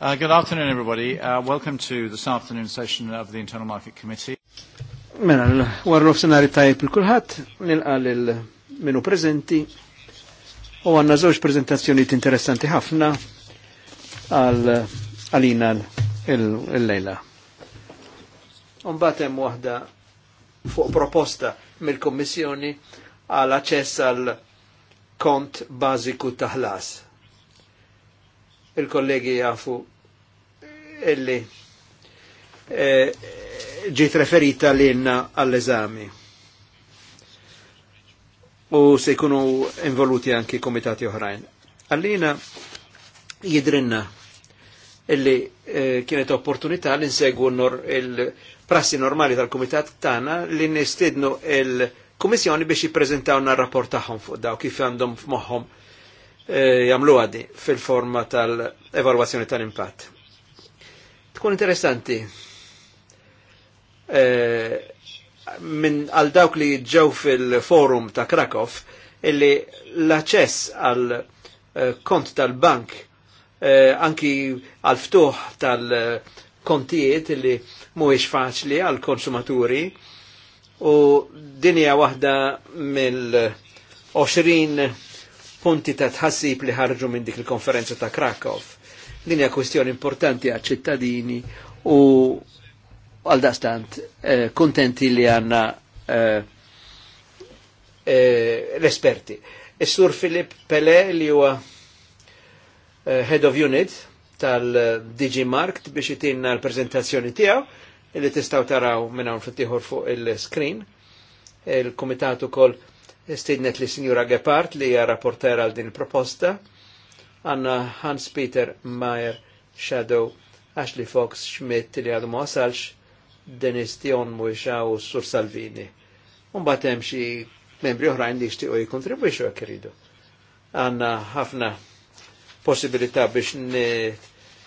Uh, good afternoon, everybody. Uh, welcome to this afternoon session of the Internal Market Committee. Mela, warru f-senari tajb il-kulħat, nilqal il-menu prezenti, u għanna zoċ prezentazzjoniet interessanti ħafna għal-għalina il-lejla. Unbatem wahda fuq proposta mill-Kommissjoni għal aċess għal kont baziku taħlas il-kollegi jafu illi e, ġiet referita l-inna għall-eżami. U se jkunu involuti anki komitati oħrajn. Għallina jidrinna illi e, kienet opportunità li nsegwu il-prassi normali tal-komitat tana li nistidnu il-komissjoni biex jiprezentawna rapport taħħom fuq daw kif għandhom f'moħħom Eh, jamlu għaddi fil-forma tal-evaluazzjoni tal-impatt. Tkun interessanti eh, minn għal dawk li ġew fil-forum ta' Krakow illi l-aċess għal eh, kont tal-bank anki għal ftuħ tal-kontijiet illi mhuwiex faċli għal konsumaturi u dinja waħda mill-20 punti ta' tħassib li ħarġu minn dik il-konferenza ta' Krakow. Din hija kwestjoni importanti għal ċittadini u għal dastant eh, kontenti li għanna eh, eh, l-esperti. Is-sur Filip Pele li huwa eh, Head of Unit tal-DG Markt biex jitinna l-prezentazzjoni tiegħu li tistgħu taraw minn hawn ftit fuq il-screen. Il-kumitat ukoll kol Istidnet li Signora Gepard li hija rapporter għal din proposta, għanna Hans Peter Mayer Shadow, Ashley Fox Schmidt li għadu ma Denis Dion Muisha u Sur Salvini. Un hemm xi membri oħrajn li jixtiequ jikkontribwixxu jekk iridu. Għandna ħafna possibilità biex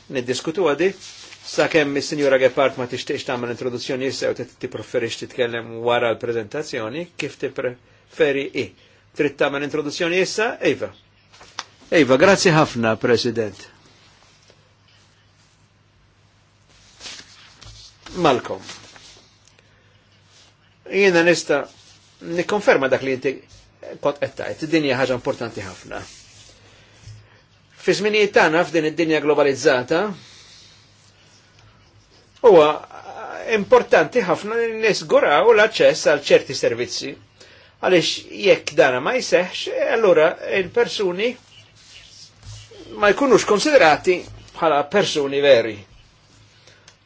niddiskutu għadi. Sakemm is-Sinjura Gepard ma tixtieqx tagħmel introduzzjoni issa u ti preferix titkellem wara l-preżentazzjoni kif ti Feri I. ma tagħmel introduzzjoni issa? Eva. Eva, grazzi ħafna, President. Malcolm. Jiena nista nikkonferma dak li inti kont qed tgħid, dinja ħaġa importanti ħafna. Fi żminijiet tagħna f'din id-dinja globalizzata, huwa importanti ħafna li nisguraw l-aċċess għal ċerti servizzi Għalix jekk dana ma jseħx, eh, allora il-persuni ma jkunux konsiderati bħala persuni veri.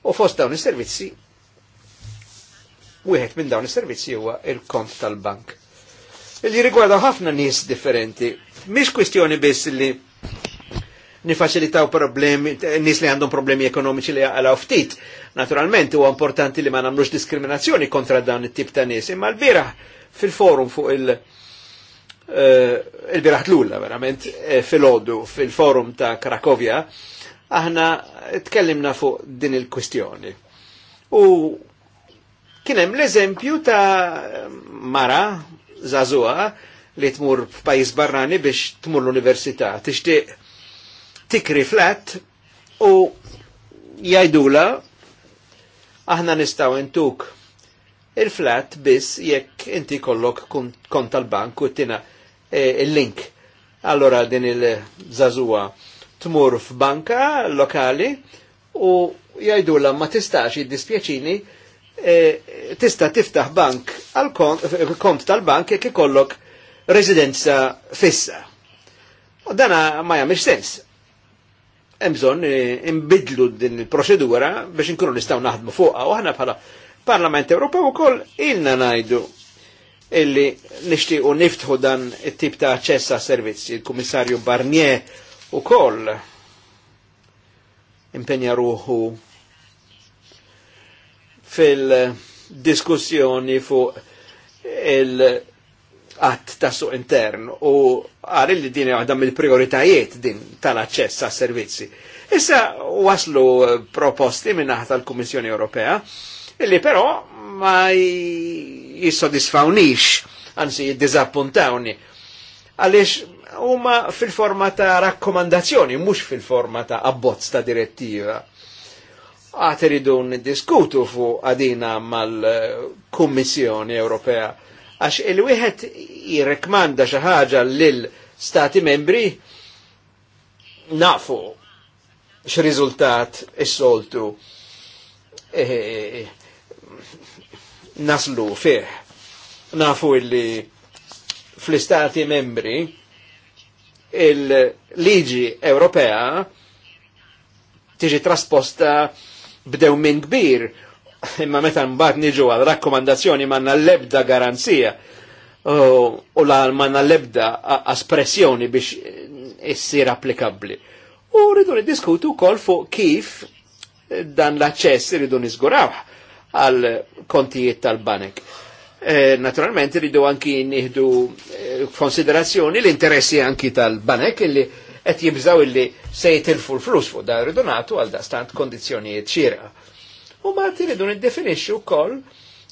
U fost dawn is-servizzi, wieħed minn dawn is-servizzi huwa il-kont tal-bank. Illi rigwada ħafna nies differenti. mish kwistjoni biss li nifaċilitaw problemi, nis li għandhom problemi ekonomiċi li għalaw ftit. Naturalment, huwa importanti li ma namlux diskriminazzjoni kontra dawn it-tip ta' nis. Imma l-biraħ fil-forum fuq il- eh, il-biraħt l-ulla verament eh, fil-ħoddu fil-forum ta' Krakovja aħna tkellimna fuq din il-kwistjoni u kienem l-eżempju ta' mara zazua li tmur f'pajis barrani biex tmur l-università tixtieq tikri flat u jajdula aħna nistaw intuk il-flat biss jekk inti kollok kont tal-bank u tina e, il-link. Allora din il zazua tmur f'banka lokali u jgħidula ma tistax jiddispjaċini e, tista tiftaħ bank għal kont tal-bank jekk ikollok residenza fissa. U dana ma jagħmilx sens. Hemm bżonn e, imbidlu din il-proċedura biex inkunu nistgħu naħdmu fuqha u aħna bħala Parlament Ewropew ukoll ilna ngħidu illi nixtiequ niftħu dan it-tip ta' aċċess għas servizzi. Il-Kummissarju Barnier ukoll impenja ruħu fil-diskussjoni fuq il att ta' suq intern u għaril li din għadam il-prioritajiet din tal-aċċess għas servizzi. Issa waslu proposti minnaħ tal-Kummissjoni Ewropea illi però ma jissodisfawnix, anzi jiddizappuntawni. Għaliex huma fil-forma ta' rakkomandazzjoni, mhux fil-forma ta' abbozz ta' direttiva. Għat iridu diskutu fuq għadina mal-Kummissjoni Ewropea għax il-wieħed jirrekmanda xi ħaġa lil stati membri nafu x'riżultat is-soltu. E, naslu fih. Nafu illi fl-istati membri il-liġi Ewropea tiġi trasposta b'dew minn kbir, imma meta mbagħad niġu għal rakkomandazzjoni manna l-ebda garanzija u la manna l-ebda espressjoni biex issir applikabbli. U rridu niddiskutu wkoll fuq kif dan l-aċċess irridu niżgurawh għal kontijiet tal-banek. E, naturalment rridu anki nieħdu eh, konsiderazzjoni l-interessi anki tal-banek illi qed jibżaw illi se jitilfu l-flus fuq da rridu għal għal dastant kondizzjonijiet xierqa. U ma tiridu niddefinixxu wkoll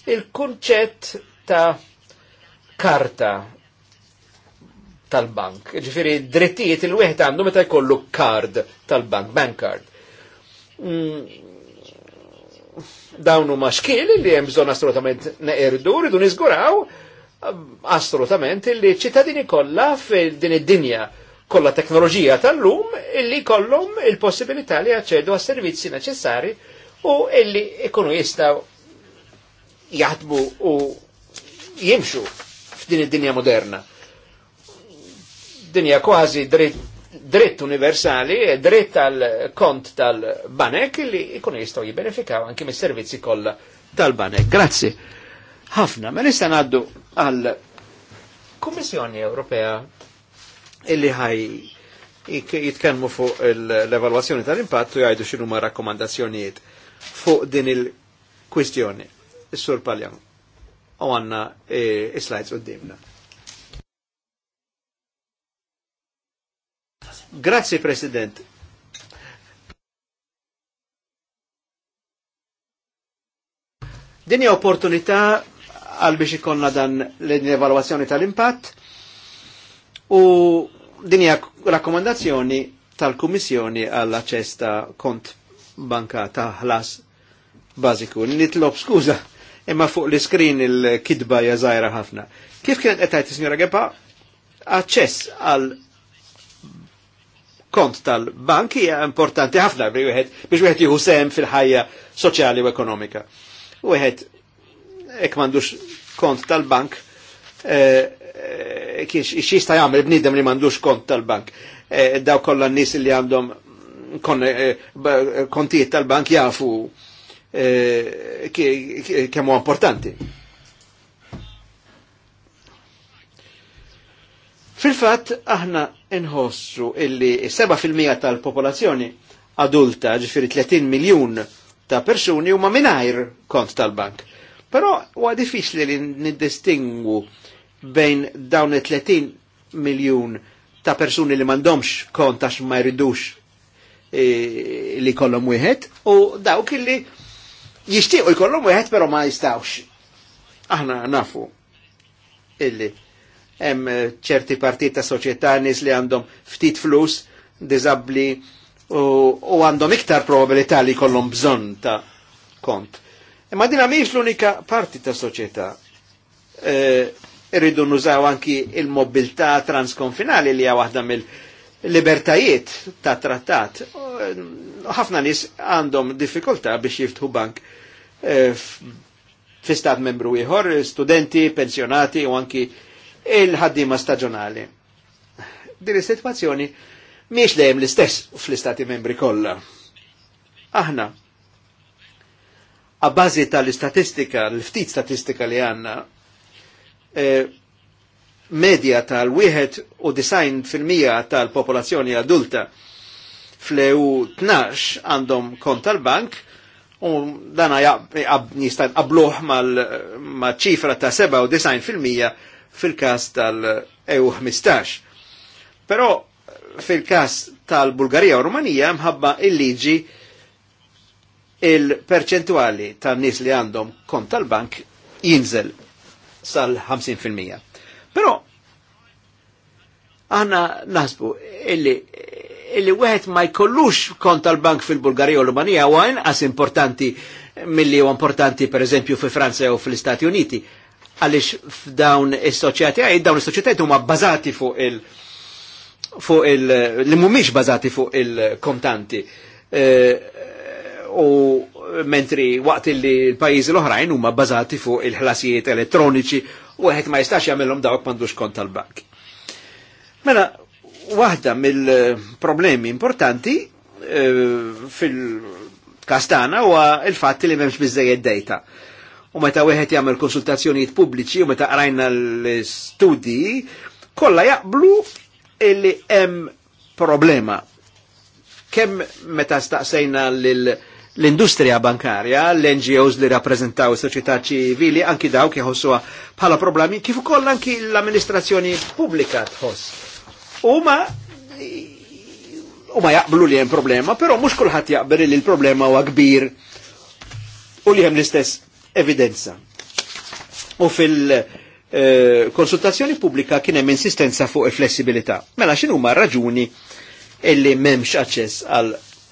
il-kunċett ta' karta tal-bank. Ġifiri, drittijiet il-wieħed għandu meta jkollu kard tal-bank, bank card. Mm, dawn huma li hemm bżon assolutament neqerdu, rridu nizguraw assolutament li ċittadini kollha fil-din id-dinja kolla teknoloġija tal-lum illi kollum il-possibilità li jaċċedu għas servizzi neċessari u illi ikunu jistaw jaħdmu u jimxu f'din id-dinja moderna. Dinja kważi dritt dritt universali, e dritt tal-kont tal-banek li jkun jistaw jibbenefikaw anki mis-servizzi kolla tal-banek. Grazzi. Ħafna, ma nista' ngħaddu għal Kummissjoni Ewropea illi ħaj jitkenmu fuq l evaluazzjoni tal impattu jgħajdu xinu ma' rakkomandazzjoniet fuq din il-kwistjoni. sur Paljan. U għanna is-slides eh, qudiemna. Grazzi, President. Dinja opportunità għal biex ikonna dan l-evaluazzjoni tal-impatt u dinja rakkomandazzjoni tal-Kummissjoni għall aċċess kont banka ta' ħlas bażiku. Nitlob skuża imma fuq l-iskrin il-kidba jazajra ħafna. Kif kienet qed tgħid is-Sinjora Gepa? Aċċess għal kont tal-bank hija importanti ħafna biex wieħed jieħu sehem fil-ħajja soċjali u ekonomika. Wieħed hekk m'għandux kont tal-bank eh, eh, kienx jista' jagħmel bniedem li m'għandux kont tal-bank. Eh, daw kollha n-nies li għandhom kontijiet tal-bank jafu kemm huwa importanti. Fil-fatt aħna nħossu illi 7% tal-popolazzjoni adulta, ġifiri 30 miljun ta' persuni huma mingħajr kont tal-bank. Però huwa diffiċli li niddistingu bejn dawn 30 miljun ta' persuni li m'għandhomx kont għax ma jridux e, li kollom wieħed u dawk illi jixtiequ jkollhom wieħed però ma jistawx. Aħna nafu illi hemm eh, ċerti partit ta' soċjetà nies li għandhom ftit flus, diżabbli u għandhom iktar probabilità li kollhom bżonn ta' kont. Imma din mhijiex l-unika parti ta' soċjetà. Eh, irridu nużaw anki il-mobilità transkonfinali li hija waħda mill-libertajiet ta' trattat. Eh, ħafna nies għandhom diffikultà biex jiftħu bank fi stat membru ieħor, studenti, pensjonati u anki il-ħaddima staġjonali. Din is-sitwazzjoni miex dejjem l-istess fl-istati membri kollha. Aħna, a bażi tal-istatistika, l-ftit statistika li għanna, e, medja tal-1 u 90 fil-mija tal-popolazzjoni adulta fl-EU 12 għandhom kont tal-bank u dana jistan qabluħ mal-ċifra ta' 97 fil-mija fil-kas tal-EU 15. Però fil-kas tal-Bulgarija u Rumanija mħabba il-liġi il-perċentuali tan nies li għandhom kont tal-bank jinżel sal-50%. Però għanna nasbu illi illi wieħed ma jkollux kont tal-bank fil-Bulgarija u l-Rumanija huwa inqas importanti milli u importanti pereżempju fil Franza u fl-Istati Uniti għalix f'dawn il-soċieti għaj, dawn il soċjetajiet huma bbażati fuq il- fuq il li mhumiex bazati fuq il-kontanti. E, u mentri waqt li l-pajjiżi l-oħrajn huma bazati fuq il-ħlasijiet elettroniċi u wieħed ma jistax jagħmilhom dawk m'għandux kont tal-bank. Mela, waħda mill-problemi importanti e, fil-kastana huwa il fatti li m'hemmx biżejjed data u meta wieħed jagħmel konsultazzjonijiet pubbliċi u meta qrajna l-studji, kollha jaqblu illi hemm problema. Kemm meta staqsejna l-industrija bankarja, l-NGOs li rappreżentaw is-soċjetà ċivili, anki dawk jħossuha bħala problemi, kif ukoll anki l-amministrazzjoni pubblika tħoss. Huma huma jaqblu li hemm problema, però mhux kulħadd jaqbel li l-problema huwa kbir u li hemm l-istess evidenza. U fil-konsultazzjoni pubblika kien hemm insistenza fuq il-flessibilità. Mela x'inhu huma raġuni illi m'hemmx aċċess għal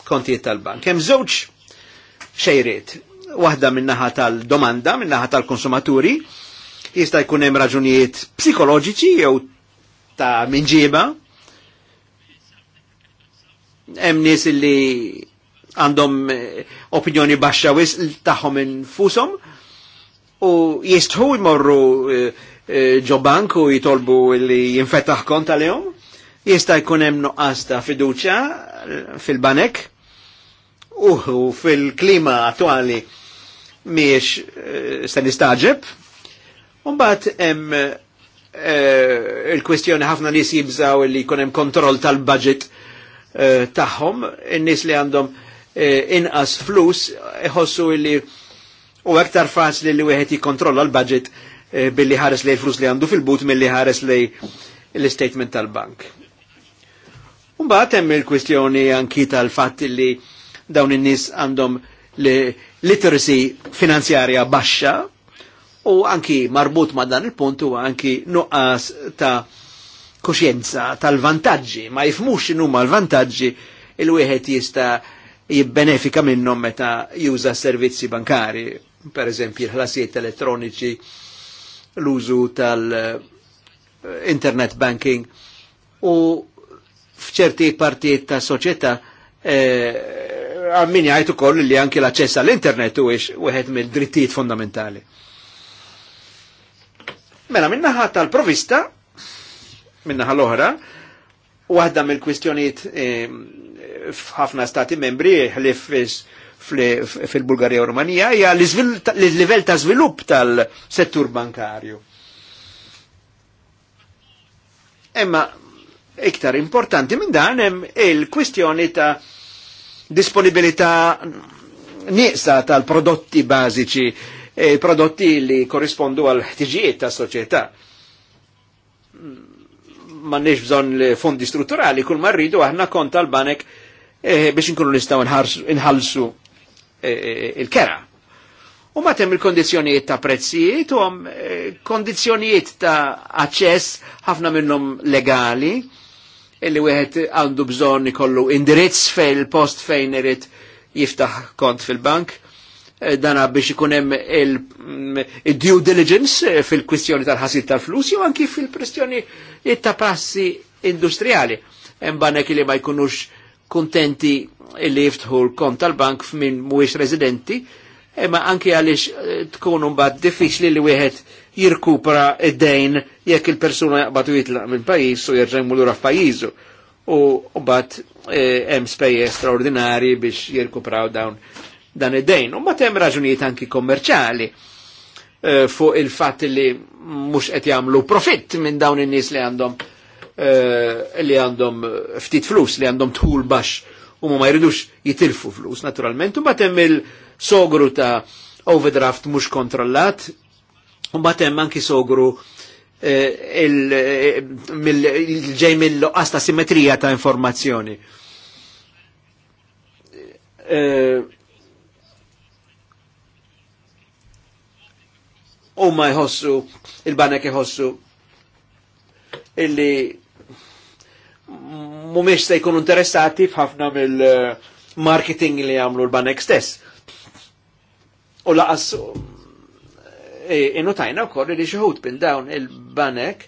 kontijiet tal-bank. Hemm żewġ xejriet. Waħda min-naħa tal-domanda, min-naħa tal-konsumaturi, jista' jkun hemm raġunijiet psikoloġiċi jew ta' minġiba. Hemm nies illi għandhom eh, opinjoni baxxa wis tagħhom infushom u jistħu jmorru eh, eh, ġobank u jitolbu li jinfetaħ konta li jom jista jkun hemm nuqqas ta' fiduċa eh, fil-banek u fil-klima attuali miex se nistaġeb. Umbat hemm il-kwestjoni ħafna nis jibżaw li jkun hemm kontroll tal-budget tagħhom, in-nies li għandhom inqas flus iħossu li u aktar faċli li wieħed jikkontrolla l-budget eh, billi ħares li l flus li għandu fil-but milli ħares li l-statement tal-bank. Umbaħt hemm il-kwistjoni anki tal-fatt li dawn in-nies għandhom literacy finanzjarja baxxa u anki marbut ma' dan il-punt u anki nuqqas ta' koxjenza tal-vantaġġi, ma jifmux x'inhuma l-vantaġġi il-wieħed jista' jibbenefika minnhom meta juża servizzi bankari per eżempju l-ħlasijiet elettroniċi, l-użu tal-internet eh, banking u fċerti partijiet ta' soċjetà eh, għammin għajtu koll li anki l-aċċess għall-internet huwiex wieħed mill-drittijiet fondamentali. Mela minnaħa tal-provista, minnaħa l-oħra, waħda mill-kwistjonijiet eh, f'ħafna stati membri ħlif fil-Bulgarija u Romania hija l-livell ta' żvilupp tal-settur bankarju. Emma iktar importanti minn dan hemm il-kwistjoni ta' disponibilità nieqsa tal-prodotti bażiċi, e prodotti li korrispondu għal ħtiġijiet ta' soċjetà mannix bżon fondi strutturali, kull marridu aħna kont tal-banek e, biex nkunu nistaw inħalsu il-kera. U matem il-kondizjonijiet ta' prezzijiet u għam eh, kondizjonijiet ta' access ħafna minnom legali illi wieħed għandu bżon ikollu indirizz fejn il-post fejn irid jiftaħ kont fil-bank eh, dana biex ikunem mm, il-due diligence eh, fil-kwistjoni tal-ħasil tal-flus jew anki fil-kwistjoni ta' passi industriali. Mbanek li ma jkunux kontenti illi jiftħu l-kont tal-bank f'min mhuwiex residenti, imma anki għaliex eh, tkun mbagħad diffiċli li wieħed jirkupra id-dejn jekk il-persuna jaqbatu jitlaq minn pajjiż u jerġa' lura f'pajjiżu. U mbagħad eh, hemm spejjeż straordinarji biex jirkupraw dawn dan id-dejn. U mbagħad hemm raġunijiet anki kommerċali eh, fuq il-fatt li mhux qed jagħmlu profitt minn dawn in-nies li għandhom li għandhom ftit flus, li għandhom tħul bax u ma jridux jitilfu flus, naturalment, u batem il-sogru ta' overdraft mux kontrollat, u batem anki sogru ġej eh, eh, mill asta ta' simetrija ta' informazzjoni. Eh, u ma jħossu, il-banek jħossu illi mumiex se jkunu interessati f'ħafna mill-marketing li għamlu l-banek stess. U laqas eh, inutajna wkoll li xeħut bil dawn il-banek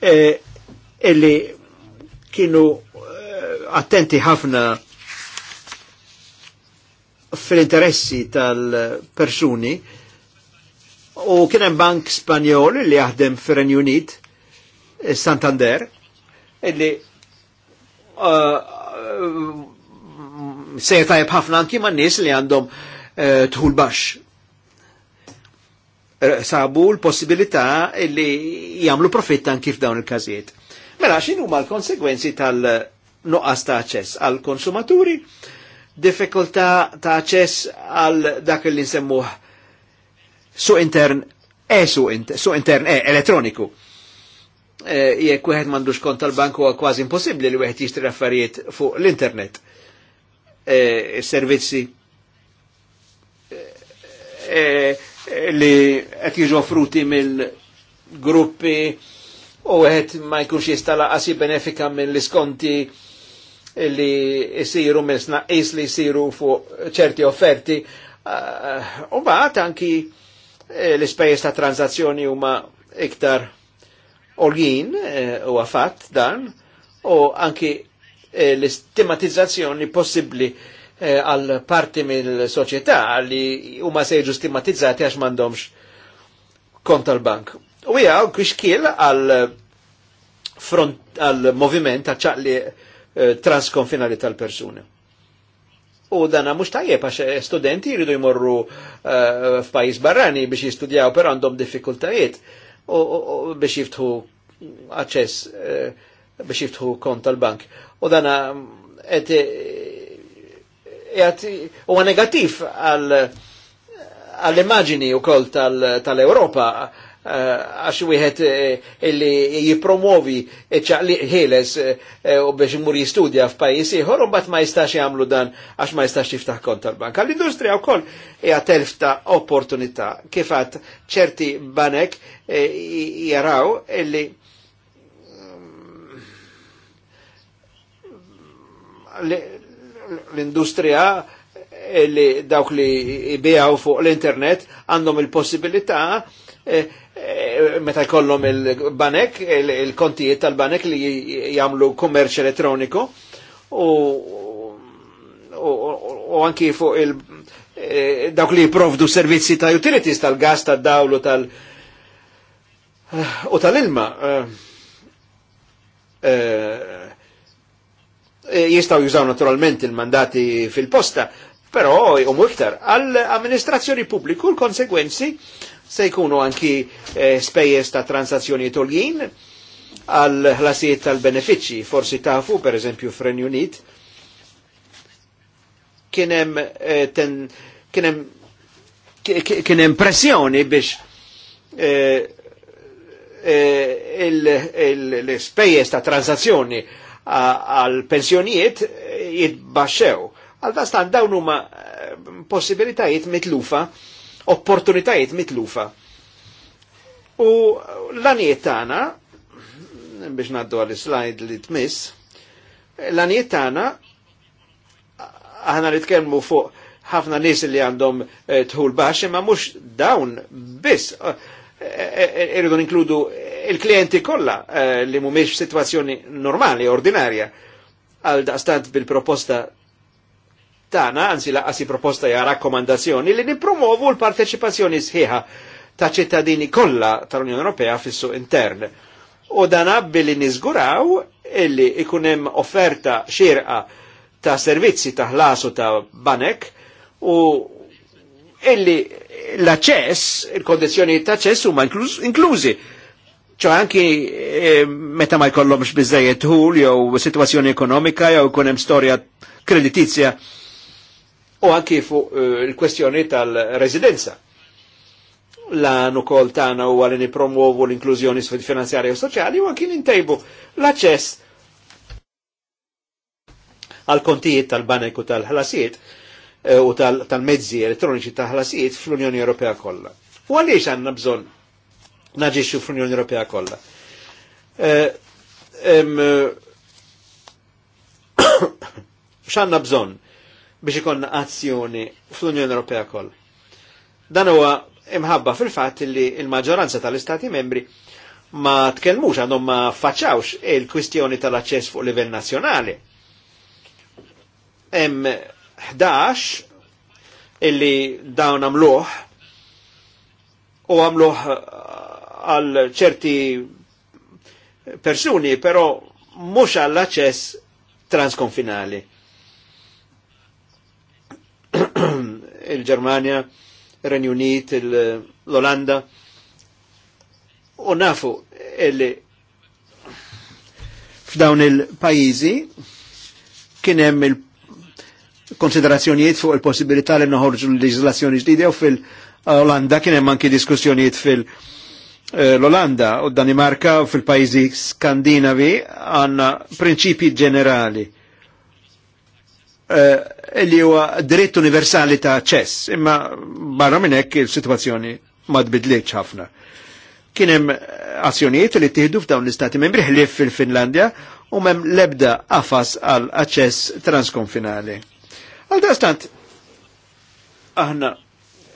eh, illi kienu eh, attenti ħafna fil-interessi tal-persuni U kien hemm bank Spanjol li jaħdem fir-Renju Unit, eh, Santander, illi eh, se tajb ħafna anki ma' nies li għandhom eh, tħul baxx. Sabu l-possibilità li jagħmlu profitt anki f'dawn il-każijiet. Mela xin huma l-konsegwenzi tal-nuqqas ta' aċċess għall-konsumaturi, diffikultà ta' aċċess għal dak li nsemmuh su intern e su, inter, su intern e elettroniku. E, jekk wieħed m'għandux kont tal banku huwa kważi impossibbli li wieħed jixtri affarijiet fuq l-internet. E, servizzi e, e, li qed jiġu offruti mill-gruppi u għed ma jkunx jistala għasi benefika minn l-iskonti li jisiru minn snaqis li jisiru fuq ċerti offerti. E, u uh, baħt anki E, l-ispejjeż ta' tranzazzjoni huma iktar olgin e, u għafat dan u anki e, l-istimatizzazzjoni possibbli għal parti mill-soċjetà li huma sejġu stimatizzati għax m'għandhomx kont tal-bank. U hija kixkiel għal front għal moviment għal ċaqli transkonfinali tal-persuni. U dana mux tajjeb għax eh, studenti jridu jmorru uh, eh, f'pajis barrani biex jistudjaw per għandhom diffikultajiet u biex jiftħu aċċess uh, biex jiftħu kont tal-bank. U dana et huwa negattiv għal immaġini u koll tal-Europa tal, tal europa Eh, għax wieħed eh, illi jipromovi ħieles eh, u biex imur jistudja f'pajjiż ieħor u mbagħad ma jistax jagħmlu dan għax ma jistax jiftaħ kont tal-banka. L-industrija wkoll hija telf ta' opportunità kif għad ċerti banek jaraw illi mm, l-industrija illi dawk li jibijaw fuq l-internet għandhom il-possibilità Eh, meta jkollhom il-banek, il-kontijiet tal-banek li jagħmlu kummerċ elettroniku u anki fuq il eh, dawk li jiprovdu servizzi ta' utilities tal-gas, ta' dawlu tal- u tal-ilma. Eh, jistaw jużaw naturalment il-mandati fil-posta, però u iktar. Għall-amministrazzjoni pubbliku l konsegwenzi se jkunu anki eh, spejjeż ta' transazzjoni toljin għal ħlasijiet tal-benefiċċji. Forsi tafu, per eżempju, fren Unit, kienem eh, ten, kienem kienem pressjoni biex eh, l il-spejjeż ta' transazzjoni għal pensjonijiet jitbaxxew. Għal dastan dawn huma possibilitajiet mitlufa opportunitajiet mitlufa. U l-għaniet tagħna biex naddu għal slide li tmiss, l-għaniet tagħna aħna li tkellmu fuq ħafna nies li għandhom eh, tħul baxi, imma mhux dawn biss eh, eh, irridu inkludu il-klienti kollha li mhumiex f'sitwazzjoni normali, ordinarja. Għal daqstant bil-proposta tana, anzi laqasi proposta ja rakkomandazzjoni li nipromovu l-parteċipazzjoni sħiħa ta' ċittadini kollha tal-Unjoni Ewropea fis-suq intern. U dan li niżguraw illi ikun hemm offerta xirqa ta' servizzi ta' ħlasu ta' banek u illi l-aċċess, il-kondizzjoni ta' aċċess huma inklużi ċo anki e, meta ma jkollomx bizzejiet hul jew situazzjoni ekonomika jew ikun hemm storja kreditizja u anki fuq eh, il-kwestjoni tal-residenza. L-għan u kol tana u għalini promuovu l-inklużjoni finanzjarja u soċjali u anki nintejbu l-access għal kontijiet tal-banek u tal-ħlasijiet eh, u tal-mezzi elettroniċi tal-ħlasijiet fl-Unjoni Ewropea kollha. U għaliex għandna bżonn naġixxu fl-Unjoni Ewropea kollha? Eh, x'għandna bżonn? biex ikonna azzjoni fl-Unjoni Ewropea koll. Dan huwa imħabba fil-fatt li il-maġġoranza tal-Istati membri ma tkellmux għandhom ma faċċawx il-kwistjoni tal-aċċess fuq livell nazzjonali. Hemm 11 illi dawn għamluħ u għamluh uh, għal ċerti persuni, però mhux għall-aċċess transkonfinali il-Germania, il-Renju Unit, l-Olanda. U nafu illi f'dawn il-pajizi kien hemm il-konsiderazzjonijiet fuq il-possibilità li noħorġu l-leġislazzjoni ġdida u fil-Olanda kien hemm anki diskussjonijiet fil- l-Olanda u Danimarka u fil-pajzi skandinavi għanna prinċipi ġenerali Eh, li huwa dritt universali ta' ċess, imma barra minn hekk il-sitwazzjoni ma tbidlitx ħafna. Kien hemm azzjonijiet li ttieħdu f'dawn l-istati membri ħlief fil-Finlandja u mem lebda qafas għal aċċess transkonfinali. Għal dastant, aħna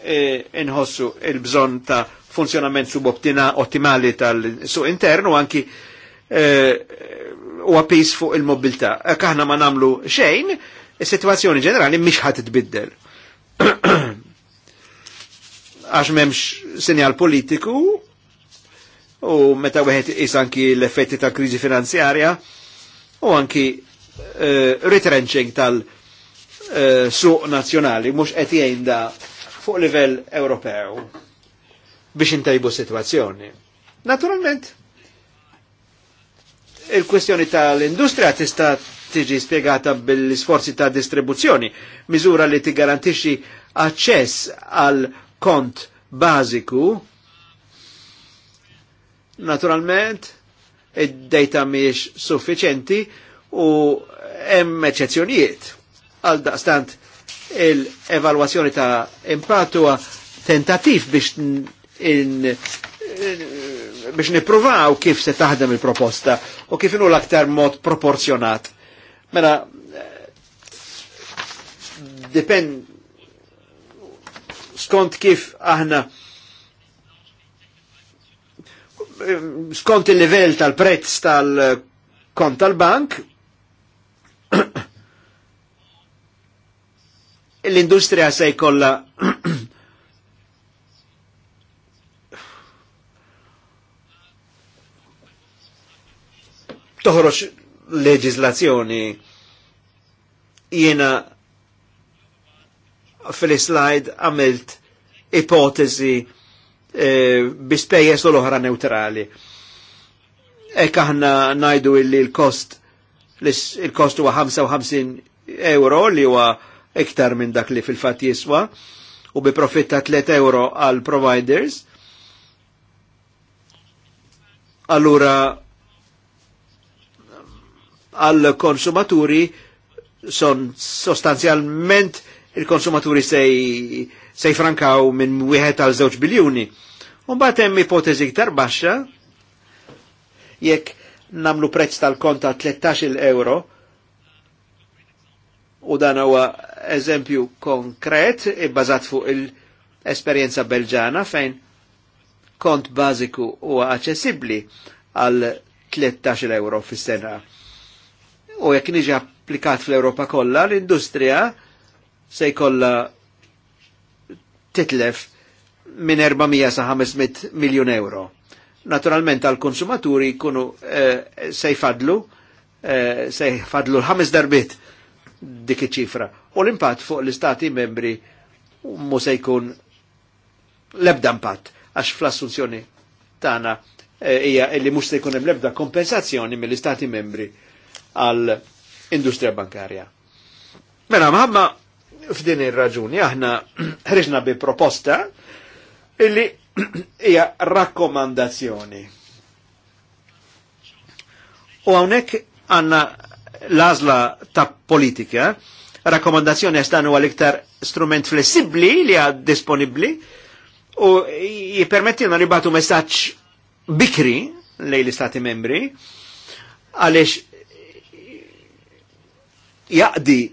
eh, inħossu il-bżon ta' funzjonament suboptina ottimali tal-suq internu anki eh, u għapis fuq il-mobilta. Kaħna ma namlu xejn, Is-sitwazzjoni ġenerali mhix ħadd tbiddel. Għax m'hemmx sinjal politiku u meta wieħed is anki l-effetti ta' kriżi finanzjarja u anki uh, retrenching tal-suq eh, nazzjonali mhux qed jgħin da fuq livell Ewropew biex intajbu situazzjoni. Naturalment, il-kwestjoni tal-industrija tista' tiġi spiegata bil-sforzi ta' distribuzzjoni, miżura li ti garantixi aċċess għal kont bażiku. Naturalment, id-dejta miex suffiċenti u hemm eċezzjonijiet. Għal daqstant il-evalwazzjoni ta' impattu tentativ biex biex nipruvaw kif se taħdem il-proposta u kif inu l-aktar mod proporzjonat Mela, depend skont kif aħna skont il-level tal-prezz tal-kont tal-bank, l-industrija se jkollha toħroġ leġislazzjoni jiena fil-slide għamilt ipotesi e, eh, bispejjes u l-oħra neutrali. Ek aħna najdu illi l-kost il-kost huwa 55 euro li huwa iktar minn dak li fil-fatt jiswa u bi profitta 3 euro għal providers. Allura għal konsumaturi son sostanzjalment il-konsumaturi sej, sej frankaw minn wieħed għal żewġ biljuni. Unbat hemm ipotezi iktar baxxa jekk namlu prezz tal konta 13 euro u dan huwa eżempju konkret ibbażat fuq il-esperjenza belġana fejn kont bażiku huwa aċċessibbli għal 13 euro fis-sena u jekk niġi applikat fl-Europa kollha, l-industrija se jkollha titlef minn 400 sa 500 miljon euro. Naturalment għal-konsumaturi jkunu eh, se jfadlu, eh, se jfadlu l-ħames darbit dik iċ-ċifra. U l-impatt fuq l-istati membri mu se jkun l-ebda impatt għax fl-assunzjoni tagħna eh, hija illi li mhux se jkun hemm l-ebda kompensazzjoni mill-istati membri għal industrija bankarja. Mela, maħamma f'din ir-raġuni aħna ħriġna bi proposta illi hija rakkomandazzjoni. U hawnhekk għandna l ta' politika, rakkomandazzjoni għastanu għal-iktar strument flessibli li għad disponibli u jipermettina li batu messaċ bikri lej l-istati membri għalix jaqdi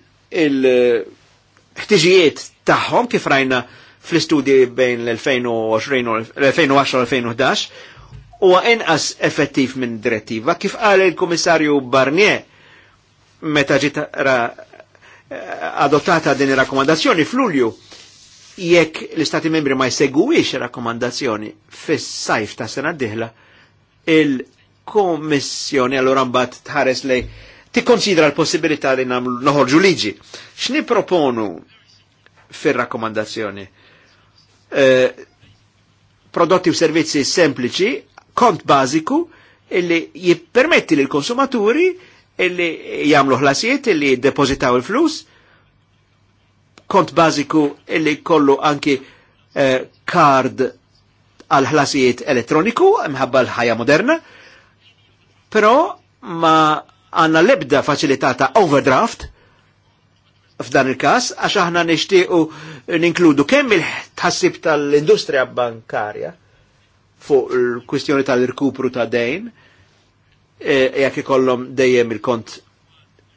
il-ħtiġijiet tagħhom kif rajna fl-istudji bejn l-2020 u l-2011 huwa inqas effettiv minn direttiva kif qal il-Kummissarju Barnier meta ġiet adottata din ir-rakkomandazzjoni f'Lulju jekk l-Istati membri ma jsegwix rakkomandazzjoni fis-sajf ta' sena d-dieħla il-Kommissjoni allura mbagħad tħares lej Ti konsidra l-possibilità li nam noħorġu liġi. X'ni proponu fir-rakkomandazzjoni? Eh, prodotti u servizzi sempliċi, kont bażiku illi jippermetti l konsumaturi illi jamlu ħlasiet, illi depozitaw il-flus, kont bażiku illi kollu anki kard eh, għal ħlasijiet elettroniku mħabba l-ħajja moderna, però ma għanna lebda ebda ta' overdraft f'dan il-kas, għax aħna nishtiqu ninkludu kemm il-tħassib tal-industrija bankarja fuq il-kwistjoni tal-irkupru ta' dejn, e, e, jekk ikollhom dejjem il-kont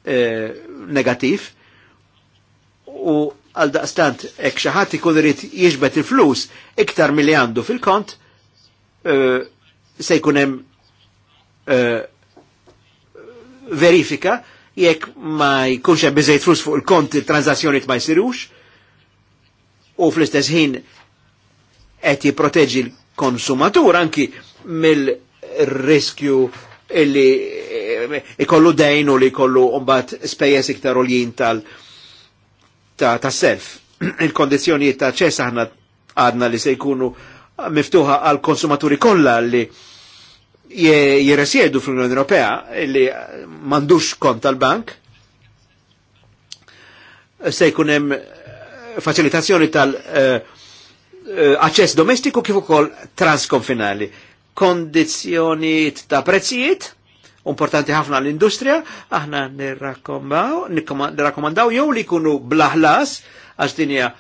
e, negativ, u għal daqstant hekk xi ħadd ikun irid jiġbet il-flus iktar milli għandu fil-kont, se jkun hemm verifika jekk ma jkunx hemm biżejt flus fuq il-kont il-transazzjoni ma jsirux u fl-istess ħin qed jipproteġi l-konsumatur anki mill-riskju illi eh, ikollu dejn u li jkollu mbagħad spejjeż iktar u tal ta', self. Il-kondizzjonijiet ta' ċess aħna għadna li se jkunu miftuħa għal konsumaturi kollha li jirresiedu fl-Unjoni Ewropea li mandux kont tal-bank se jkun hemm eh, faċilitazzjoni tal-aċċess eh, eh, domestiku kif ukoll transkonfinali. Kondizzjoni ta' prezzijiet importanti ħafna l-industrija, aħna nirrakkomandaw, nirrakkomandaw jew li jkunu blaħlas għax dinja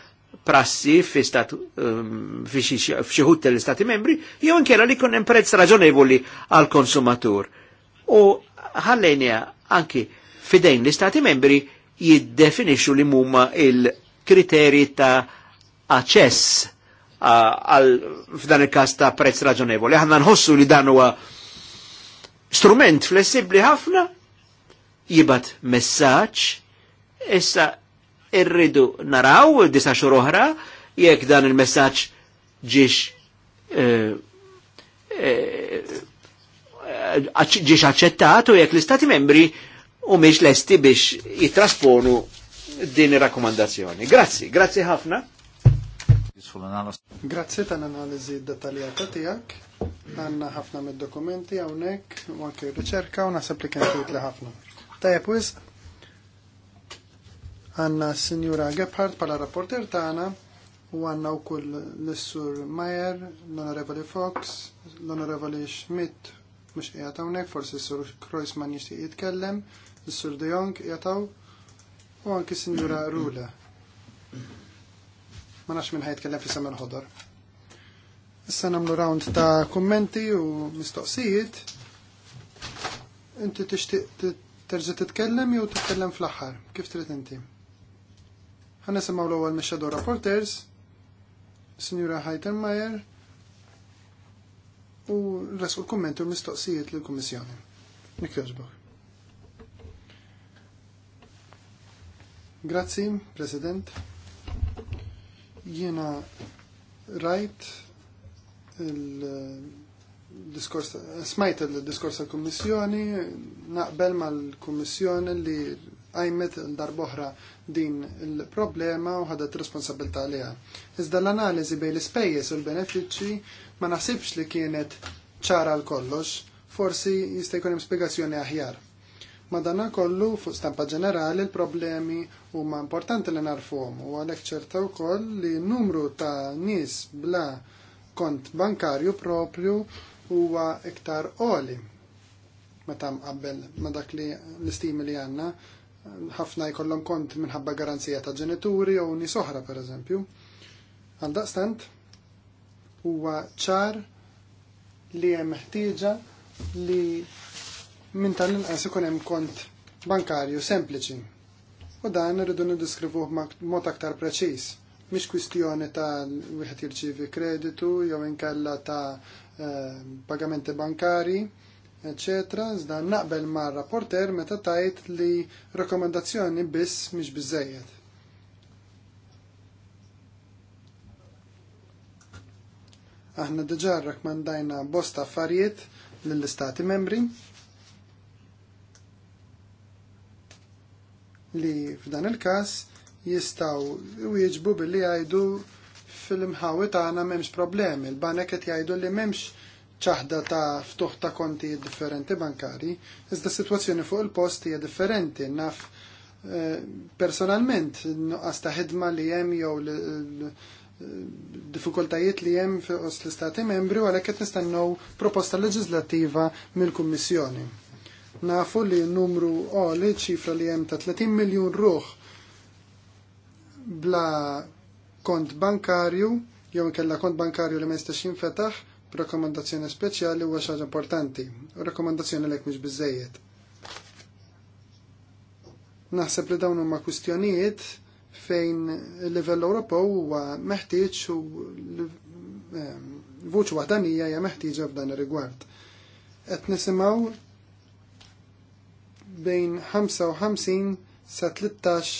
prassi fi ehm, xieħut l-istati membri, jew ankela li kunem prezz raġonevoli għal konsumatur. U ħallejnija anki fidejn l istati membri jiddefinixu li mumma il-kriteri ta' aċess għal f'dan il-kas ta' prezz raġonevoli. Aħna nħossu li dan huwa strument flessibli ħafna jibat messaċ issa irridu naraw disa xur oħra jekk dan il-messaġġ ġiex eh, eh, ġiex aċċettat u jekk l-Istati membri u miex lesti biex jitrasponu din ir-rakkomandazzjoni. Grazzi, grazzi ħafna. Grazzi tan analizi dettaljata tijak, għanna ħafna mid-dokumenti għawnek, u għanki riċerka u nasab li ħafna. Tajab wisq, Għanna s-Sinjura Gebhardt pala rapporter tagħna u għanna u kull l-Sur Mayer, l honorevoli Fox, l honorevoli Schmidt, mux jgħataw nek, forsi s-Sur Kreuzman jishtiq jitkellem, l-Sur De Jong jgħataw, u anki s-Sinjura Rula. Ma nax minn ħajtkellem fi il ħodor. Issa namlu round ta' kummenti u mistoqsijiet. Inti tixtieq terġa' titkellem jew titkellem fl-aħħar? Kif trid inti? Għan nisimaw l-ewwel mix-Shadow Rapporters, Sinjura Heidenmayer, u resqu l-kummenti u mistoqsijiet lill-Kummissjoni. Nikjoġbok. Grazzi, President. Jena rajt il-diskors, smajt il-diskors tal-Kommissjoni, naqbel ma l kommissjoni li għajmet darboħra din il-problema u ħadet responsabilta għaliha. Iżda l-analiżi bejn l-ispejjeż u l-benefiċċji ma naħsibx li kienet ċara l kollox, forsi jista' jkun hemm spjegazzjoni aħjar. Madana kollu fuq stampa ġenerali l-problemi huma importanti li narfuhom u għalek ċerta wkoll li numru ta' nies bla kont bankarju propju huwa iktar qoli meta qabbel, ma dak li l-istimi li għandna Ehm, ħafna jkollhom kont minħabba garanzija ta' ġenituri jew nies oħra pereżempju. Għaldaqstant huwa ċar li hemm ħtieġa li minn tal-inqas ikun hemm kont bankarju sempliċi. U dan irridu niddiskrivuh mod aktar preċiż. Mhix kwistjoni ta' wieħed jirċievi kreditu jew inkella ta' ehm, pagamenti bankari etc. iżda naqbel ma' rapporter meta tajt li rekomendazzjoni biss mhix biżejjed. Aħna diġà rakmandajna bosta affarijiet lill-istati membri li f'dan il-każ jistgħu wieġbu billi jgħidu fil-imħawi tagħna m'hemmx problemi, il-banek qed jgħidu li m'hemmx ċaħda ta' ftuħ ta' konti differenti bankari, iżda situazzjoni fuq il-post hija differenti, naf eh, personalment nuqqas ta' ħidma li hemm jew diffikultajiet li hemm fost l-istati membri u għalhekk qed nistennew proposta leġislattiva mill-Kummissjoni. Nafu li n-numru oli ċifra li hemm ta' 30 miljun ruħ bla kont bankarju jew inkella kont bankarju li ma jistax jinfetaħ Rekomendazzjoni speċjali huwa xaġa importanti, u rekomendazzjoni lek mhux biżejjed. Naħseb li dawn huma kwistjonijiet fejn il-livell Ewropew huwa meħtieġ u ehm, vuċ waħdanija hija meħtieġa f'dan ir-rigward. Qed nisimgħu bejn 55 sa 13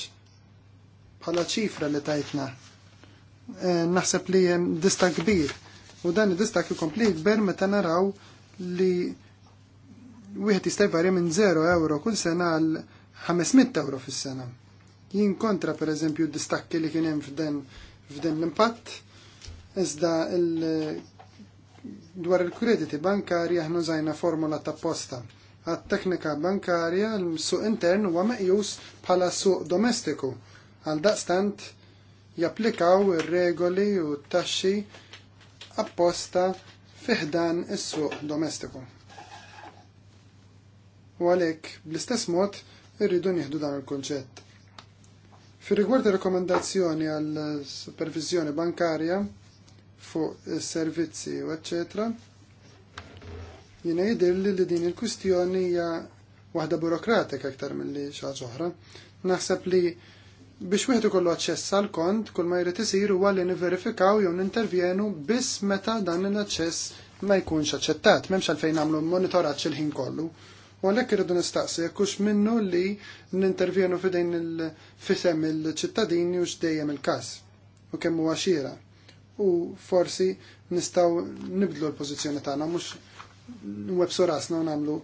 bħala ċifra li tajtna. Eh, naħseb li hemm dista kbir u dan id-distak jukompli jikber meta naraw li wieħed jista' jvarja minn 0 euro kull sena għal 500 euro fis-sena. Jien kontra pereżempju d-distakki li kien hemm f'den f'den l-impatt, iżda dwar il-krediti bankari aħna żajna formula ta' posta għat-teknika bankarja l-suq intern huwa meqjus bħala suq domestiku. Għal daqstant japplikaw ir-regoli u t-taxxi apposta fiħdan is-suq domestiku. U għalhekk bl-istess mod irridu nieħdu dan il-kunċett. Fi rigward rekomendazzjoni għal supervizjoni bankarja fuq is-servizzi u eccetera. jina jidilli li din il-kwistjoni hija waħda burokratika aktar milli li xaġoħra. Naħseb li Biex wieħed ikollu aċċess għal kont, kull ma jrid isir huwa li niverifikaw jew nintervjenu biss meta dan l-aċċess ma jkunx aċċettat, m'hemmx għalfejn nagħmlu monitoraġġ il-ħin kollu. U għalhekk irridu nistaqsi hux minnu li nintervjenu f'din il-fisem il-ċittadini u x'dejjem il-każ u kemm huwa xiera. U forsi nistgħu nibdlu l-pożizzjoni tagħna mhux websu rasna u nagħmlu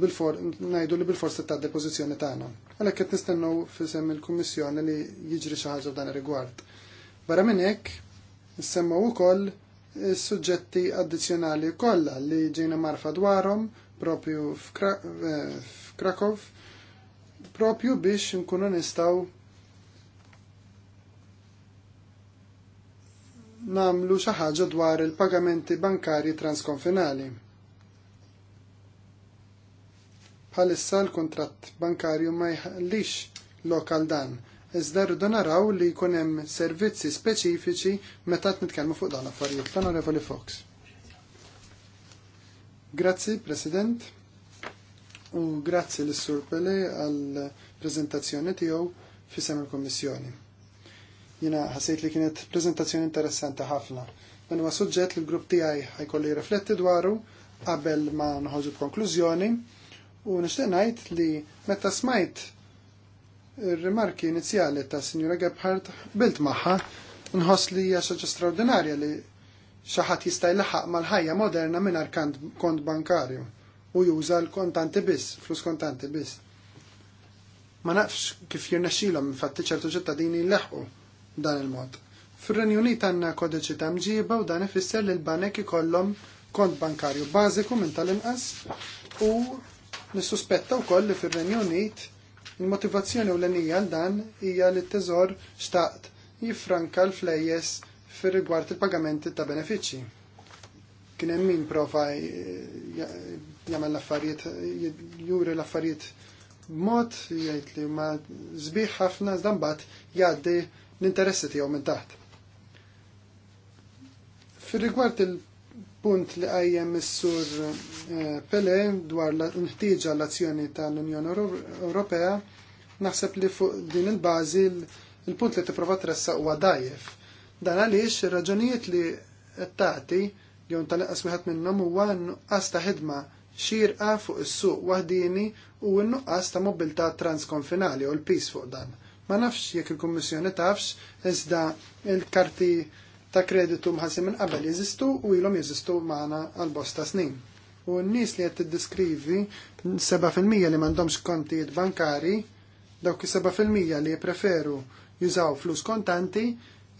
bil-for, najdu li bil-forsi ta' depozizjoni tagħna. Għalhekk qed nistennew fisem il-Kummissjoni li jiġri xi ħaġa f'dan ir-rigward. Barra minn hekk issemmaw ukoll suġġetti addizzjonali kollha li ġejna marfa dwarom propju eh, f'Krakow propju biex nkunu nistgħu namlu xi ħaġa dwar il-pagamenti bankari transkonfinali bħalissa l kontrat bankarju ma jħallix lokal dan, iżda rridu naraw li jkun hemm servizzi speċifiċi meta nitkellmu fuq dan l-affarijiet. L-Onorevoli Fox. Grazzi, President, u grazzi l sur Pele għal prezentazzjoni tiegħu fisem il-Kommissjoni. Jina ħasejt li kienet prezentazzjoni interessanti ħafna. Dan huwa suġġett li l-grupp tiegħi ħajkolli rifletti dwaru qabel ma nħoġu konklużjoni U nixtieq ngħid li meta smajt ir-rimarki inizjali ta' Sinjura Gebhardt bilt magħha nħoss li hija straordinarja li xi ħadd jista' mal-ħajja moderna mingħajr kont bankarju u juża l-kontanti biss, flus kontanti biss. Ma nafx kif jirnexxilhom infatti ċertu ċittadini l-leħu dan il-mod. Fir-Renju Unit għandna kodeċi ta' mġiba u dan ifisser li l-banek ikollhom kont bankarju bażiku minn tal-inqas u Nissuspetta wkoll li fir-Renju Unit il-motivazzjoni u l għal dan hija li t-teżor xtaqt jiffranka l-flejjes fir rigward il-pagamenti ta' benefiċċji. Kien hemm min prova jagħmel l-affarijiet juri l-affarijiet b'mod jgħid li ma żbieħ ħafna iżda mbagħad jgħaddi l-interessi tiegħu minn taħt. Fir rigward il- punt li għajjem s-sur eh, Pele dwar l-ħtiġa l-azzjoni tal-Unjoni Ewropea, naħseb li fuq din il-bazi il-punt li t-prova tressa u għadajef. Dan għaliex raġunijiet li t-tati, jew tal-qas minnom, minnhom huwa nuqqas ta' ħidma xirqa fuq is-suq waħdini u n-nuqqas ta' mobilta transkonfinali u l-pis fuq dan. Ma nafx jekk il-Kummissjoni tafx iżda il-karti ta' kreditu mħasim minn qabel jeżistu u ilhom jeżistu magħna għal bosta snin. U n-nies li qed diskrivi 7% li m'għandhomx kontijiet bankari, dawk 7 li preferu jużaw flus kontanti,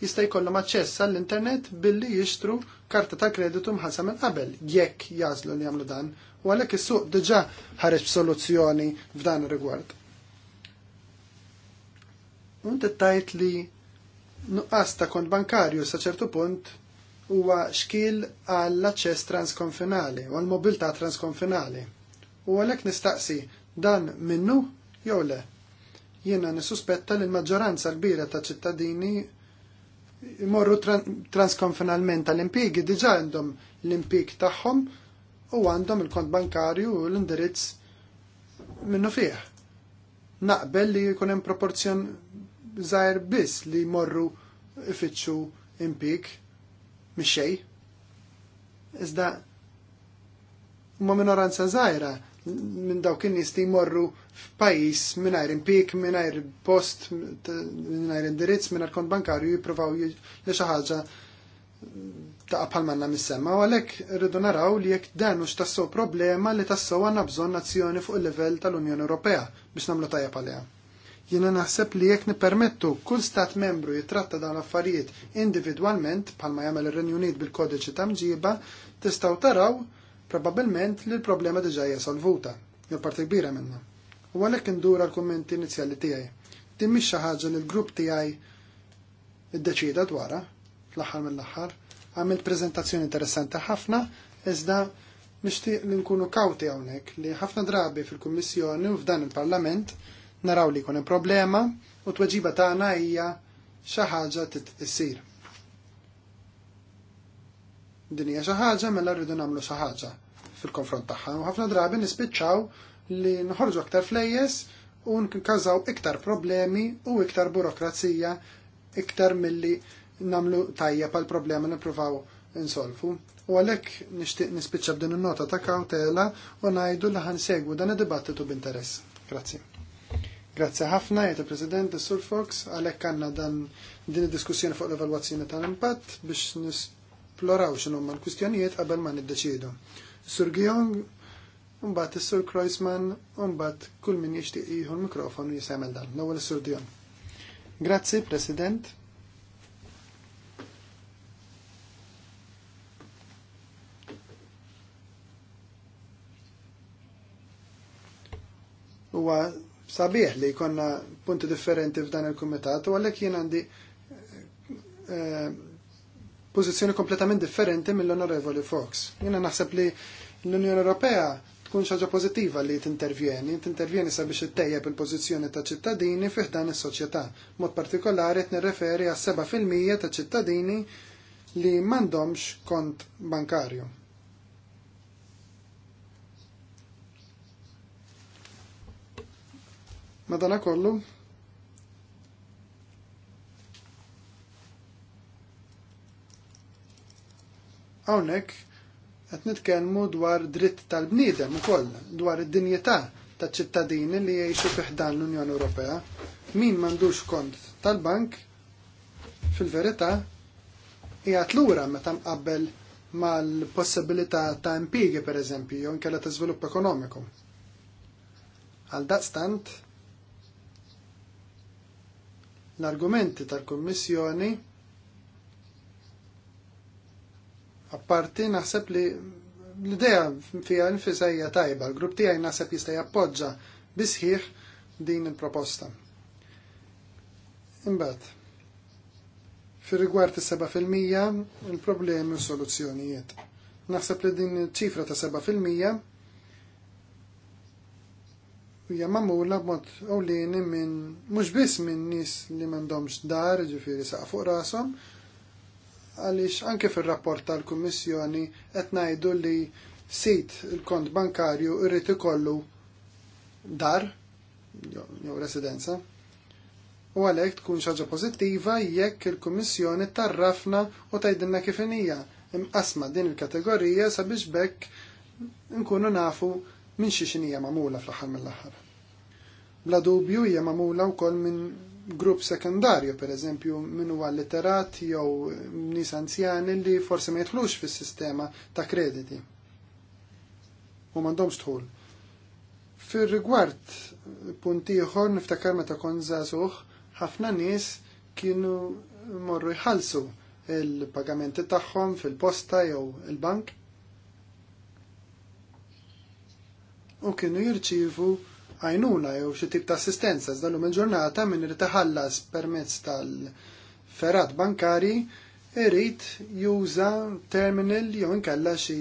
jista' jkollhom aċċess għall-internet billi jixtru karta ta' kreditu mħassa minn qabel jekk jażlu li jagħmlu dan u għalhekk is-suq diġà ħareġ soluzzjoni f'dan ir-rigward. Unt tajt li nuqqas ta' kont bankarju sa' ċertu punt huwa xkil għall-aċċess transkonfinali u għall-mobilità transkonfinali. U għalhekk nistaqsi dan minnu jew le. Jiena nisuspetta li l-maġġoranza kbira ta' ċittadini imorru transkonfinalment tal-impigi diġa għandhom l-impig tagħhom u għandhom il-kont bankarju u l-indirizz minnu fih. Naqbel li jkun hemm proporzjon żgħir biss li jmorru ifittxu impik mixej. Iżda huma minoranza żgħira minn daw in-nies li jmorru f'pajjiż mingħajr impik, mingħajr post, mingħajr indirizz, mingħajr kont bankarju jiprofaw li ħaġa ta' bħal manna mis-semma, u għalhekk irridu naraw li jekk dan hux tassew problema li tassew għanna bżonn nazzjoni fuq il-livell tal-Unjoni Ewropea biex nagħmlu tajja palja. Jiena naħseb li jekk nippermettu kull stat membru jitratta dawn l-affarijiet individwalment bħalma jagħmel ir-Renju Unit bil-kodiċi ta' mġiba, tistgħu taraw probabbilment li l-problema diġà hija solvuta, jew parti kbira minnha. U għalhekk indura l-kummenti inizjali tiegħi. Din mhix xi ħaġa li l-grupp tiegħi iddeċida dwarha fl-aħħar mill-aħħar. Għamilt preżentazzjoni interessanti ħafna iżda nixtieq li nkunu kawti hawnhekk li ħafna drabi fil-Kummissjoni u f'dan il-Parlament naraw li jkun hemm problema u t-tweġiba tagħna hija xi ħaġa issir. Din hija xi ħaġa mela rridu nagħmlu xi ħaġa fil-konfront tagħha. U ħafna drabi nispiċċaw li nħorġu aktar flejjes u nkazaw iktar problemi u iktar burokrazija iktar milli namlu tajja pal problema nipruvaw insolfu. U għalek nishtiq nispiċċa b'din il-nota ta' kautela u najdu li ħan segwu dan id-dibattitu b'interess. Grazie. Grazie ħafna, jgħet president Sir Fox, għalek għanna dan din diskussjoni fuq l-evaluazzjoni tal-impatt biex nisploraw xinu man kustjonijiet qabel ma niddeċidu. Sur Gjong, unbat Sir Kreuzman, unbat kull min jishtiq iħu l-mikrofonu jisemel dan. Nawel Sir Dion. President. Uwa, sabiħ li jkollna punti differenti f'dan il-kumitat u għalhekk jien għandi eh, pożizzjoni kompletament differenti mill-Onorevoli Fox. Jiena naħseb li l-Unjoni Ewropea tkun xaġa pożittiva li tintervjeni, intervjeni sabiex ittejjeb il-pożizzjoni ta' ċittadini f'dan dan is-soċjetà. Mod partikolari qed nirreferi għas 7% ta' ċittadini li m'għandhomx kont bankarju. Madana kollu, għawnek għet nitkelmu dwar dritt tal-bnidem u koll, dwar id-dinjeta ta' ċittadini li jiexu fiħdan l-Unjoni Ewropea. Min mandux kont tal-bank fil-verita jgħat lura meta mqabbel mal possibilita ta' impigi per eżempju, jgħon kella ta' żvilupp ekonomiku. Għal daqstant, L-argumenti tal-Kummissjoni apparti naħseb li l-idea fija nfisa hija tajba. L-grupp tiegħi naħseb jista' jappoġġa bisħiħ din il-proposta. Imbagħad, fir rigward is-7% il-problemi u s soluzzjonijiet. Naħseb li din ċifra ta' 7% hija magħmula b'mod ewlieni minn mhux biss minn nies li m'għandhomx dar, ġifieri saq fuq rashom, għaliex anke fir-rapport tal-Kummissjoni qed ngħidu li sit il-kont bankarju irrid ikollu dar jew residenza. U għalhekk tkun xaġa pożittiva jekk il-Kummissjoni tarrafna u tgħidilna kif inija imqasma din il-kategorija sabiex bekk nkunu nafu minn xi xinija magħmula fl-aħħar mill-aħħar. Bla dubju hija magħmula wkoll minn grupp sekundarju, pereżempju minn huwa litterat jew nies anzjani li forsi ma jidħlux fis-sistema ta' krediti. U m'għandhomx dħul. Fir-rigward punti ieħor niftakar meta kon żagħżugħ, ħafna nies kienu morru jħallsu il-pagamenti tagħhom fil-posta jew il-bank. il pagamenti il pagamenti tagħhom fil posta jew il bank u kienu jirċivu għajnuna jew xi tip ta' assistenza żdallum il-ġurnata minn irid iħallas permezz tal-ferat bankari irid juża terminal jew inkella xi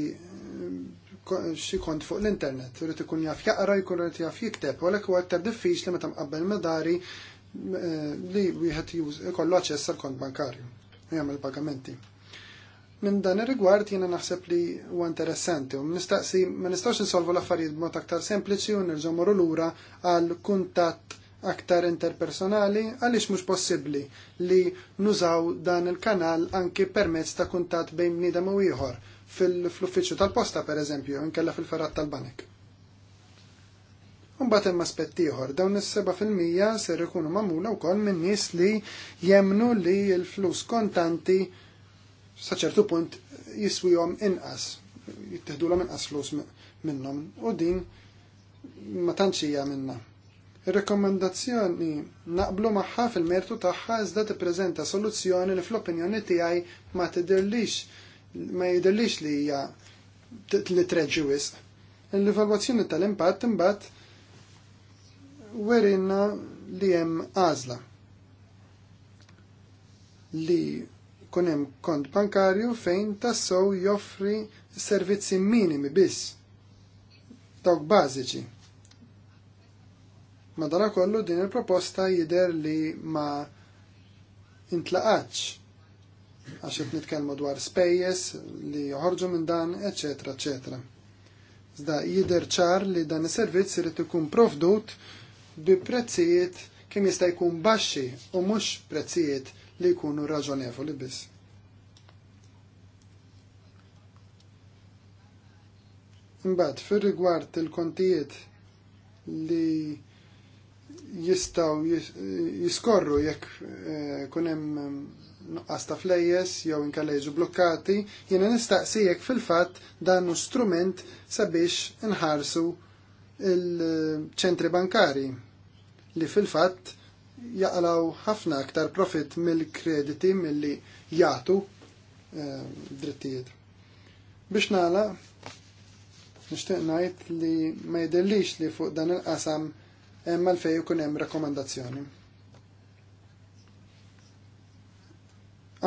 xi kont fuq l-internet, irid ikun jaf jaqra, jkun irid jaf jikteb, u huwa aktar diffiċli meta mqabbel madari eh, li wieħed jkollu aċċess għall kont bankarju jagħmel pagamenti. Minn dan ir-rigward jiena naħseb li huwa interessanti u nistaqsi ma nistax insolvu l-affarijiet b'mod aktar sempliċi u nirżommu lura għal kuntatt aktar interpersonali għaliex mhux possibbli li nużaw dan il-kanal anki permezz ta' kuntat bejn bniedem u ieħor fil-uffiċċju tal-posta pereżempju inkella fil-ferrat tal-banek. Imbagħad hemm aspett ieħor dawn is-7 fil-mija ser ikunu magħmula wkoll minn nies li jemnu li l-flus kontanti saċertu punt jiswijom inqas, jittihdu l inqas flus minnom u din ma tanċija minna. Il-rekomendazzjoni naqblu maħħa fil-mertu taħħa iżda tippreżenta soluzzjoni li fl-opinjoni tiegħi ma tidirlix ma jidirlix li hija li treġi wisq. L-evalwazzjoni tal-impatt imbagħad werinna li hemm għażla li kun hemm kont bankarju fejn tassow joffri servizzi minimi biss dawk bażiċi. Madanakollu din il-proposta jider li ma intlaqatx għax qed nitkellmu dwar spejjeż li joħorġu minn dan, eċetera, eċetera. Iżda jider ċar li dan is-servizz irid ikun provdut bi prezzijiet kemm jista' jkun baxxi u mhux prezzijiet li jkunu raġonevoli biss. Imbagħad fir-rigward il-kontijiet li jistaw jiskorru jekk eh, hemm mm, nuqqas ta' flejjes jew inkaleġu blokkati, jiena nistaqsi jekk fil-fatt dan strument sabiex nħarsu il-ċentri eh, bankari li fil-fatt jaqlaw ħafna aktar profit mill-krediti milli jagħtu jgħatu eh, drittijiet. Biex nala, nixtieq ngħid li ma jidellix li fuq dan il-qasam l-fej u hemm rakkomandazzjoni.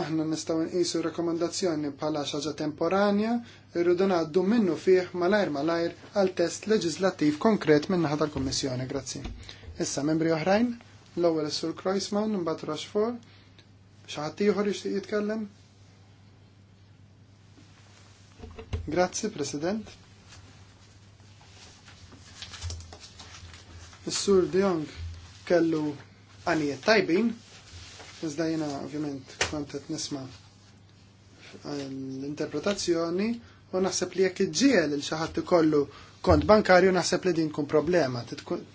Aħna nistgħu nqisu rekomendazzjoni bħala xaġa temporanja irridu ngħaddu minnu fih malajr malajr għal test leġislattiv konkret min-naħa tal-Kummissjoni. Grazzi. Issa membri oħrajn? L-ewwel is-Sur Kreisman, mbagħad Rashford. Xi ħadd ieħor jixtieq jitkellem? Grazzi, President. Is-Sur Diong kellu għanijiet tajbin, iżda jiena ovvjament kont qed nisma' l-interpretazzjoni u naħseb li jekk iġġiel il xi ħadd ikollu kont bankarju naħseb li din tkun problema.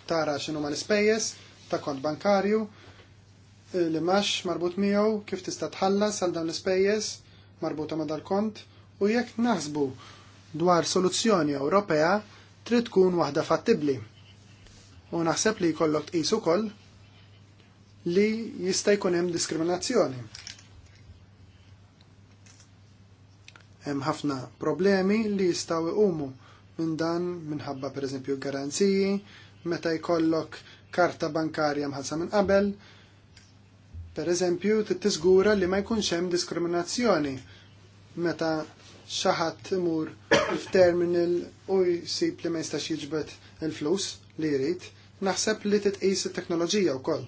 Tara x'inhuma l-ispejjeż, ta' kont bankarju eh, li max marbut miegħu kif tista' tħallas għal dawn l-ispejjeż marbuta ma' dal-kont u jekk naħsbu dwar soluzzjoni Ewropea trid tkun waħda fattibbli. U naħseb li jkollok tqis ukoll li jista' jkun hemm diskriminazzjoni. Hemm ħafna problemi li jistgħu jqumu minn dan minħabba pereżempju garanziji, meta jkollok karta bankarja mħalsa minn qabel, per eżempju, tiżgura li ma jkunx hemm diskriminazzjoni meta xaħat imur f'terminal u jsib li ma jistax jiġbet il-flus li jrid, naħseb li titqis it-teknoloġija wkoll.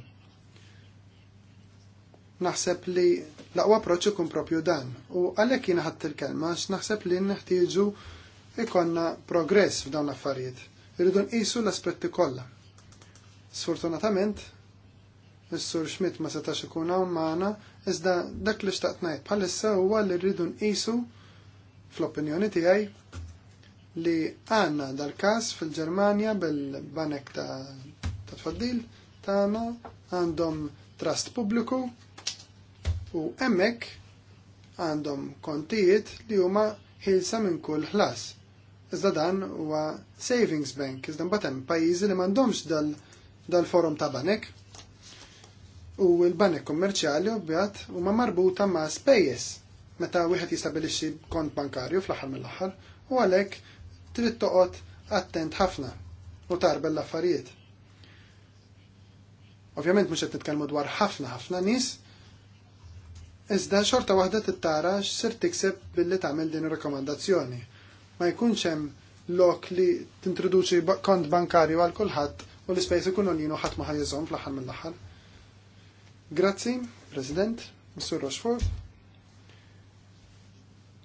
Naħseb li l-aqwa approċċ ikun propju dan u għalhekk jien ħadd il-kelma naħseb li neħtieġu ikonna progress f'dawn l-affarijiet. Irridu nqisu l-aspetti kollha. Sfortunatament, s sur Schmidt ma setax ikun hawn maħna, iżda dak li xtaqt ngħid bħalissa huwa li rridu nqisu fl-opinjoni tiegħi li għandna dal-każ fil-Ġermanja bil-banek ta' tfaddil tagħna għandhom trust pubbliku u hemmhekk għandhom kontijiet li huma ħilsa minn kull ħlas. Iżda dan huwa savings bank, iżda mbatem hemm pajjiżi li m'għandhomx dal- dal-forum ta' banek u l-banek kummerċjali u huma marbuta ma' spejjeż meta wieħed jistabilixxi kont bankarju fl-aħħar mill-aħħar u għalhekk trid toqgħod attent ħafna u tarbel l-affarijiet. Ovvjament mhux qed nitkellmu dwar ħafna ħafna nies, iżda xorta waħda tittara x'sir tikseb billi tagħmel din ir-rakkomandazzjoni. Ma jkunx hemm lok li tintroduċi kont bankarju għal kulħadd u l-ispejs ikunu li jinu ħatma ħajizom fl-ħar mill-ħar. Grazzi, President, Mr. Rochefort.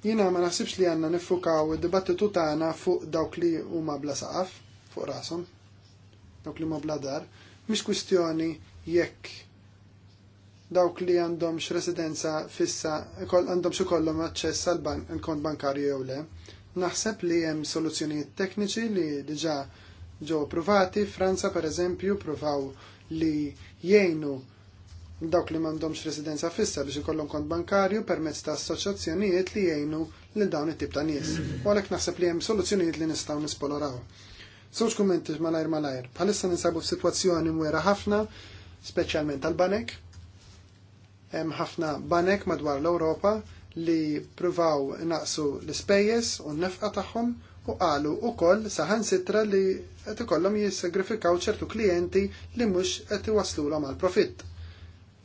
Jina ma naħsibx li għanna nifukaw id-dibattitu tagħna fuq dawk li huma bla saqaf fuq rashom, dawk li huma bla dar, mhix kwistjoni jekk dawk li għandhom residenza fissa għandhom x kollhom aċċess għal kont bankarju jew le. Naħseb li hemm soluzzjonijiet tekniċi li diġa' ġew provati, Franza per eżempju provaw li jgħinu dawk li m'għandhomx residenza fissa biex ikollhom kont bankarju permezz ta' assoċjazzjonijiet li jgħinu lil dawn it-tip ta' nies. U għalhekk naħseb li hemm soluzzjonijiet li nistgħu nispoloraw. Żewġ kummenti malajr malajr. Palissa ninsabu f'sitwazzjoni mwera ħafna, speċjalment tal-banek. Hemm ħafna banek madwar l-Ewropa li pruvaw naqsu l-ispejjeż u n-nefqa tagħhom u qalu wkoll saħan sitra li qed ikollhom jissagrifikaw ċertu klijenti li mhux qed iwaslulhom għal profitt.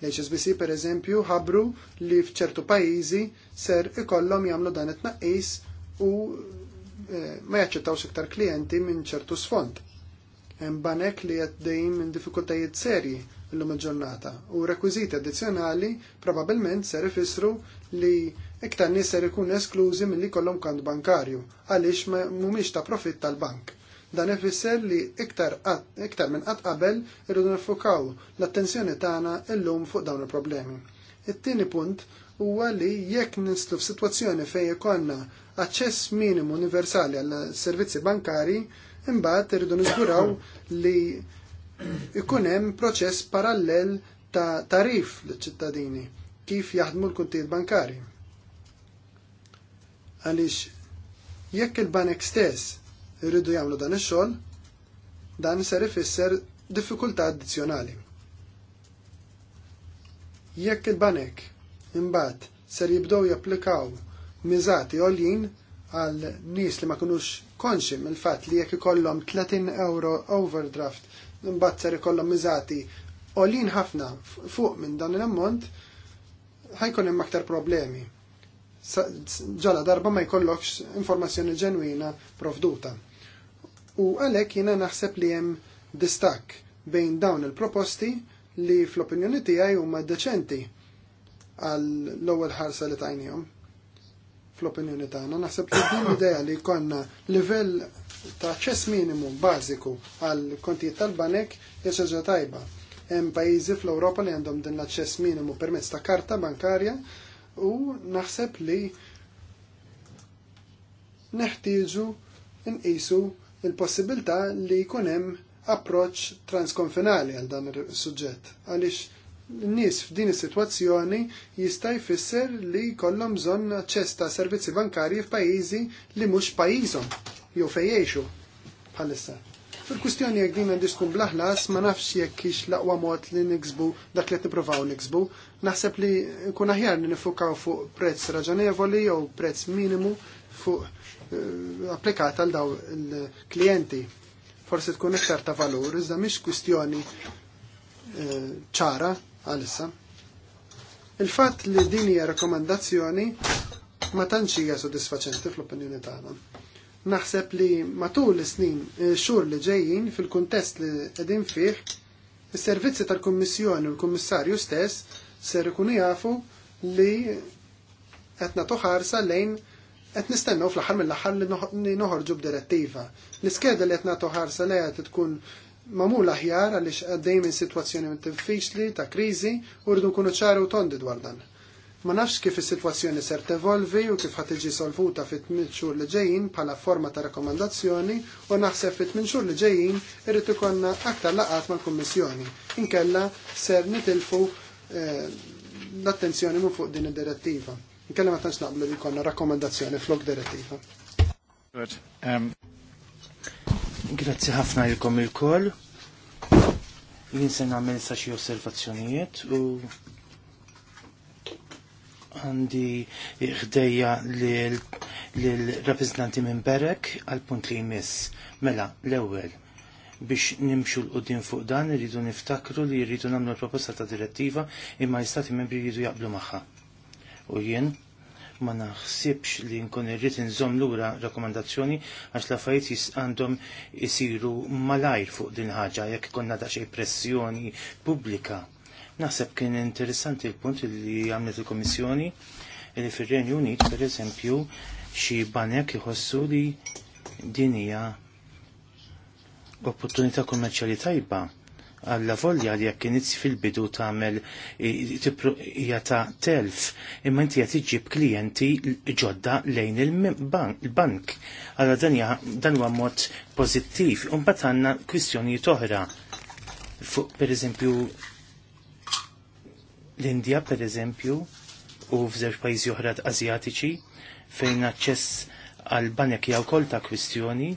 HSBC per eżempju ħabru li f'ċertu pajjiżi ser ikollhom jagħmlu dan it-tnaqqis u eh, ma jaċċettawx iktar klijenti minn ċertu sfond. Hemm banek li qed dejjem minn diffikultajiet serji llum il-ġurnata u rekwiżiti addizzjonali probabbilment ser ifissru li iktar nies ser ikun esklużi mill-li kollom kont bankarju għaliex mhumiex ta' profitt tal-bank. Dan ifisser li iktar, iktar minn qatt qabel irridu nifukaw l-attenzjoni tagħna llum fuq dawn il-problemi. It-tieni punt huwa li jekk nistlu f'sitwazzjoni fejn ikollna aċċess minimu universali għal servizzi bankari, imbagħad irridu niżguraw li ikun hemm proċess parallel ta' tarif liċ ċittadini kif jaħdmu l-kuntijiet bankari għaliex jekk il-banek stess irridu jagħmlu dan ix-xogħol, dan ser ifisser diffikultà addizzjonali. Jekk il-banek imbagħad ser jibdew japplikaw miżati għoljin għal nies li ma kunux konxi mill fatt li jekk ikollhom 30 euro overdraft imbagħad ser ikollhom miżati għoljin ħafna fuq minn dan l-ammont ħajkun hemm aktar problemi ġala darba ma jkollokx informazzjoni ġenwina provduta. U għalek jina naħseb li jem distak bejn dawn il-proposti li fl-opinjoni tijaj huma deċenti għall l-ewwel ħarsa li tajnijom. Fl-opinjoni tagħna naħseb li din l-idea li konna livell ta' ċess minimum bażiku għal kontijiet tal-banek jesġa tajba. Hemm pajjiżi fl-Ewropa li għandhom din l-aċċess minimu permezz ta' karta bankarja u naħseb li neħtieġu nqisu il-possibilità li jkun hemm approċċ transkonfinali għal dan is-suġġett għaliex n-nies f'din is-sitwazzjoni jista' jfisser li jkollhom bżonn aċċess ta' servizzi bankarji f'pajjiżi li mhux pajjiżhom jew fejn jgħixu bħalissa. Il-kustjoni jekk din għandix tkun blaħlas ma nafx jekk ix laqwa mod li niksbu dak li niprofaw niksbu. Naħseb li kun aħjar li nifukaw fuq prezz raġonevoli jew prezz minimu fuq eh, applikat għal daw il-klijenti. Forsi tkun iktar ta' valur, iżda mhix kwistjoni eh, ċara għalissa. Il-fatt li din hija rakkomandazzjoni ma tantx hija sodisfaċenti fl-opinjoni tagħna. Naħseb li matul is-snin eh, xhur li ġejjin fil-kuntest li qegħdin fih, is-servizzi tal-Kummissjoni u l-Kummissarju stess ser ikunu jafu li qed nagħtu ħarsa lejn qed nistennew fl-aħħar mill-aħħar li noħorġu b'direttiva. L-iskeda li qed nagħtu ħarsa lejha tkun magħmula aħjar għaliex għaddej minn sitwazzjoni diffiċli ta' kriżi u rridu nkunu ċaru tondi dwar dan. Ma nafx kif is-sitwazzjoni ser tevolvi u kif ħad tiġi solvuta fit tmien xhur li ġejjin bħala forma ta' rakkomandazzjoni u naħseb fit tmien xhur li ġejjin irid ikollna aktar laqat mal-Kummissjoni. Inkella ser nitilfu eh, l-attenzjoni minn fuq din id-direttiva. Inkella ma tantx naqblu li jkollna rakkomandazzjoni flok direttiva. Um, grazzi ħafna lilkom il-koll. Jien se nagħmel sa xi osservazzjonijiet u għandi ħdejja l-rappresentanti minn Berek għal punt li jmiss. Mela, l-ewwel biex nimxu l-qoddim fuq dan rridu niftakru li rridu nagħmlu proposta ta' direttiva imma jistati membri jridu jaqblu magħha. U jien ma naħsibx li nkun irrid inżomm lura rakkomandazzjoni għax l-affarijiet għandhom isiru malajr fuq din ħaġa jekk konna daqsxejn pressjoni pubblika Naħseb kien interessanti il-punt li għamlet il-Komissjoni li fir-Renju Unit, per eżempju, xi banek iħossu li din hija opportunità kummerċjali tajba għalla volja li jekk inizzi fil-bidu tagħmel hija ta' telf imma inti qed tiġib klijenti ġodda lejn il-bank. Alla dan huwa mod pożittiv. u mbagħad għandna kwistjonijiet oħra fuq pereżempju l-Indja per eżempju u f'żewġ pajjiżi oħra Azjatiċi fejn aċċess għal banek jew kol ta' kwistjoni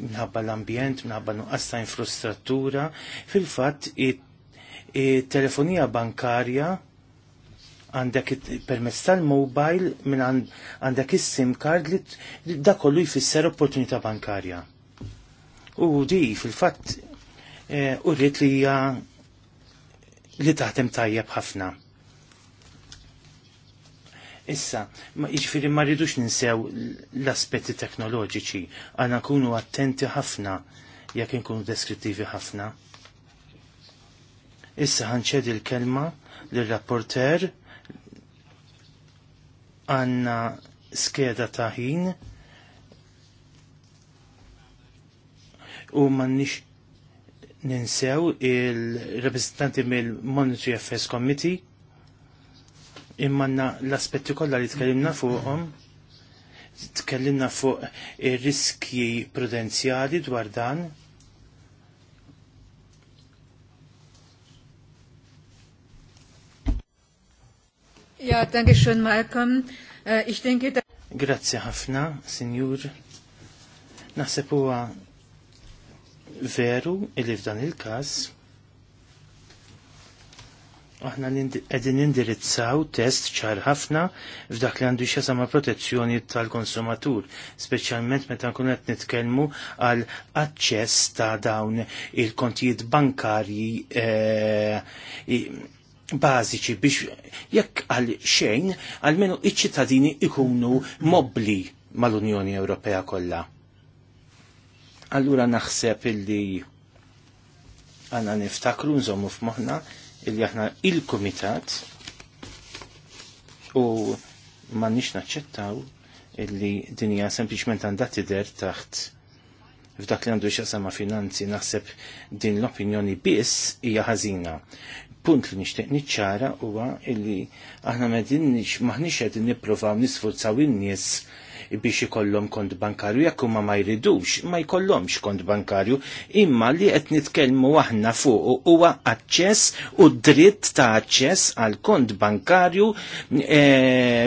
minħabba l-ambjent, minħabba nuqqas ta' infrastruttura, fil-fatt it-telefonija bankarja għandek permess tal-mobile minn għandek is-sim card li da kollu jfisser opportunità bankarja. U di fil-fatt eh, u rrit li hija li taħdem tajjeb ħafna. Issa, ma iġfiri ma rridux ninsew l-aspetti teknoloġiċi, għana kunu attenti ħafna, jekk inkunu deskrittivi ħafna. Issa ħanċed il-kelma l-rapporter għanna skeda taħin u mannix ninsew il-reprezentanti mill-Monetary Affairs Committee immanna l-aspetti kollha li tkellimna fuqhom tkellimna fuq ir-riskji prudenzjali dwar dan Ja, danke schön, Malcolm. Uh, ich denke, da... Grazie ħafna, Signor. Naħseb huwa veru illi f'dan il-każ aħna qegħdin indirizzaw test ċar ħafna f'dak li għandu xesama protezzjoni tal-konsumatur, speċjalment meta nkun qed nitkellmu għal aċċess ta' dawn il-kontijiet bankarji eh, bażiċi biex jekk għal xejn għalmenu iċ-ċittadini ikunu mobbli mal-Unjoni Ewropea kollha Allura naħseb illi għanna niftakru nżommu f'moħna illi aħna il-komitat u ma nix naċċettaw illi dinja sempliciment għandha tider taħt f'dak li għandu xasama finanzi naħseb din l-opinjoni biss hija ħażina. Punt li nixtieq niċċara huwa illi aħna m'għedin maħniex qegħdin nippruvaw nisfurzaw in-nies biex ikollhom kont bankarju jekk huma ma jridux ma jkollhomx kont bankarju imma li qed nitkellmu aħna fuq huwa aċċess u dritt ta' aċċess għal kont bankarju e,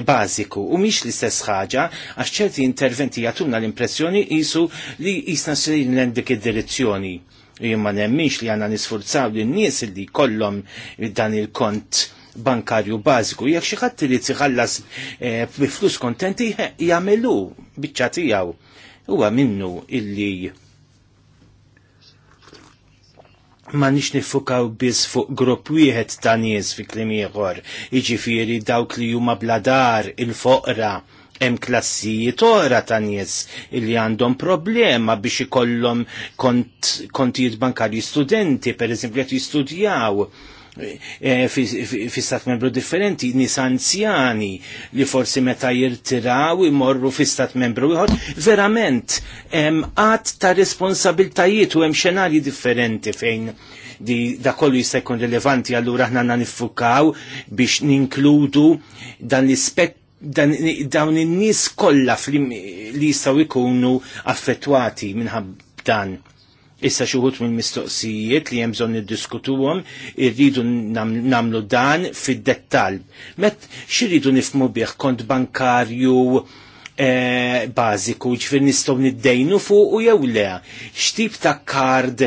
bażiku u mhix l-istess ħaġa għax ċerti interventi jagħtuna l-impressjoni qisu li jisna sejn dik id-direzzjoni imma nemmix li għanna nisfurzaw li n-nies li kollom dan il-kont bankarju bażiku. Jekk xi ħadd irid jħallas eh, bi flus kontenti jagħmelu biċċa tiegħu. Huwa minnu illi ma nix nifukaw biss fuq grupp wieħed ta' nies fi klim ieħor, jiġifieri dawk li huma bladar il-foqra hemm klassijiet oħra ta' nies illi għandhom problema biex ikollhom kontijiet bankarji studenti, pereżempju qed jistudjaw Eh, fi stat membru differenti, nis anzjani li forsi meta jirtiraw imorru fi stat membru ieħor, verament hemm qatt ta' responsabiltajiet u hemm xenarji differenti fejn di da kollu jista' jkun rilevanti allura aħna għandna niffukaw biex ninkludu dan l-ispett dawn in-nies kollha li jistgħu jkunu affettwati minħabba dan. Issa xi wħud mill-mistoqsijiet li hemm bżonn niddiskutuhom irridu nagħmlu dan fid-dettall. Met x'irridu nifmu bih kont bankarju eh, bażiku ġifir nistgħu niddejnu fuq u jew le. X'tip ta' kard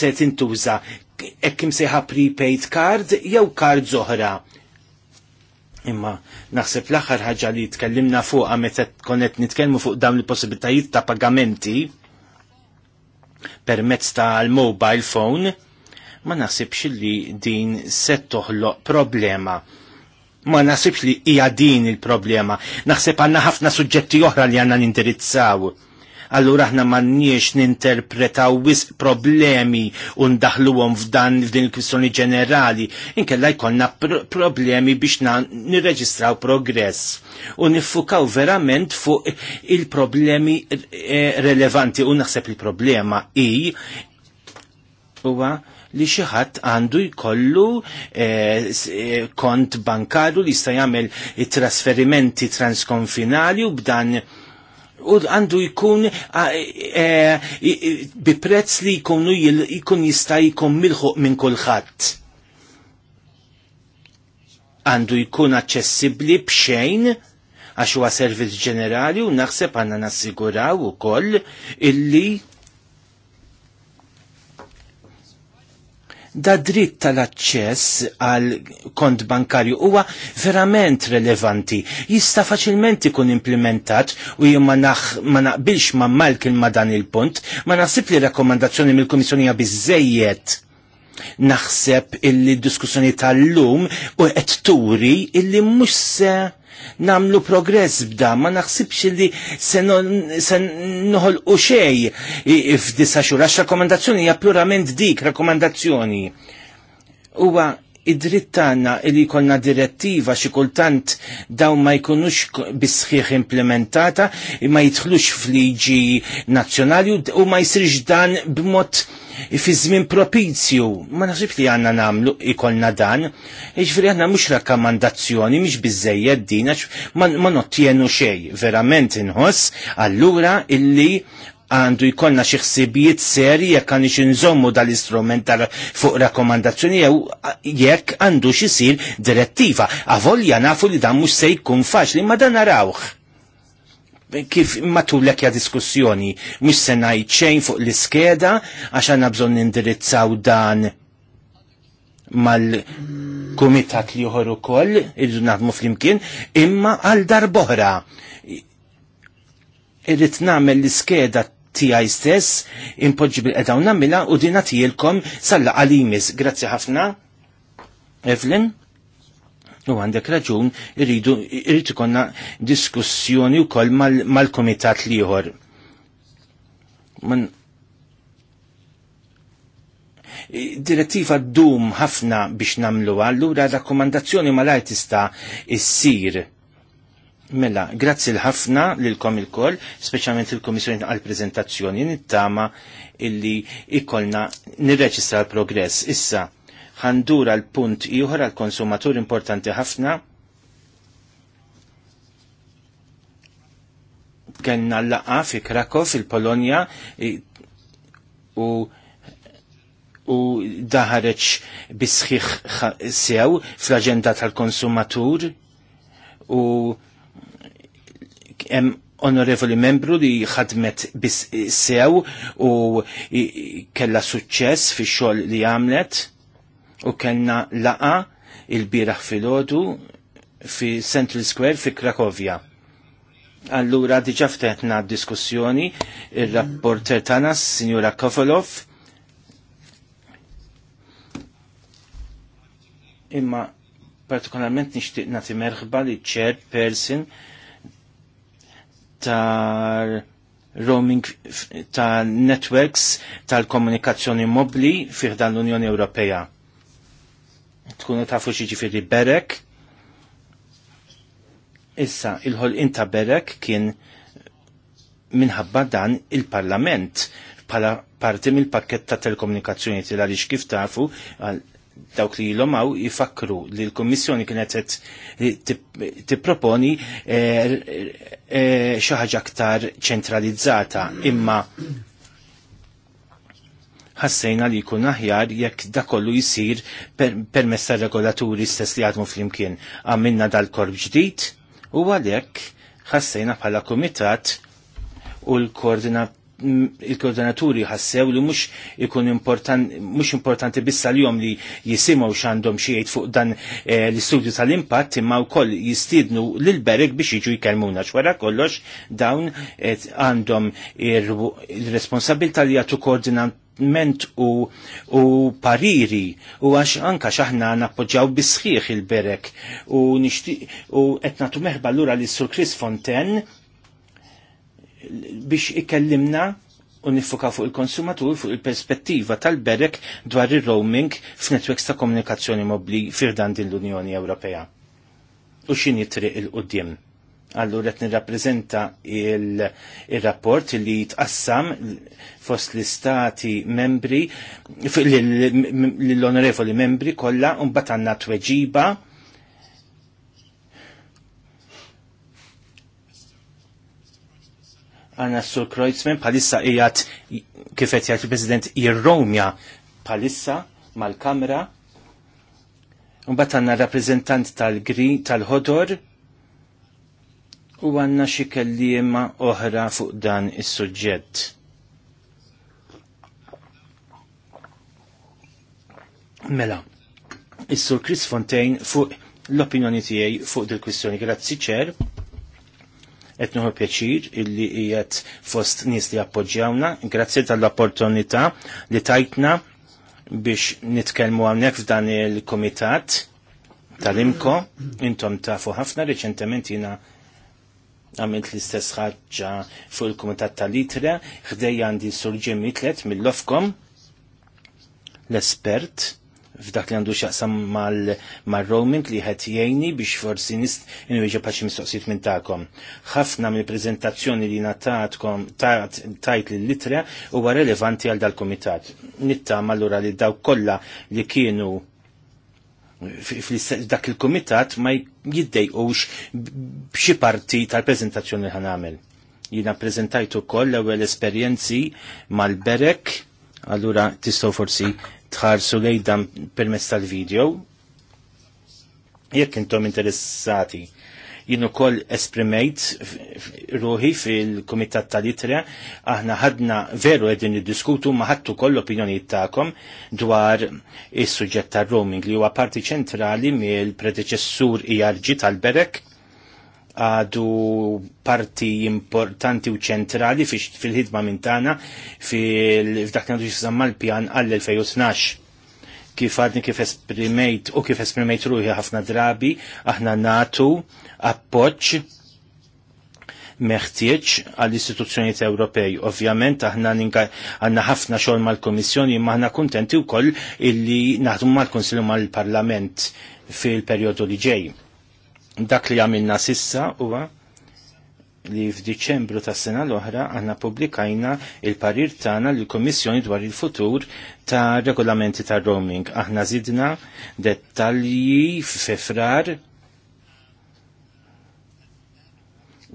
se tintuża? Ekkim seħa prepaid card jew kard zoħra imma naħseb l-aħħar ħaġa li tkellimna fuq meta konet nitkellmu fuq dawn il-possibilitajiet ta' pagamenti permezz tal-mobile phone, ma nasibx li din se toħloq problema. Ma nasibx li hija din il-problema. Naħseb għandna ħafna suġġetti oħra li għandna nindirizzaw allura aħna m'għandniex ninterpretaw wis problemi u ndaħluhom f'dan f'din il-kwistjoni ġenerali, inkella jkollna pr problemi biex nirreġistraw progress u niffukaw verament fuq il-problemi eh, relevanti u naħseb il-problema i huwa li xi ħadd għandu jkollu eh, eh kont bankarju li jista' jagħmel trasferimenti transkonfinali u b'dan u għandu jkun e, e, bi prezz li jkunu jkun jista' jkun milħuq minn kulħadd. Għandu jkun aċċessibbli b'xejn għax huwa servizz ġenerali u naħseb għandna nassiguraw ukoll illi da dritt tal-aċċess għal kont bankarju huwa verament relevanti. Jista' faċilment ikun implementat u jien ma naqbilx ma malk ma dan il-punt, ma naħsib li rakkomandazzjoni mill-Kummissjoni biżejjed naħseb il diskussjoni tal-lum u qed turi illi mhux se namlu progress b'da, ma naħsibx li se noħol u xej f'disa xur, għax rakomandazzjoni hija purament dik rakomandazzjoni. Huwa id-dritt tagħna li jkollna direttiva xi kultant dawn ma jkunux bisħiħ implementata, ma jidħlux fliġi nazzjonali u ma jsirx dan b'mod fi żmien propizju. Ma naħsib li għandna nagħmlu jkollna dan, jiġifieri aħna mhux rakkomandazzjoni mhix biżejjed din ma nottienu xejn, verament inħoss allura illi għandu jkollna xi ħsibijiet seri jekk għandi xi nżommu dal-istrument tal fuq rakkomandazzjoni jew jekk għandu xisir direttiva. Avolja nafu li dan mhux se jkun faċli ma dan narawh. Kif matulek ja diskussjoni, mhux se ngħid xejn fuq l-iskeda għax għandna bżonn nindirizzaw dan mal-kumitat li joħor ukoll, irridu naħdmu flimkien, imma għal darboħra irrit namel l-iskeda tiegħi stess impoġi bil u nagħmilha u din nagħtilkom salla għalimis. Grazzi ħafna. Evelyn? U għandek raġun, irridu, irrid konna diskussjoni wkoll mal-komitat mal liħor. Man, direttiva dum ħafna biex namlu għallura rakkomandazzjoni mal-artista issir Mela, grazzi l-ħafna lilkom il-koll, speċjalment il-Komissjoni għal-prezentazzjoni nittama illi ikolna nirreġistra l-progress. Issa, ħandura l-punt ieħor għal-konsumatur importanti ħafna kellna laqa fi Krakow fil-Polonja u u daħareċ bisħiħ sew fl-aġenda tal-konsumatur u hemm onorevoli membru li ħadmet bis sew u kella suċċess fi xogħol li għamlet u kellna laqa il-biraħ fil-ħodu fi Central Square fi Krakovja. Allura diġa ftetna diskussjoni il-rapporter tana, signora Kofolov, imma partikolarment nixtieq nagħti merħba li chair person ta' roaming ta' networks tal-komunikazzjoni mobli fih dan l-Unjoni Ewropea. Tkunu tafu ġifiri berek. Issa, il-ħol inta berek kien minħabba dan il-parlament pala parti mill pakket ta' telekomunikazzjoni til għaliex kif tafu dawk li l-omaw jifakru li l-Kommissjoni kienet tipproponi eh, eh, eh, xi ħaġa aktar ċentralizzata imma ħassejna li jkun aħjar jekk da kollu jisir permessa tar regolaturi stess li għadmu flimkien għamilna dal-korb ġdid u għalhekk ħassejna bħala kumitat u l-koordinat il-koordinaturi ħassew li mhux ikun importanti mux importanti bissa li jom li jisimgħu xandom xi fuq dan eh, l-istudju tal-impatt imma wkoll jistidnu lil berek biex jiġu jkellmuna xwara kollox dawn eh, għandhom ir-responsabilità li jagħtu koordinament u, u pariri u għax anka xaħna nappoġġaw bisħiħ il-berek u nishti u qed nagħtu meħba lura li sur Chris Fontaine biex ikellimna u nifuka fuq il-konsumatur fuq il-perspettiva tal-berek dwar il-roaming f'netwerks ta' komunikazzjoni mobli firdan din l-Unjoni Ewropea. U xin jitriq il-qoddim. Allura qed nirrappreżenta il-rapport il li jitqassam fost l-istati membri, l-onorevoli membri kollha u mbagħad għandna tweġiba għanna sur Kreuzmen palissa ijat kifet jgħat il-President jirromja palissa mal-Kamra Unbat għanna rappresentant tal-Gri tal-ħodor u għanna xi oħra fuq dan is-suġġett. Mela, il sur Chris Fontaine fuq l-opinjoni tiegħi fuq dil-kwistjoni. Grazzi ċer qed pieċir pjaċir illi qiegħed fost nies li appoġġjawna. Grazzi tal-opportunità li tajtna biex nitkellmu hawnhekk f'dan il-kumitat tal-imko. Intom tafu ħafna riċentement jiena għamilt l-istess ħaġa fuq il-kumitat tal-itra, ħdej għandi surġi mitlet mill-lofkom l-espert f'dak li għandu xaqsam mal-roaming li ħed jgħini biex forsi nist inweġa paċi mistoqsit minn ta'kom. ħafna mill prezentazzjoni li natatkom tajt li litra huwa relevanti għal dal-komitat. Nittama allura li daw kollha li kienu dak il-komitat ma jiddejqux b'xi parti tal-prezentazzjoni li ħanamel. Jina prezentajtu koll l-ewwel esperjenzi mal-berek allura tistgħu forsi tħarsu lejdan permess tal-video. Jekk intom interessati, jien ukoll esprimejt ruħi fil-Kumitat tal-Itra, aħna ħadna veru qegħdin niddiskutu ma ħadtu koll opinjonijiet tagħkom dwar is-suġġett tar-roaming li huwa parti ċentrali mill-predeċessur IRG e tal-Berek għadu parti importanti u ċentrali fil-ħidma minn tagħna f'dak għandu jisamma l-pjan għall-2012 kif għadni kif esprimejt u kif esprimejt ruħi ħafna drabi, aħna natu appoċ meħtieċ għall istituzzjonijiet Ewropej. Ovvjament aħna għanna ħafna xogħol mal-Komissjoni ma aħna kuntenti wkoll illi naħdu mal-Konsilju mal-Parlament fil-perjodu li ġej dak li għamilna sissa huwa li f'Diċembru ta' sena l-oħra għanna publikajna il-parir tagħna l komissjoni dwar il-futur ta' regolamenti ta' roaming. Aħna zidna dettalji f'Fefrar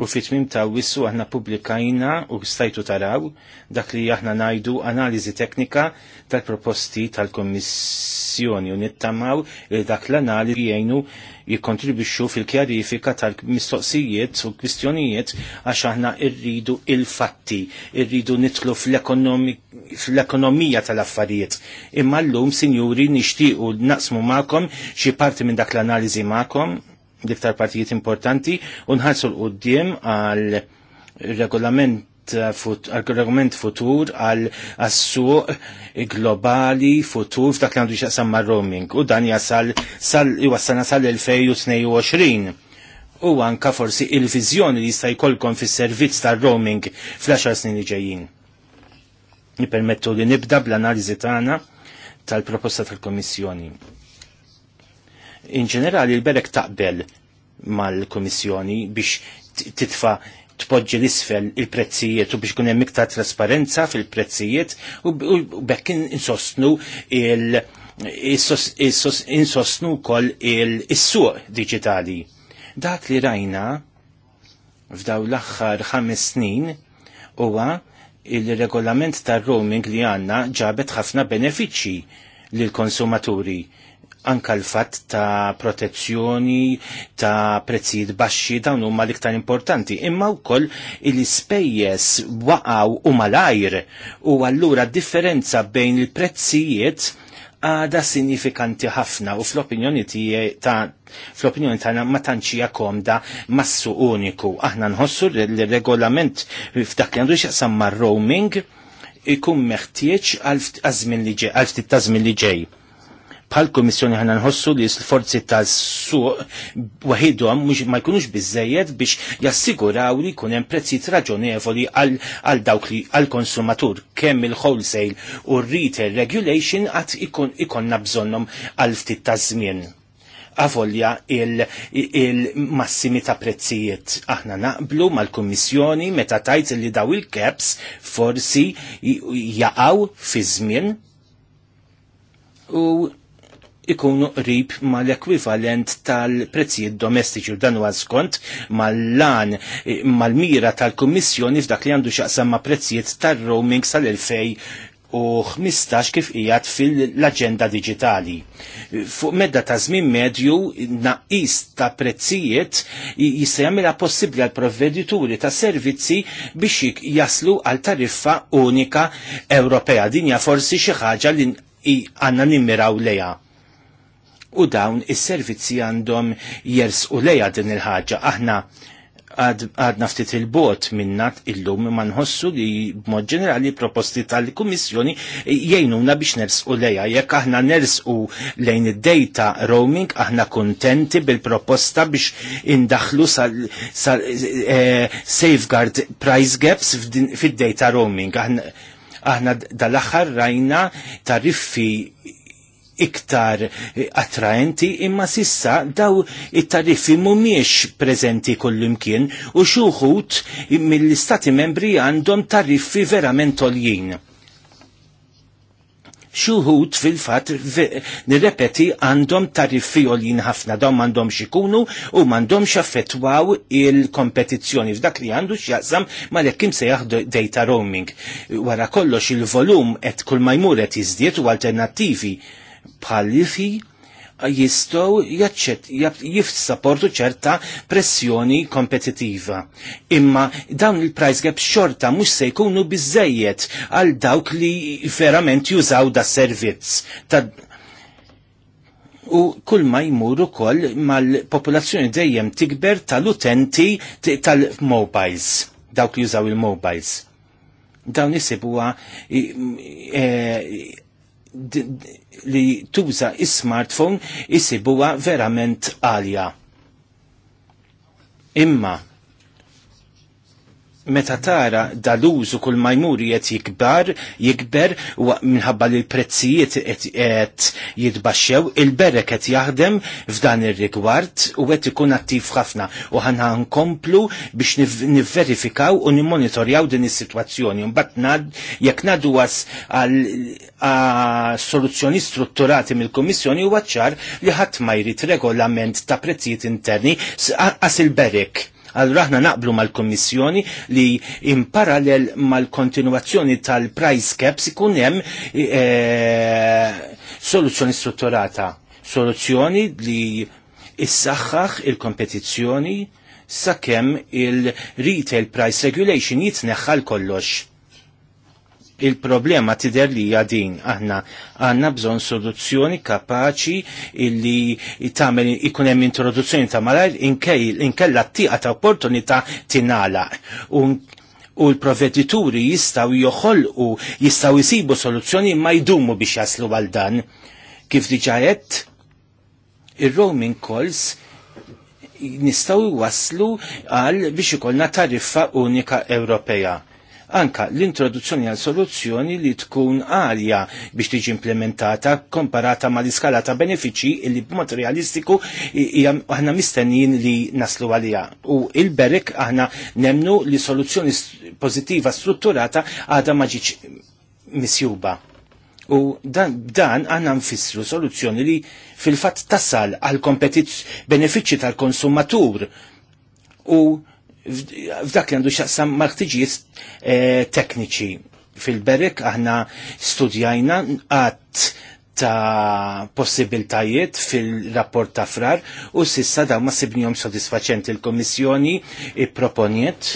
u fit-tmim ta' wissu aħna publikajna u stajtu taraw dak li aħna najdu analiżi teknika tal-proposti tal-Kommissjoni u nittamaw li dak l-analiżi jgħinu jikkontribwixxu fil-kjarifika tal-mistoqsijiet u kwistjonijiet għax aħna rridu il-fatti, irridu nitlu fl-ekonomija tal-affarijiet. Imma llum, sinjuri, nixtiequ naqsmu ma'kom xi parti minn dak l-analiżi magħkom, l-iktar partijiet importanti, u l qoddim għal regolament Eh, argument futur għal assuq globali futur f'dak li għandu xaqsam ma' roaming u dan jasal sal sal-2022 u anka forsi il-vizjoni li jista' jkollkom fis-servizz tar-roaming fl-10 snin li ġejjin. Nipermettu li nibda bl-analiżi tagħna tal-proposta tal-Komissjoni. In ġenerali l-berek taqbel mal-Komissjoni biex titfa' tpoġġi l-isfel il-prezzijiet u biex kunem iktar trasparenza fil-prezzijiet u bekk insostnu il- insostnu kol il-suq digitali. Dak li rajna f'daw l-axħar ħames snin huwa il-regolament tar-roaming li għanna ġabet ħafna benefiċċji lill-konsumaturi anka l-fatt ta' protezzjoni, ta' prezzijiet baxxi dawn huma l-iktar importanti, imma wkoll il spejjes waqgħu u malajr u allura differenza bejn il-prezzijiet għada sinifikanti ħafna u fl-opinjoni ta' fl-opinjoni tagħna ma tantxija komda massu uniku. Aħna nħossu l-regolament f'dak li għandu x'jaqsam ma' roaming ikun meħtieġ għal ftit ta' li ġej bħal komissjoni ħana nħossu li s-forzi ta' suq wahidhom mhux ma jkunux bizzejed biex jassiguraw li jkun hemm prezzijiet raġonevoli għal dawk li għal konsumatur kemm il-wholesale u retail regulation għat ikonna bżonnhom għal ftit ta' żmien. Avolja il-massimi ta' prezzijiet. Aħna naqblu mal-Kummissjoni meta tajt li daw il-caps forsi jaqaw fi żmien u ikunu qrib mal-ekwivalent tal-prezzijiet domestiċi u dan huwa skont mal-lan eh, mal-mira tal-Kummissjoni f'dak li għandu xaqsam ma' prezzijiet tar-roaming sal-2000 u 15 kif ijat fil-agenda digitali. Fuq medda ta' żmien medju naqis ta' prezzijiet jista' jagħmilha possibbli għal provvedituri ta' servizzi biex jaslu għal tariffa unika Ewropea. Dinja forsi xi ħaġa li għandna nimmiraw lejha u dawn is-servizzi għandhom u lejha din il-ħaġa. Aħna għadna ftit il-bot minnat illum ma nħossu li b'mod ġenerali proposti tal-Kummissjoni jgħinuna biex nersqu lejha. Jekk aħna nersqu lejn id-data roaming, aħna kontenti bil-proposta biex indaħlu sal-safeguard eh, price gaps fid-data roaming. Aħna, aħna dal axar rajna tariffi iktar attraenti imma sissa daw it-tariffi mumiex prezenti kullimkien u xuħut mill-istati membri għandhom tariffi verament toljin xuħut fil-fat nirrepeti għandhom tariffi olin ħafna dawn għandhom xikunu u mandom xaffetwaw il-kompetizzjoni f'dak li għandu xjaqsam ma l kim se jaħdu data roaming. Wara kollox il-volum et kull majmuret jizdiet u alternativi palifi lifi jistow jaċċet, jifsaportu ċerta pressjoni kompetitiva. Imma dawn il-price gap xorta mux se jkunu bizzejiet għal dawk li verament jużaw da servizz. U kull ma jmuru kol mal-popolazzjoni dejjem tikber tal-utenti tal-mobiles, dawk li jużaw il-mobiles. Dawn jisibuwa e, e, eh, li tuża is-smartphone isibuha verament għalja. Imma meta tara dal-użu kull majmuri jett jikbar, jikber u minħabba li l-prezzijiet jett jitbaxxew, il-berek qed jaħdem f'dan ir-rigward u qed ikun attiv ħafna u ħanħa nkomplu biex nifverifikaw u nimmonitorjaw din is-sitwazzjoni. Mbagħad nad jekk nadu għal soluzzjoni strutturati mill-Kummissjoni huwa ċar li ħadd ma jrid regolament ta' prezzijiet interni għas il-berek Allura aħna naqblu mal-Kommissjoni li imparallel mal-kontinuazzjoni tal-price caps ikun hemm e, soluzzjoni strutturata, soluzzjoni li issaħħaħ il-kompetizzjoni sakemm il-retail price regulation jitneħħal kollox Il-problema tidher li hija din aħna għandna bżonn soluzzjoni kapaċi illi tagħmel ikun hemm introduzzjoni ta' malajr inkella t-tieqa ta' opportunità tingħalaq. U l-provedituri jistgħu joħolqu, jistgħu jsibu soluzzjoni ma jdumu biex jaslu għal dan. Kif diġajet? ir-roaming calls nistaw waslu għal biex ikollna tariffa unika Ewropea anka l-introduzzjoni għal soluzzjoni li tkun għalja biex tiġi implementata komparata ma l-iskala ta' benefiċi li b'mod realistiku aħna mistennin li naslu għalija. U il-berek aħna nemnu li soluzzjoni pozitiva strutturata għada maġiċ misjuba. U dan, għanna nfissru soluzzjoni li fil-fat tassal għal kompetizz benefiċi tal-konsumatur u f'dak li għandu xaqsam martiġijiet eh, tekniċi. Fil-berek aħna studjajna għat ta' possibiltajiet fil-rapport ta' frar u sissa daw ma sibnijom sodisfaċenti l-Komissjoni i proponiet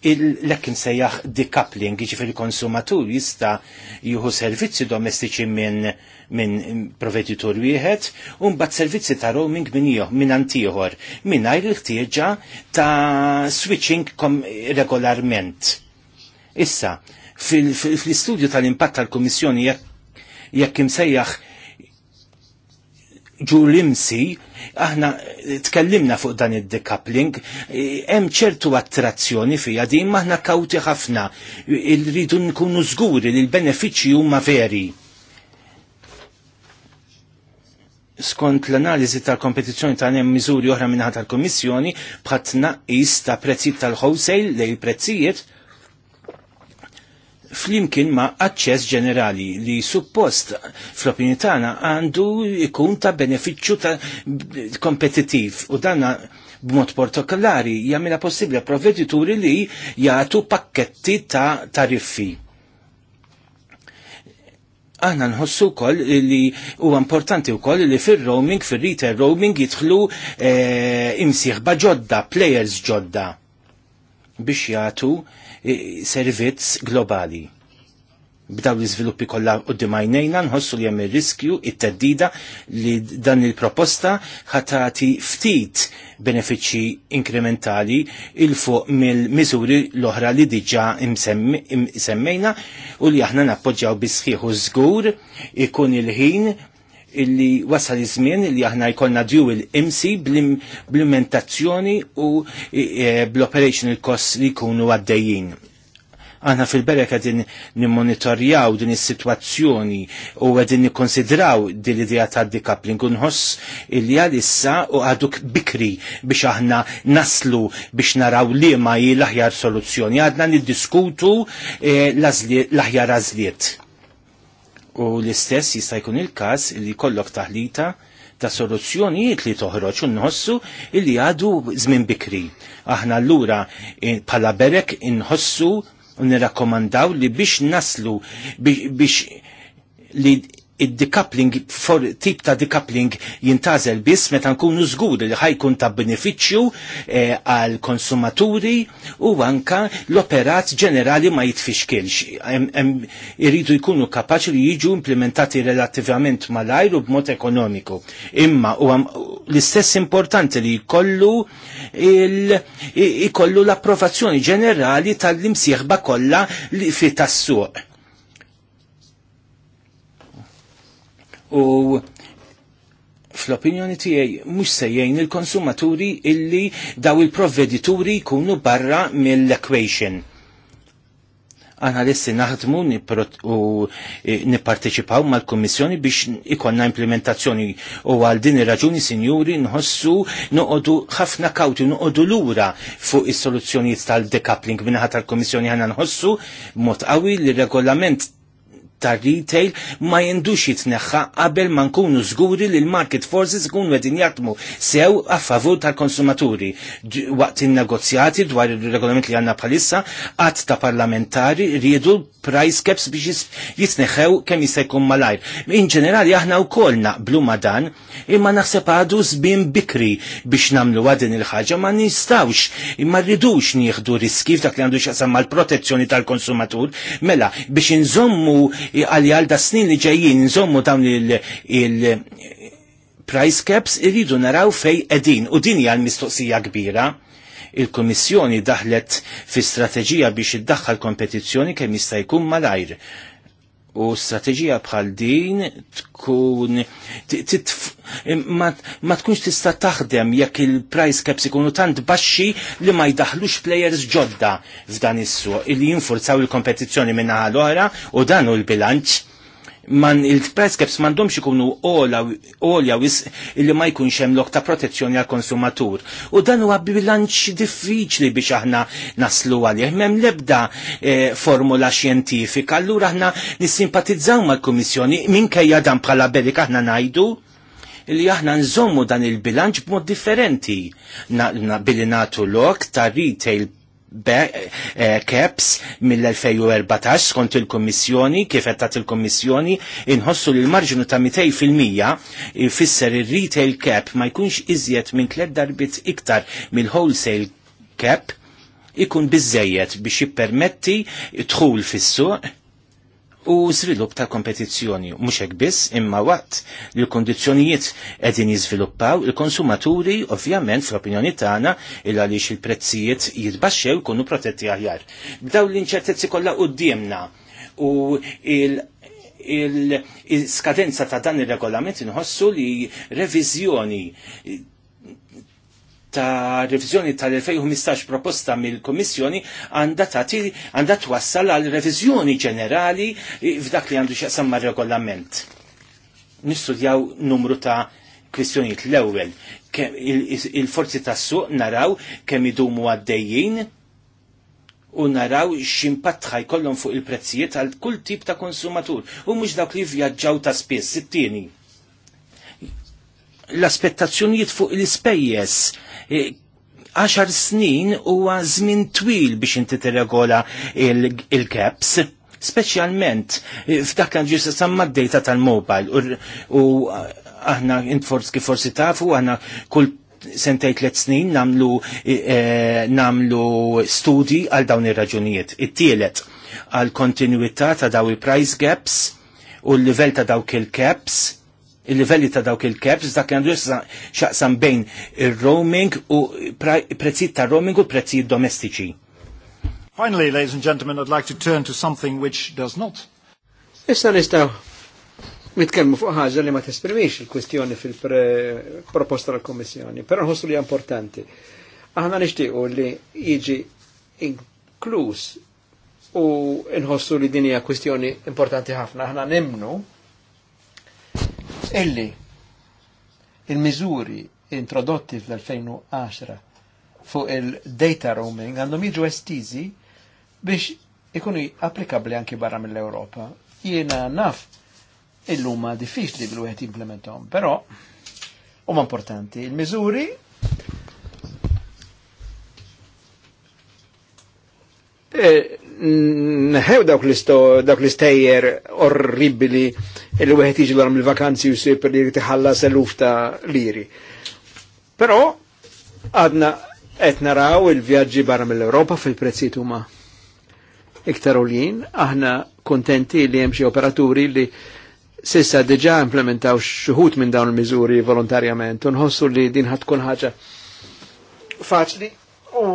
l-ekkim sejjaħ decoupling, ġifiri konsumatur jista juhu servizzi domestiċi minn min provveditur wieħed, un bat servizzi ta' roaming minn joh, minn antiħor, minn għajr ħtieġa ta' switching regolarment. Issa, fil istudju tal-impatt tal-Komissjoni jekk jekk imsejjaħ l-imsi, aħna tkellimna fuq dan id-decoupling, e, hemm ċertu attrazzjoni fija di imma aħna kawti ħafna, irridu nkunu żguri li l-benefiċċji huma veri. Skont l-analiżi tal-kompetizzjoni ta' hemm miżuri oħra minnaħa tal-Kummissjoni bħat tnaqqis ta' prezzijiet tal-wholesale lejn prezzijiet, flimkien ma' aċċess ġenerali li suppost fl-opinju tagħna għandu jkun ta' benefiċċju ta' kompetittiv u danna b'mod portokollari jagħmilha possibbli provvedituri li jagħtu pakketti ta' tariffi. Aħna nħossu wkoll li huwa importanti wkoll li fir-roaming, fir-retail roaming jidħlu imsiħba eh, imsieħba ġodda, players ġodda biex jagħtu servizz globali. B'daw li sviluppi kollha qudiem dimajnejna nħossu li hemm ir-riskju it-teddida li dan il-proposta ħatati ftit benefiċċji inkrementali il fuq mill-miżuri l-oħra li diġà semmejna u li aħna nappoġġjaw bisħiħu żgur ikun il-ħin illi wasal iż-żmien illi aħna jkollna dju il-imsi bl-implementazzjoni u e, e, bl-operational costs li jkunu għaddejjin. Aħna fil-bereka din nimmonitorjaw din is-sitwazzjoni u għedin nikkonsidraw din l-idea ta' decoupling unħoss illi issa u għaduk bikri biex aħna naslu biex naraw li ma jil l-aħjar soluzzjoni. Għadna niddiskutu e, l-aħjar azliet U l-istess jista' jkun il-każ li kollok taħlita ta' soluzzjonijiet li toħroġ u nħossu illi għadu żmien bikri. Aħna allura eh, bħala berek inħossu u nirrakkomandaw li biex naslu biex li il decoupling for tip ta' decoupling jintazel biss meta nkunu żgur li ħajkun ta' beneficju eh, għal konsumaturi u anka l-operat ġenerali ma jitfixkilx. Irridu jkunu kapaċi li jiġu implementati relativament malajr u b'mod ekonomiku. Imma u l-istess importanti li jkollu jkollu l-approvazzjoni ġenerali tal-imsieħba kollha fi tas-suq u fl-opinjoni tiegħi mhux sejjejn il-konsumaturi illi daw il-provvedituri jkunu barra mill-equation. Għana lissi naħdmu u e, nipparteċipaw mal kummissjoni biex ikonna implementazzjoni u għal din ir-raġuni sinjuri nħossu noqodu ħafna kawti noqodu lura fuq is-soluzzjonijiet tal-decoupling minnaħat tal-Kommissjoni ħana nħossu mod qawwi li regolament tar-retail ma jendux jitneħħa qabel ma nkunu żguri li l-market forces ikunu qegħdin jaħdmu sew a favur tal-konsumaturi. Waqt in-negozjati dwar ir-regolament li għandna bħalissa qatt ta' parlamentari riedu price caps biex jitneħħew kemm jista' jkun malajr. In ġenerali aħna wkoll naqblu ma dan imma naħseb għadu żbien bikri biex namlu għadin il-ħaġa ma nistawx imma rridux nieħdu riski f'dak li għandu x'aqsam mal-protezzjoni tal-konsumatur mela biex inżommu għalli għal snin li ġejjin nżommu dawn il-price caps irridu naraw fej edin u din hija l-mistoqsija kbira il-Komissjoni daħlet fi strateġija biex iddaħħal kompetizzjoni kemm jista' jkun malajr U strateġija bħal din tkun ma tkunx tista' taħdem jekk il-price caps ikunu tant baxxi li ma jdaħlux players ġodda f'dan is-suq illi jinfurzaw il-kompetizzjoni minnaħa l oħra u dan hu l-bilanċ man il-preskeps mandomx ikunu olja wis illi ma jkunx hemm lok ta' protezzjoni għal konsumatur. U dan huwa bilanċ diffiċli biex aħna naslu għalih. Mem lebda eh, formula xjentifika, allura aħna nissimpatizzaw mal-Kummissjoni minkejja dan bħala belik aħna ngħidu li aħna nżommu dan il-bilanċ b'mod differenti. Na, billi natu lok ta' retail Eh, caps mill-2014 skont il-Kommissjoni, kif qed il-Kommissjoni, inħossu li l-marġinu ta' 200% fisser ir-retail cap ma jkunx iżjed minn tliet darbit iktar mill-wholesale cap ikun biżejjed biex jippermetti dħul fis-suq u żvilupp ta' kompetizzjoni. Mhux hekk biss, imma waqt li l-kondizzjonijiet qegħdin jiżviluppaw, il-konsumaturi ovvjament fl-opinjoni tagħna il għaliex il-prezzijiet jitbaxxew jkunu protetti aħjar. B'daw l-inċertezzi kollha qudiemna u il- il-skadenza ta' dan il-regolament inħossu li revizjoni ta' revizjoni tal-2015 proposta mill-Komissjoni għandha għandha twassal għal revizjoni ġenerali f'dak li għandu x'jaqsam mar-regolament. Nistudjaw numru ta' kwistjonijiet l-ewwel il-forzi il forzi tas suq naraw kemm idumu għaddejjin u naraw x'impatt ħajkollhom fuq il-prezzijiet għal kull tip ta' konsumatur u mhux dawk li vjaġġaw ta' spiss it-tieni l-aspettazzjonijiet fuq l-ispejjeż. 10 e, snin huwa żmien twil biex inti tirregola il-caps. speċjalment specialment f'dak kan ġisa samma d-data tal-mobile u aħna intforz kif forsi tafu aħna kull sentej tlet snin namlu e, e, namlu studi għal dawn ir-raġunijiet. It-tielet għal kontinuità ta' daw il-price gaps u l-livell ta' dawk il-caps il-livelli ta' dawk il-caps, dak li għandu xaqsam bejn il-roaming u prezzijiet ta' roaming u prezzijiet domestiċi. Finally, ladies and gentlemen, I'd like to turn to something which does not. Issa nistaw nitkellmu fuq ħaġa li ma tesprimix il-kwestjoni fil-proposta tal-Kommissjoni, però nħossu li importanti. Aħna nixtiequ li jiġi inkluż u nħossu li din hija kwestjoni importanti ħafna. Aħna nemnu illi il mizuri introdotti fl-2010 fuq il-data roaming għandhom jiġu estizi biex ikunu applikabli anki barra mill-Europa. Jiena naf illuma diffiċli bil wieħed implementom, però huma importanti. il mizuri e, eh, neħew dawk l-istejjer orribili li wieħed iġi l għarm il-vakanzi u sib li tiħallas eluf ta' liri. Però għadna qed naraw il-vjaġġi barra mill europa fil prezzit huma iktar lin, aħna kontenti li hemm xi operaturi li sissa diġà implementaw xuħut minn dawn il-miżuri volontarjament u nħossu li din ħadd tkun ħaġa faċli u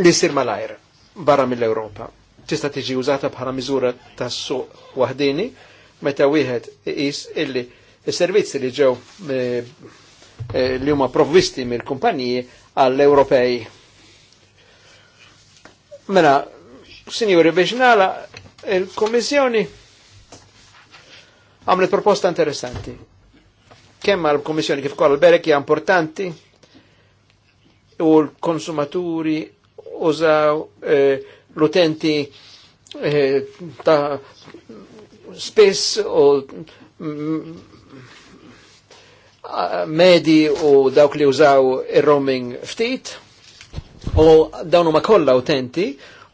li sir malajra barra mill-Europa. Tista' tiġi użata bħala miżura tas suq waħdini meta wieħed iqis illi is-servizzi li ġew eh, eh, li huma provvisti mill-kumpaniji għall-Ewropej. Mela, sinjuri biex nagħla il-Kommissjoni għamlet proposta interessanti. Kemm għall-Kommissjoni kif kol berek hija importanti u l-konsumaturi użaw eh, l-utenti eh, ta' spess u mm, medi u dawk li użaw il roaming ftit u dawn huma kollha utenti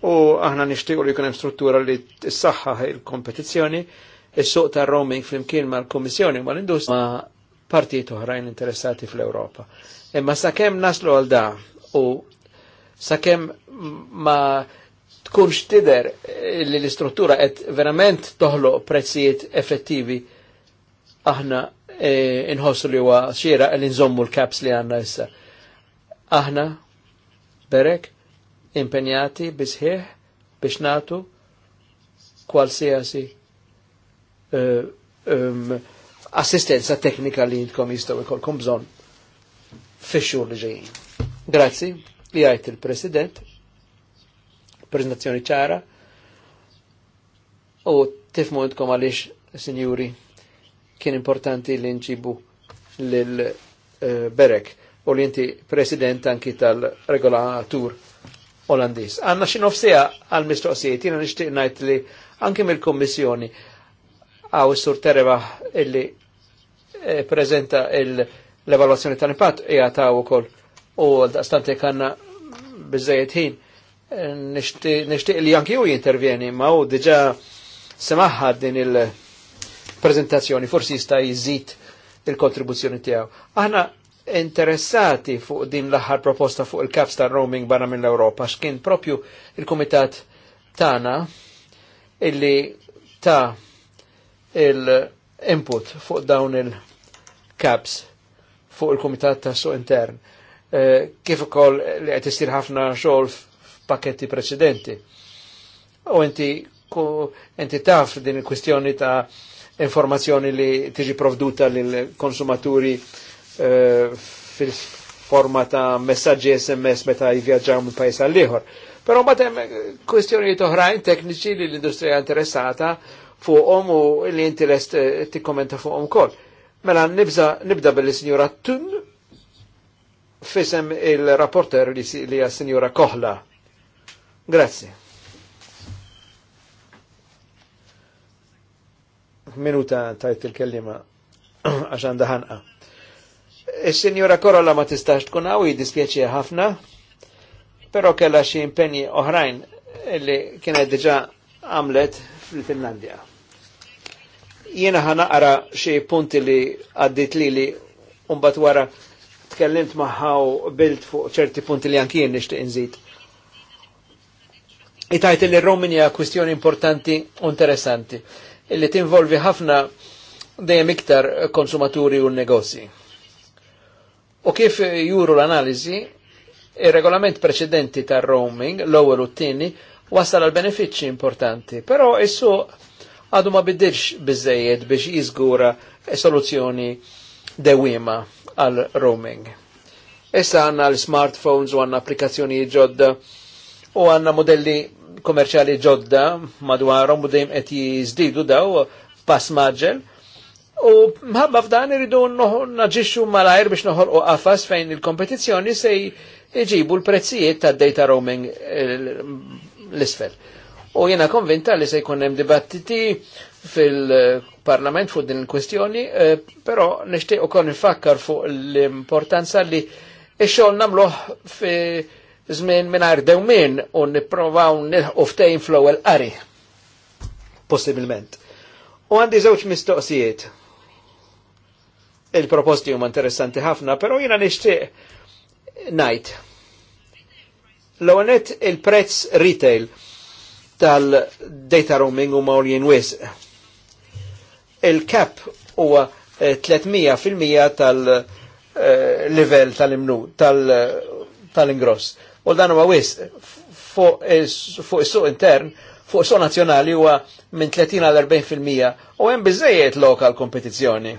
u aħna nixtiequ li jkun hemm struttura li t-saxħa il-kompetizzjoni il suq ta' roaming flimkien mal komissjoni ma' mal-Industri ma' partijiet oħrajn interessati fl europa Imma kem naslu għal da u sakemm ma tkunx tider li l-istruttura qed verament toħloq prezzijiet effettivi aħna e, inħossu li huwa xira li nżommu l-kaps li għandna issa. Aħna berek impenjati bisħieħ biex natu kwalsiasi um, assistenza teknika li jintkom jistaw ikolkom bżon fi xur li ġejjin. Grazzi li għajt il-President, prezentazzjoni ċara, u tifmu għandkom għaliex, sinjuri, kien importanti li nġibu l-Berek u li inti President anki tal-regolatur Olandis. Għanna xin ofsija għal-mistoqsijiet, jina nishtiq najt li anki mill-Kommissjoni għaw sur tereba illi eh, prezenta l-evaluazzjoni tal-impatt jgħataw e u koll u għal-daqstanti kanna bizzejiet ħin. Nishtiq li anki u jintervjeni, ma u diġa semaħħa din il-prezentazzjoni, forsi jista' jizzit il-kontribuzzjoni tiegħu. Aħna interessati fuq din l-aħħar proposta fuq il-kaps ta' roaming barra mill europa x'kien propju il-kumitat tana illi ta' il-input fuq dawn il-kaps fuq il-kumitat ta' suq intern. Eh, kif ukoll li qed isir ħafna xogħol f'pakketti preċedenti. U inti inti taf din il-kwistjoni ta' informazzjoni li tiġi provduta lil konsumaturi eh, fil-forma ta' messaġġi SMS meta jvjaġġaw minn pajjiż għal ieħor. Però ma hemm kwistjonijiet oħrajn tekniċi li l-industrija interessata fuqhom u li inti lest eh, tikkommenta fuqhom ukoll. Mela nibda billi sinjura Tun fisem il-rapporter li hija Sinjora Kohla. Grazzi. Minuta tajt il-kellima għaxan daħanqa. il sinjora Korolla ma tistax tkun għawi dispieċi ħafna, pero kella xi impenji oħrajn li kienet diġa għamlet fil-Finlandja. Jiena ara xi punti li għaddit li li umbat wara tkellimt u bilt fuq ċerti punti li anki nishtiq nżid. Itajt li hija kwistjoni importanti u interessanti illi tinvolvi ħafna dejjem iktar konsumaturi u negozji. U kif juru l-analizi, il-regolament preċedenti tar roaming l-ewwel u t-tieni, wasal għal benefiċċji importanti, però issu għadu ma bidirx biżejjed biex jiżgura soluzzjoni dewima għal roaming. Issa għanna l-smartphones u għanna applikazzjoni ġodda u għanna modelli komerċali ġodda madwarhom u dejjem qed jiżdiedu daw pass maġġel. U mħabba f'dan irridu naġixxu malajr biex noħolqu qafas fejn il-kompetizzjoni se jġibu l-prezzijiet tad data roaming eh, l-isfel. U jena konvinta li se jkun hemm dibattiti fil-Parlament fuq din il-kwestjoni, pero eh, però nixtieq ukoll nfakkar fuq l-importanza li ix-xogħol nagħmluh fi żmien mingħajr dewmien u nipprovaw nilħqu ftejn fl-ewwel qari. Possibilment. U għandi żewġ mistoqsijiet. Il-proposti huma interessanti ħafna, però jiena nixtieq ngħid. L-għonet il-prezz retail tal-data roaming u mawrjen wis. Il-cap huwa 300% eh, tal-level eh, tal-imnu, tal-ingross. U dan huwa wis eh, fuq is-suq intern, fuq is-suq nazzjonali huwa minn 30 għal 40% u hemm biżejjed lokal kompetizzjoni.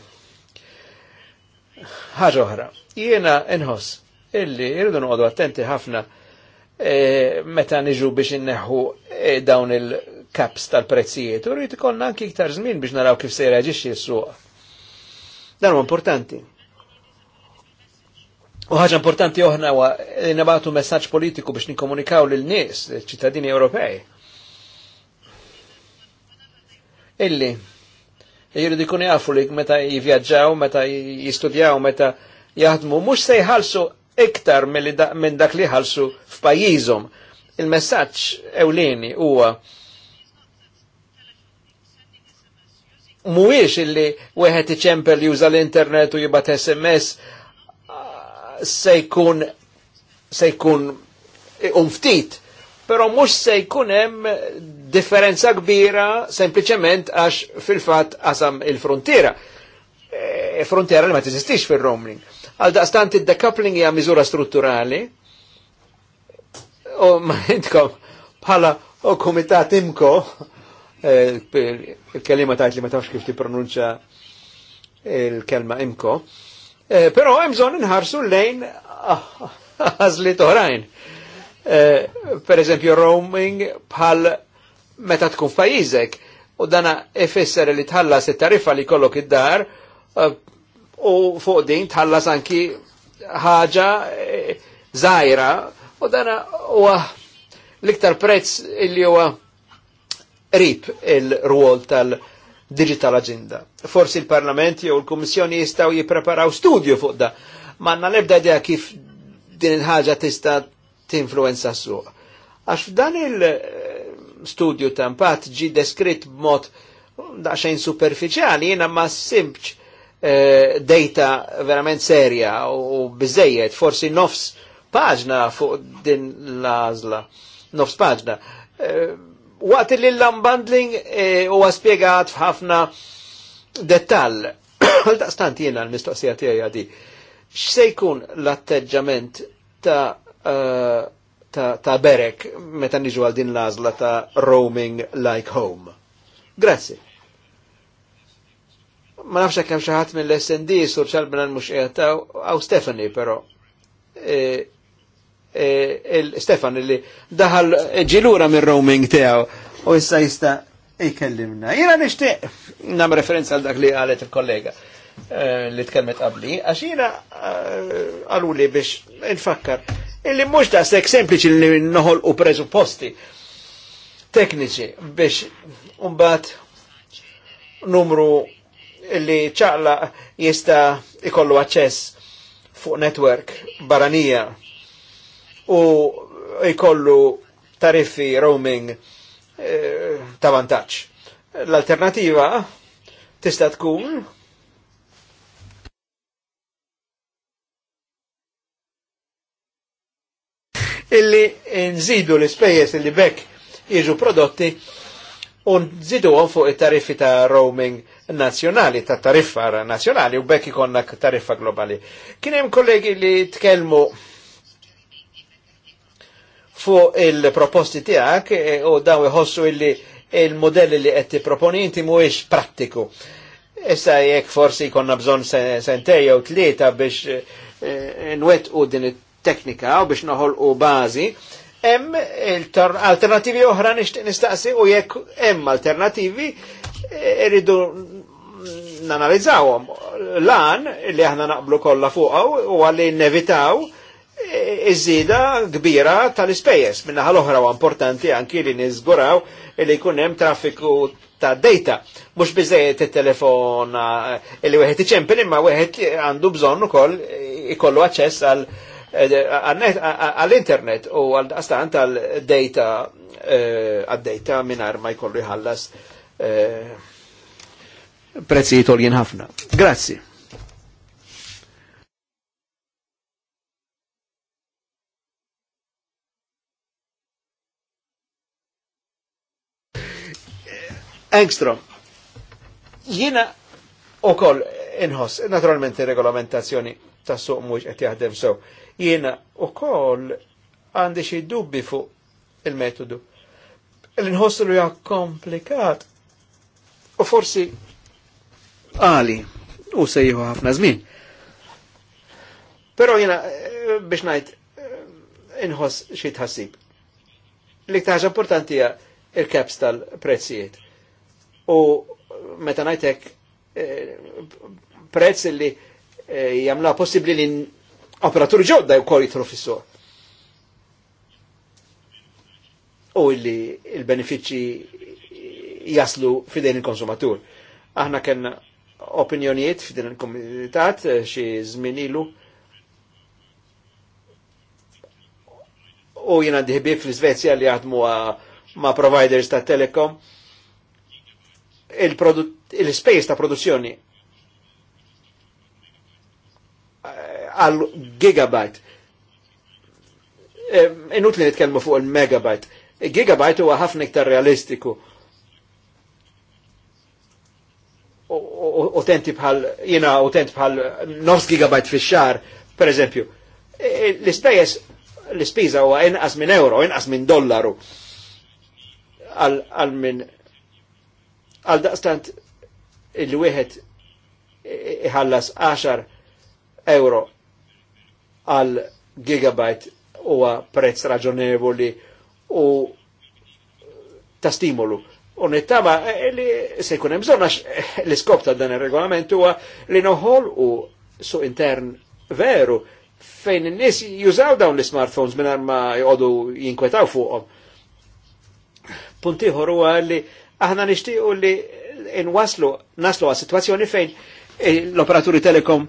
Ħaġa oħra, jiena inħoss illi irridu noqogħdu attenti ħafna E, meta niġu biex inneħu e, dawn il-kaps tal-prezzijiet. U rrit ikonna anki iktar żmien biex naraw kif se jreaġixxi s-suq. Dan huwa importanti. U ħaġa importanti oħna huwa li nabatu messaġġ politiku biex nikkomunikaw lil nies, ċittadini Ewropej. Illi jridu jkunu jafu li meta jivvjaġġaw, meta jistudjaw, meta jaħdmu, mhux se jħallsu iktar minn dak li ħalsu f'pajjiżhom. Il-messaġġ ewlieni huwa mhuwiex illi wieħed iċempel juża l-internet u jibgħat SMS se jkun se jkun umftit, però mhux se jkun hemm differenza kbira sempliċement għax fil-fatt qasam il-frontiera. E, frontiera li ma tiżistix fil romling Għal daqstant id-decoupling hija miżura strutturali, u ma intkom bħala u komitat imko, eh, il-kelima tajt li ma tafx kif tipronunċa il-kelma imko, eh, pero hemm bżonn inħarsu lejn għażliet toħrajn. Eh, per eżempju, roaming bħal meta tkun fajizek, u dana ifisser li tħallas it-tarifa li kollok id-dar u fuq din tħallas anki ħaġa eh, zaħira u dana huwa l-iktar prezz illi huwa rip il ruol tal-digital agenda. Forsi il-Parlament jew il-Kummissjoni jistgħu jippreparaw studju fuq da. Manna l-ebda idea kif din il-ħaġa tista' tinfluenza suq. Għax f'dan il-studju ta' impatt ġi deskritt b'mod daqsxejn superfiċjali jiena ma simċ Eh, data verament serja u bizzejiet, forsi nofs paġna fuq din l nofs paġna. Eh, waqt li l-unbundling eh, huwa spjegat f'ħafna dettall. Għal daqstant jena l-mistoqsija tiegħi għadi. X'se jkun l-atteġġament ta' ta', ta berek meta niġu għal din l ta' roaming like home. Grazzi. Ma nafx hemm xi ħadd mill-SND sur xalbnan mhux taw għaw Stefani però. E, e, Stefan li daħal ġilura minn roaming tiegħu u issa jista' jkellimna. Jiena nixtieq nam referenza għal dak li qalet il-kollega e, li tkellmet qabli, għax jiena għaluli biex nfakkar illi mhux da sek sempliċi li noħol u presupposti tekniċi biex umbat numru li ċaqla jista ikollu aċċess fuq network baranija u ikollu tariffi roaming eh, ta' vantaġġ. L-alternativa tista' tkun illi nżidu l-ispejjeż li bekk jiġu prodotti un zidu fuq it-tariffi ta' roaming nazjonali, ta' tariffa nazjonali u bekk ikonna tariffa globali. Kien hemm kollegi li tkellmu fuq il-proposti tiegħek e, u daw iħossu illi il-modelli li qed tipproponi inti mhuwiex prattiku. Issa jekk forsi jkollna bżonn sentejja u tlieta biex e, e, nwettqu din it-teknika u biex noħolqu bażi Hemm alternativi oħra nishtiq nistaqsi u jekk hemm alternativi eh, irridu nanalizzawhom. Lan li aħna naqblu kollha fuq u għalli nevitaw eh, iż-żieda kbira tal-ispejjeż. Minnaħa l-oħra huwa importanti anki li niżguraw li jkun hemm traffiku ta' data. Mux bizzejiet il-telefon eh, li wieħed iċempil imma wieħed għandu bżonn ukoll ikollu aċċess għal għall-internet eh, u għal-astan tal-data għal eh, data minar ma jkollu jħallas eh, prezzi jitolgin ħafna. Grazzi. Engstrom, jina u koll inħos, naturalment regolamentazzjoni tas suq mux għet jahdem sew. So Jiena u koll għandi xie dubbi fuq il-metodu. L-inħossu li komplikat u forsi għali u sejħu ħafna zmin. Pero jena eh, biex najt eh, inħoss xie tħassib. L-iktar importanti hija il-caps tal-prezzijiet. U meta najtek eh, prezz li jamla possibli li operatur ġodda jkoll jitru fis-suq. U illi il-benefiċċji jaslu fidejn il-konsumatur. Aħna kellna opinjonijiet f'din il-komunitat eh, xi żmien ilu u jiena diħbib fl-Svezja li jaħdmu ma' providers ta' telekom il-space ta' produzzjoni għal gigabyte. Inutli nitkelmu fuq il-megabyte. Gigabyte huwa ħafna iktar realistiku. Utenti bħal, jina utent bħal nofs gigabyte fi xar, per eżempju. E, e, L-istajes, l-spiża huwa inqas minn euro, inqas minn dollaru. Għal minn għal daqstant il-wieħed iħallas 10 euro għal gigabyte huwa prezz raġonevoli u ta' stimolu. Unetta ma eh, eh, li se jkun hemm bżonn eh, l-iskop ta' dan ir-regolament huwa li noħol u su intern veru fejn in-nies jużaw dawn l-smartphones mingħajr ma jgħodu jinkwetaw fuqhom. Punt ieħor huwa li aħna nixtiequ li inwaslu naslu għal situazzjoni fejn l-operaturi telekom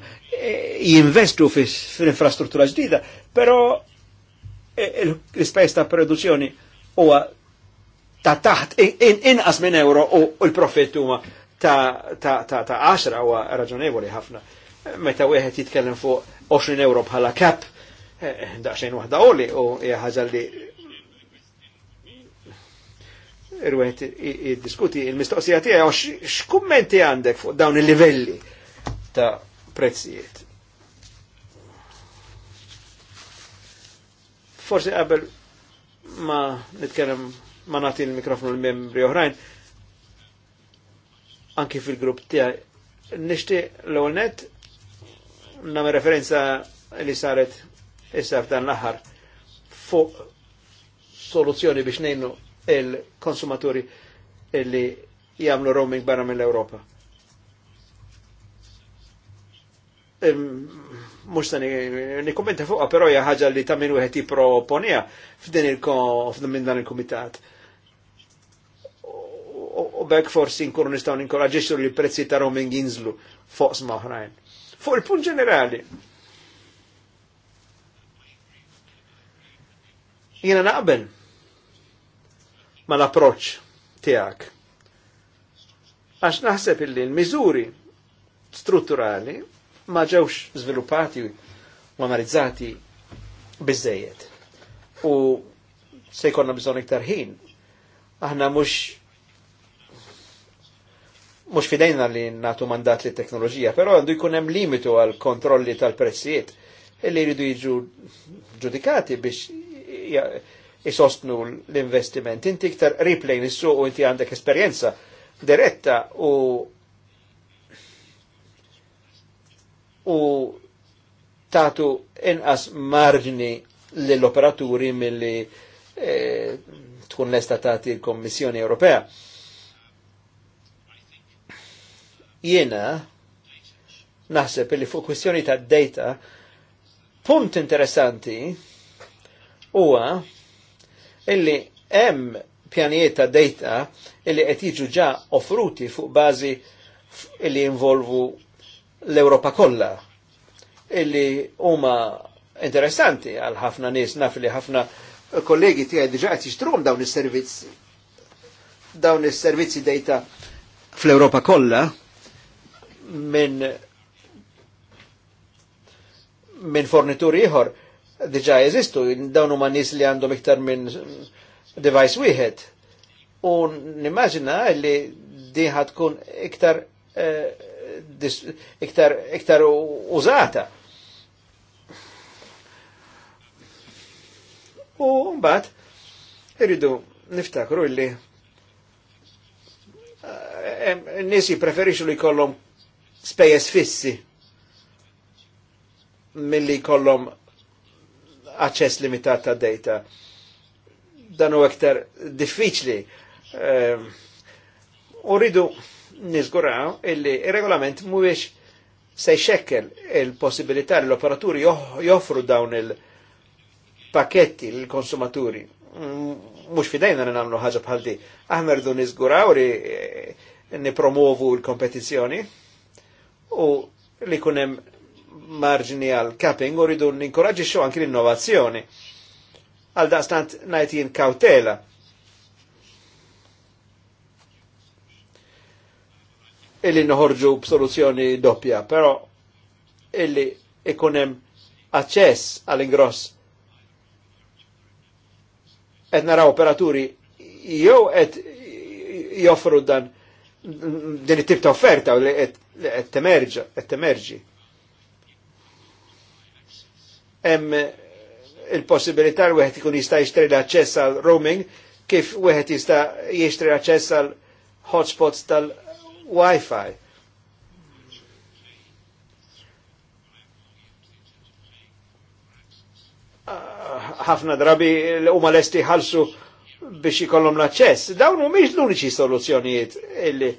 jinvestu fil-infrastruttura ġdida, pero l-ispejs ta' produzzjoni huwa ta' taħt inqas minn euro u l profit huma ta' 10 huwa raġonevoli ħafna. Meta wieħed jitkellem fuq 20 euro bħala kap, daqsxejn waħda oli u hija ħaġa li irwet id-diskuti il-mistoqsija tiegħi x'kummenti għandek fuq dawn il-livelli ta' prezzijiet. Forse qabel ma nitkellem ma nagħti l-mikrofonu l-membri oħrajn, anki fil-grupp tiegħi nixtieq l-ewwel net nagħmel referenza li saret issa f'dan l-aħħar fuq soluzzjoni biex ngħinu il-konsumaturi illi jagħmlu roaming barra mill-Ewropa mux ta' nikommenta fuqa, pero ħaġa li ta' minn wieħed jipproponija f'din il komitat -kom, U bekk forsi nkunu nistgħu ninkoraġixxu li prezzi ta' roaming jinżlu fuq smaħrajn. Fuq il-punt ġenerali. Jiena naqbel ma l-approċ tiegħek. Għax naħseb illi l-miżuri strutturali ma ġewx sviluppati u analizzati bizzejiet. U se jkollna bżonn iktar ħin, aħna mhux mhux fidejna li nagħtu mandat li teknoloġija, però għandu jkun hemm limitu għal kontrolli tal-prezzijiet illi jridu jiġu ġudikati biex jisostnu l-investiment. Inti iktar replay nissu u inti għandek esperjenza diretta u u tatu inqas marġni l-operaturi mill-li eh, tkun lesta tati l-Kommissjoni Ewropea. Jena naħseb li fuq kwestjoni ta' data punt interessanti huwa illi hemm pjanijiet ta' data illi qed jiġu ġa offruti fuq bażi illi involvu l-Europa kollha illi huma interessanti għal ħafna nies naf li ħafna kollegi tiegħi diġà qed jixtruhom dawn is-servizzi dawn is-servizzi dejta fl-Europa kollha minn minn fornituri ieħor diġà jeżistu, dawn huma nies li għandhom iktar minn device wieħed. U nimmaġina li din tkun iktar eh, iktar, iktar użata. U mbagħad irridu niftakru illi eh, n-nies preferixu li kollhom spejjeż fissi milli kollhom aċċess limitat ta' data. Dan u iktar diffiċli. Eh, u rridu nizguraw illi il-regolament mhuwiex se jxekkel il-possibilità li l-operaturi joffru dawn il-paketti l-konsumaturi. Mux mm, fidejna li namlu ħaġa bħal di. Aħna nizguraw li eh, nipromovu l-kompetizjoni u li kunem marġini għal capping u ridu ninkoraġi xo anki l-innovazzjoni. Għal daqstant najtijin kautela illi noħorġu b'soluzzjoni doppja, però illi ikunem access għall-ingross. Et naraw operaturi jew qed joffru dan din it-tip ta' offerta li qed temerġa, qed temerġi. Hemm il-possibilità li wieħed ikun jista' jixtri l-aċċess għal roaming kif wieħed jista' jixtri l-aċċess għal hotspots tal- Wi-Fi. ħafna drabi huma lesti ħalsu biex ikollhom l acċess Dawn u miex l-uniċi soluzzjonijiet illi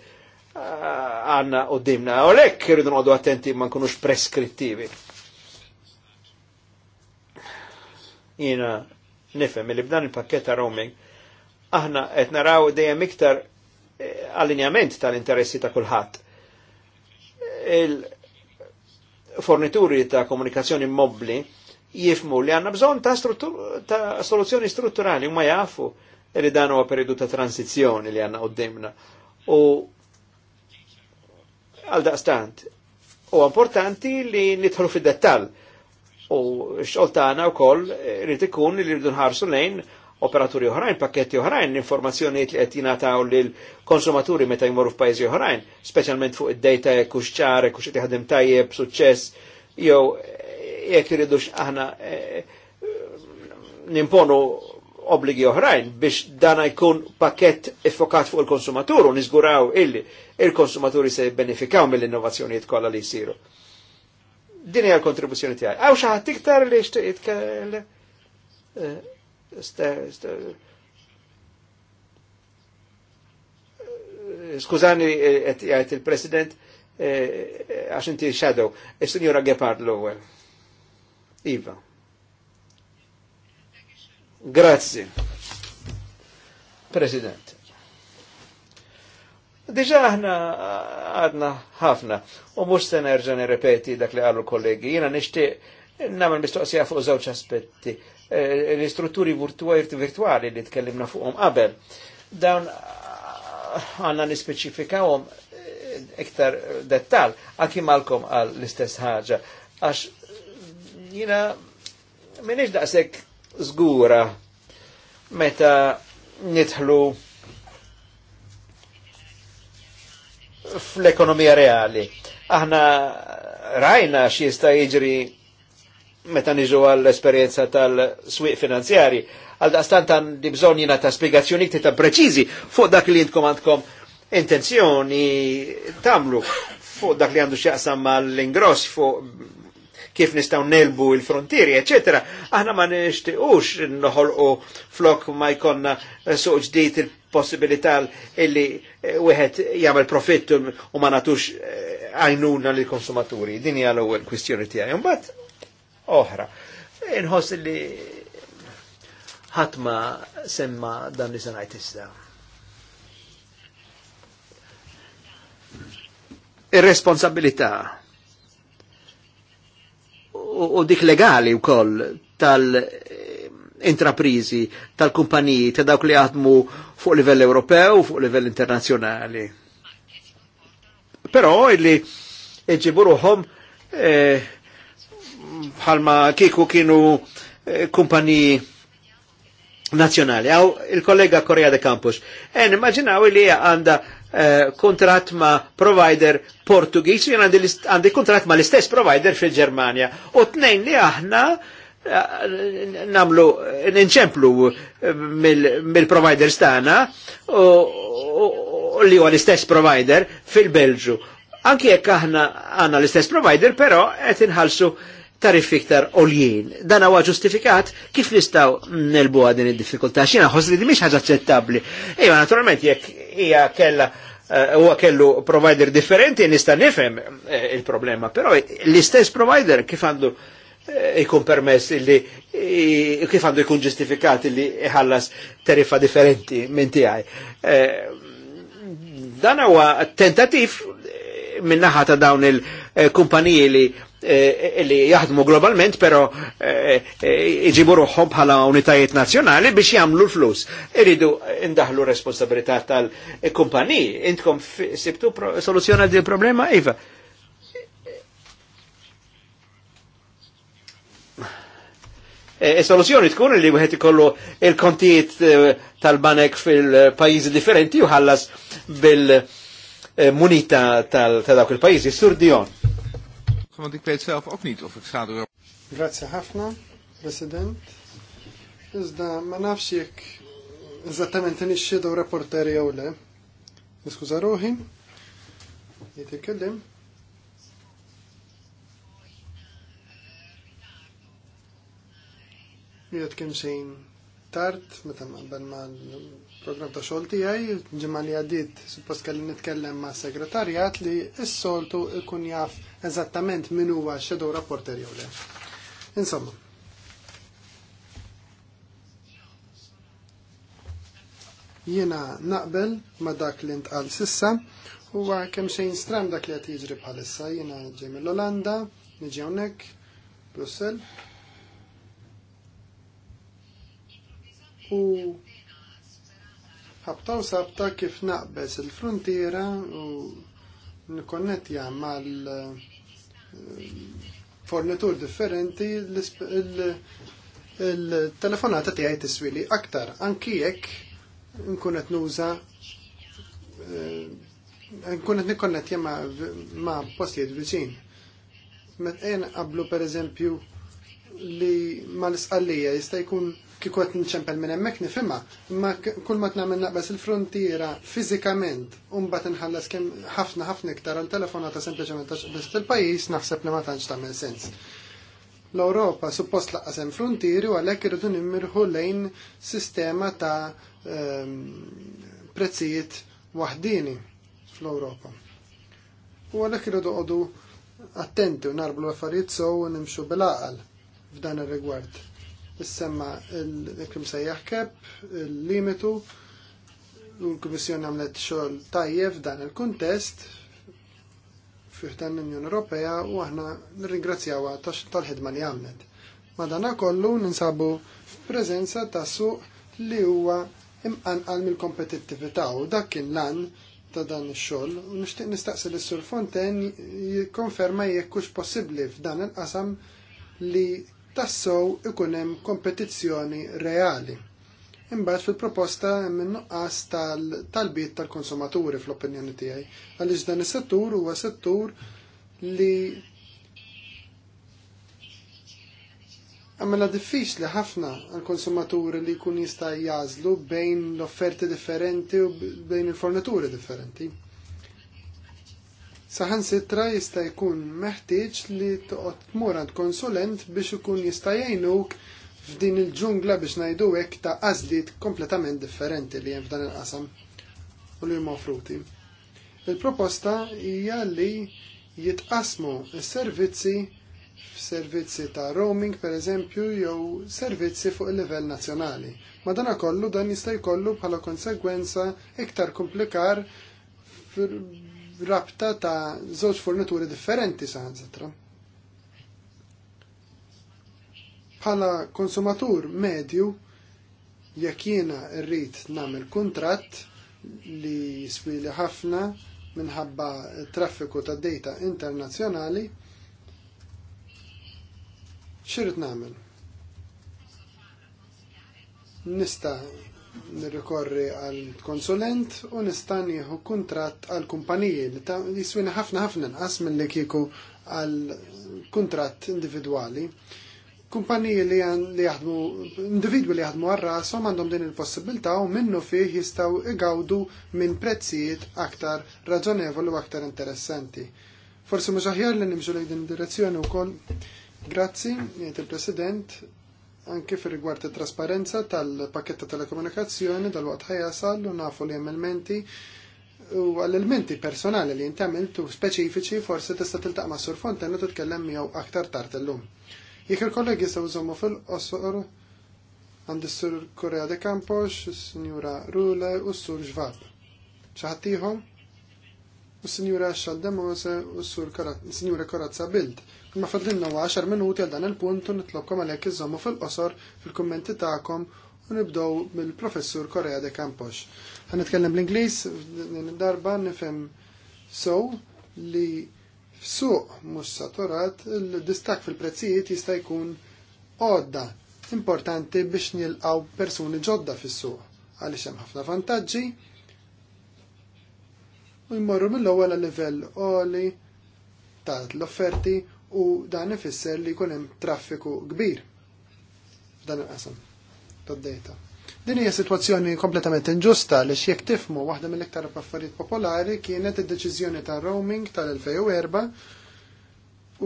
ah, għanna u dimna. U lek rridu għadu attenti ma nkunux preskrittivi. Jina nifem il b'dan il-pakket ta' roaming aħna etnaraw naraw dejjem iktar allinjament tal-interessi ta' kulħadd. Il-fornituri ta' komunikazzjoni mobli jifmu li għanna bżon ta', struttur, ta soluzzjoni strutturali u ma jafu li danu għaperidu ta' transizjoni li għanna għoddimna. U għal daqstant, u importanti li nitħlu fid-dettal u xoltana u koll rritikun li rridu nħarsu lejn operaturi oħrajn, pakketti oħrajn, l-informazzjoni li qed jingħataw lil konsumaturi meta jmorru f'pajjiżi oħrajn, speċjalment fuq id-dejta jekk hux ċar, jekk hux jaħdem tajjeb, suċċess, jew jekk iridux aħna eh, eh, nimponu obbligi oħrajn biex dana jkun pakett effokat fuq il-konsumatur u niżguraw illi il-konsumaturi se jibbenefikaw mill-innovazzjonijiet kollha li jsiru. Din hija l-kontribuzzjoni tiegħi. Għaw xi ħadd iktar li jitkellem? Eh, Skużani, għet eh, jgħajt il-President, eh, għax inti shadow, il-Signora Gepard l-ewel. Iva. Grazzi. President. Diġa aħna għadna ħafna u mux se nerġa nirrepeti dak li għallu kollegi. jina nishtiq namel mistoqsija fuq żewġ aspetti. Eh, l-istrutturi virtuali li tkellimna fuqom qabel. Dawn eh, għanna nispeċifikawom eh, iktar dettal, għakim għalkom għal l-istess ħagġa. Għax jina minix daqsek zgura meta nitħlu fl-ekonomija reali. Aħna rajna x'jista' jiġri meta niġu għall-esperienza tal-swiq finanzjari. Għal daqstant għandi bżon jina ta' spiegazzjoni ta' preċizi fuq dak li jintkom għandkom intenzjoni tamlu fuq dak li għandu xaqsam mal-ingross fuq kif nistaw nelbu il-frontieri, ecc. Aħna ma nishtiqux nħolqu flok ma jkonna suq ġdijt il-possibilità illi eh, wieħed jagħmel profittu u ma natux eh, għajnuna lill konsumaturi Din hija l-ewwel kwistjoni tiegħi. Mbagħad oħra. Inħoss li ħatma semma dan li sanajt issa. Irresponsabilità u dik legali u koll tal-intraprizi, tal-kumpaniji, ta' dawk li għatmu fuq livell Ewropew, fuq livell internazjonali. Però illi iġiburuħom eh, bħalma kiku kienu eh, kumpaniji nazjonali. Għaw il-kollega Korea de Campus. En immaginaw li għanda eh, kontrat ma provider Portugis, jien għandi kontrat ma l-istess provider fil-Germania. U t-nejn li aħna eh, namlu n-inċemplu mill-provider stana u li għu l-istess provider fil-Belġu. Anki jekk aħna għanna l-istess provider, pero qed inħalsu eh, tarif iktar oljien. Dan huwa ġustifikat kif nistgħu nelbu din id-diffikultà. Xina ħoss li mhix ħaġa aċċettabbli. Iva naturalment jekk hija kella eh, huwa kellu provider differenti nista' nifhem eh, il-problema, però l-istess provider kif għandu eh, ikun permess li kif għandu ikun ġustifikat li ħallas tarifa differenti minn tiegħi. Dan huwa tentativ minnaħata dawn il-kumpaniji li Eh, eh, li jaħdmu globalment, pero eh, iġibu ruħom bħala unitajiet nazjonali biex jamlu l-flus. Iridu indaħlu responsabilità tal-kumpaniji. Intkom sibtu soluzjoni għal problema Iva. Soluzjoni tkun li wieħed ikollu il-kontijiet tal-banek fil-pajjiżi differenti u ħallas bil-munita tal-dawk il-pajjiżi. Sur Dion want ik weet zelf ook niet of ik schaduw... Grazie ħafna, President. Iżda ma nafx jekk eżattament inhi x-shadow reporter jew le. Niskuża ruħi. Jitkellem. Jiet kemm xejn tard meta qabel ma l-programm ta' xogħol tiegħi, ġimgħa li għaddiet suppost kelli nitkellem ma' segretarjat li s-soltu ikun jaf eżattament min huwa shadow rapporter jew le. Insomma. Jiena naqbel ma dak li ntqal sissa huwa kemm xejn stram dak li qed jiġri bħalissa jiena ġej mill-Olanda, niġi hawnhekk, Brussell. U ħabta u sabta kif naqbes il-frontiera u nikkonnettja mal eh, fornitur differenti il-telefonata tiegħi tiswili aktar anki jekk nkunet nuża eh, nkun qed nikkonnettja ma' postijiet viċin. Meta qablu pereżempju li mal-isqallija jista' jkun kikot nċempel minn emmek nifima, ma kull ma t-namil naqbas il-frontiera fizikament, unbat nħallas kem ħafna ħafna iktar għal-telefonata sempliciment biex il-pajis naħseb li ma tanċ tamil sens. L-Europa suppost laqqas hemm frontieri u għalhekk irridu nimmirħu lejn sistema ta' ehm, prezzijiet waħdini fl-Europa. U għalhekk irridu qodu attenti u narblu affarijiet sew u nimxu bil-aqal f'dan ir-rigward issemma l-kim sejjaħ kep, il-limitu, l-Komissjoni għamlet xogħol tajjeb dan il-kuntest fiħdan l-Unjoni Ewropea u aħna nirringrazzjawha tal-ħidma li għamlet. Madanakollu kollu ninsabu f'preżenza ta' suq li huwa imqanqal mill-kompetittività u dak kien lan ta' dan ix-xogħol u nixtieq nistaqsi lis sur Fonten jikkonferma jekk hux possibbli f'dan il-qasam li tassow ikun hemm kompetizzjoni reali. Imbagħad fil-proposta hemm nuqqas tal-bit tal-konsumaturi fl-opinjoni tiegħi għaliex dan is-settur huwa settur li Għamela diffiċli ħafna għal-konsumaturi li jkun jista' jazlu bejn l-offerti differenti u bejn il-fornituri differenti. Saħan sitra jista' jkun meħtieġ li toqgħod tmur għand konsulent biex ikun jista' jgħinuk f'din il-ġungla biex ngħidu hekk ta' għażliet kompletament differenti li hemm f'dan il-qasam u li huma offruti. Il-proposta hija li jitqasmu s-servizzi f'servizzi ta' roaming per eżempju jew servizzi fuq il-livell nazzjonali. Madanakollu kollu dan jista' jkollu bħala konsegwenza iktar komplikar rabta ta' żewġ fornituri differenti saħanżatra. Bħala konsumatur medju, jekk jiena rrid nagħmel kuntratt li jiswili ħafna minħabba traffiku ta' data internazzjonali, xirrit nagħmel? Nista' nirrikorri għal konsulent u nista' nieħu kuntratt għal kumpaniji li jiswina ħafna ħafna nqas mill-li kiku għal kuntratt individwali. Kumpaniji li jaħdmu, individwi li jaħdmu għal rashom għandhom din il-possibilità u minnu fih jistgħu igawdu minn prezzijiet aktar raġonevol u aktar interessanti. Forsi mhux aħjar li nimxu lejn din direzzjoni wkoll. Grazzi, jiet il-President, anke fir rigward it-trasparenza tal-pakketta telekomunikazzjoni dal-waqt ħajasal u nafu li hemm elementi u għall-elementi personali li jintamiltu speċifiċi forsi tista' tiltaq ma' sur fonten u titkellem miegħu aktar tard illum. Jekk il-kollegi sew żommu fil-qosor għand is-sur Korea de Campos, is-Sinjura Rule u s-sur Ġvab. Xi u s-Sinjura Xaldemose u s-Sinjura Korazza Bild. Ma fadlinna 10 minuti għal dan il-punt u nitlobkom għalhekk iżommu fil-qosor fil-kummenti tagħkom u nibdow mill-Professur Korea de Campos. Ħanitkellem l ingliż darba nifhem so li f'suq mhux saturat il-distak fil-prezzijiet jista' jkun għodda importanti biex nilqaw persuni ġodda fis-suq għaliex hemm ħafna vantaġġi u jmorru mill-ewwel livell għoli ta' l-offerti u dan ifisser li jkun hemm traffiku kbir f'dan il-qasam tad-data. Din hija sitwazzjoni kompletament inġusta li jekk tifmu waħda mill-iktar affarijiet popolari kienet id-deċiżjoni ta' roaming tal-2004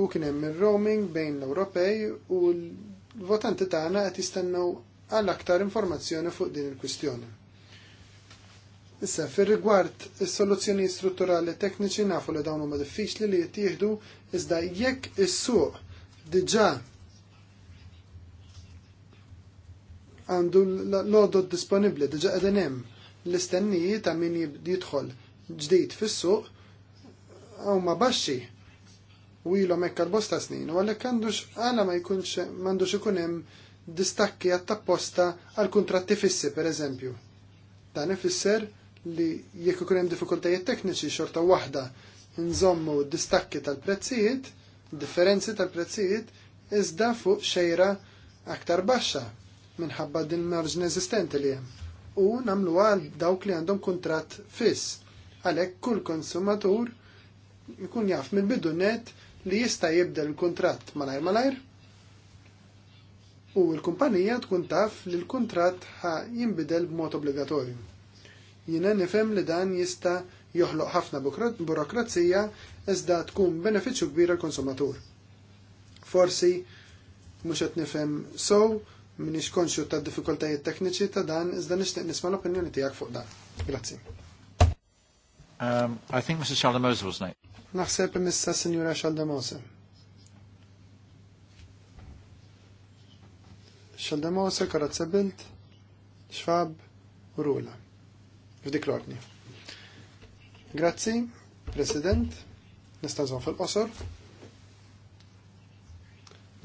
u kien hemm roaming bejn l-Ewropej u l-votanti tagħna qed jistennew għal aktar informazzjoni fuq din il-kwistjoni. Issa, fir rigward is-soluzzjoni strutturali tekniċi nafu li dawn huma diffiċli li jittieħdu iżda jekk is-suq diġà għandu l-odot disponibli diġa qegħdin hemm l-istenniji ta' min jidħol ġdid fis-suq huma baxxi u ilhom hekk bosta snin u għalhekk għandux għala ma jkunx għandux ikun hemm distakki għatta tapposta għal kuntratti fissi pereżempju. Dan ifisser li jekk ikun hemm diffikultajiet tekniċi xorta waħda nżommu distakki tal-prezzijiet, differenzi tal-prezzijiet, iżda fuq xejra aktar baxxa minħabba din marġin eżistenti li hemm. U nagħmlu għal dawk li għandhom kuntratt fiss. Għalhekk kull konsumatur ikun jaf mill-bidu net li jista' jibdel il-kuntratt malajr malajr u l-kumpanija tkun taf li l-kuntratt ħa jinbidel b'mod obbligatorju. Jiena nifhem li dan jista' joħloq ħafna burokrazija iżda tkun benefiċċju kbir konsumatur Forsi mhux qed nifhem sow minix konxju ta' diffikultajiet tekniċi ta' dan iżda nixtieq nisma' l-opinjoni tiegħek fuq dan. Grazzi. Um, I think Mrs. Shaldemose was next. Naħseb missa Signora Shaldemose. Shaldemose, Karazza Bilt, Schwab, Rula f'dik l-ordni. Grazzi, President, nistanżon fil-qosor.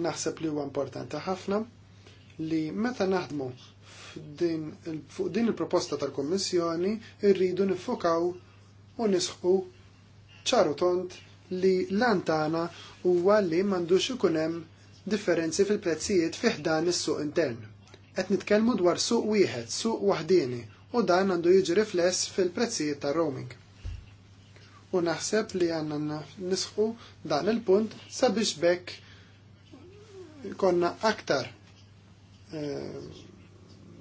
Naħseb li huwa importanti ħafna li meta naħdmu fuq din il-proposta tal-Kommissjoni irridu nifokaw u nisħu ċaru tont li lantana huwa li m'għandux ikun hemm differenzi fil-prezzijiet fih dan is-suq intern. Qed nitkellmu dwar suq wieħed, suq waħdini u dan għandu jiġi rifless fil-prezzijiet ta' roaming. U naħseb li għanna nisħu dan il-punt sabiex bekk konna aktar eh,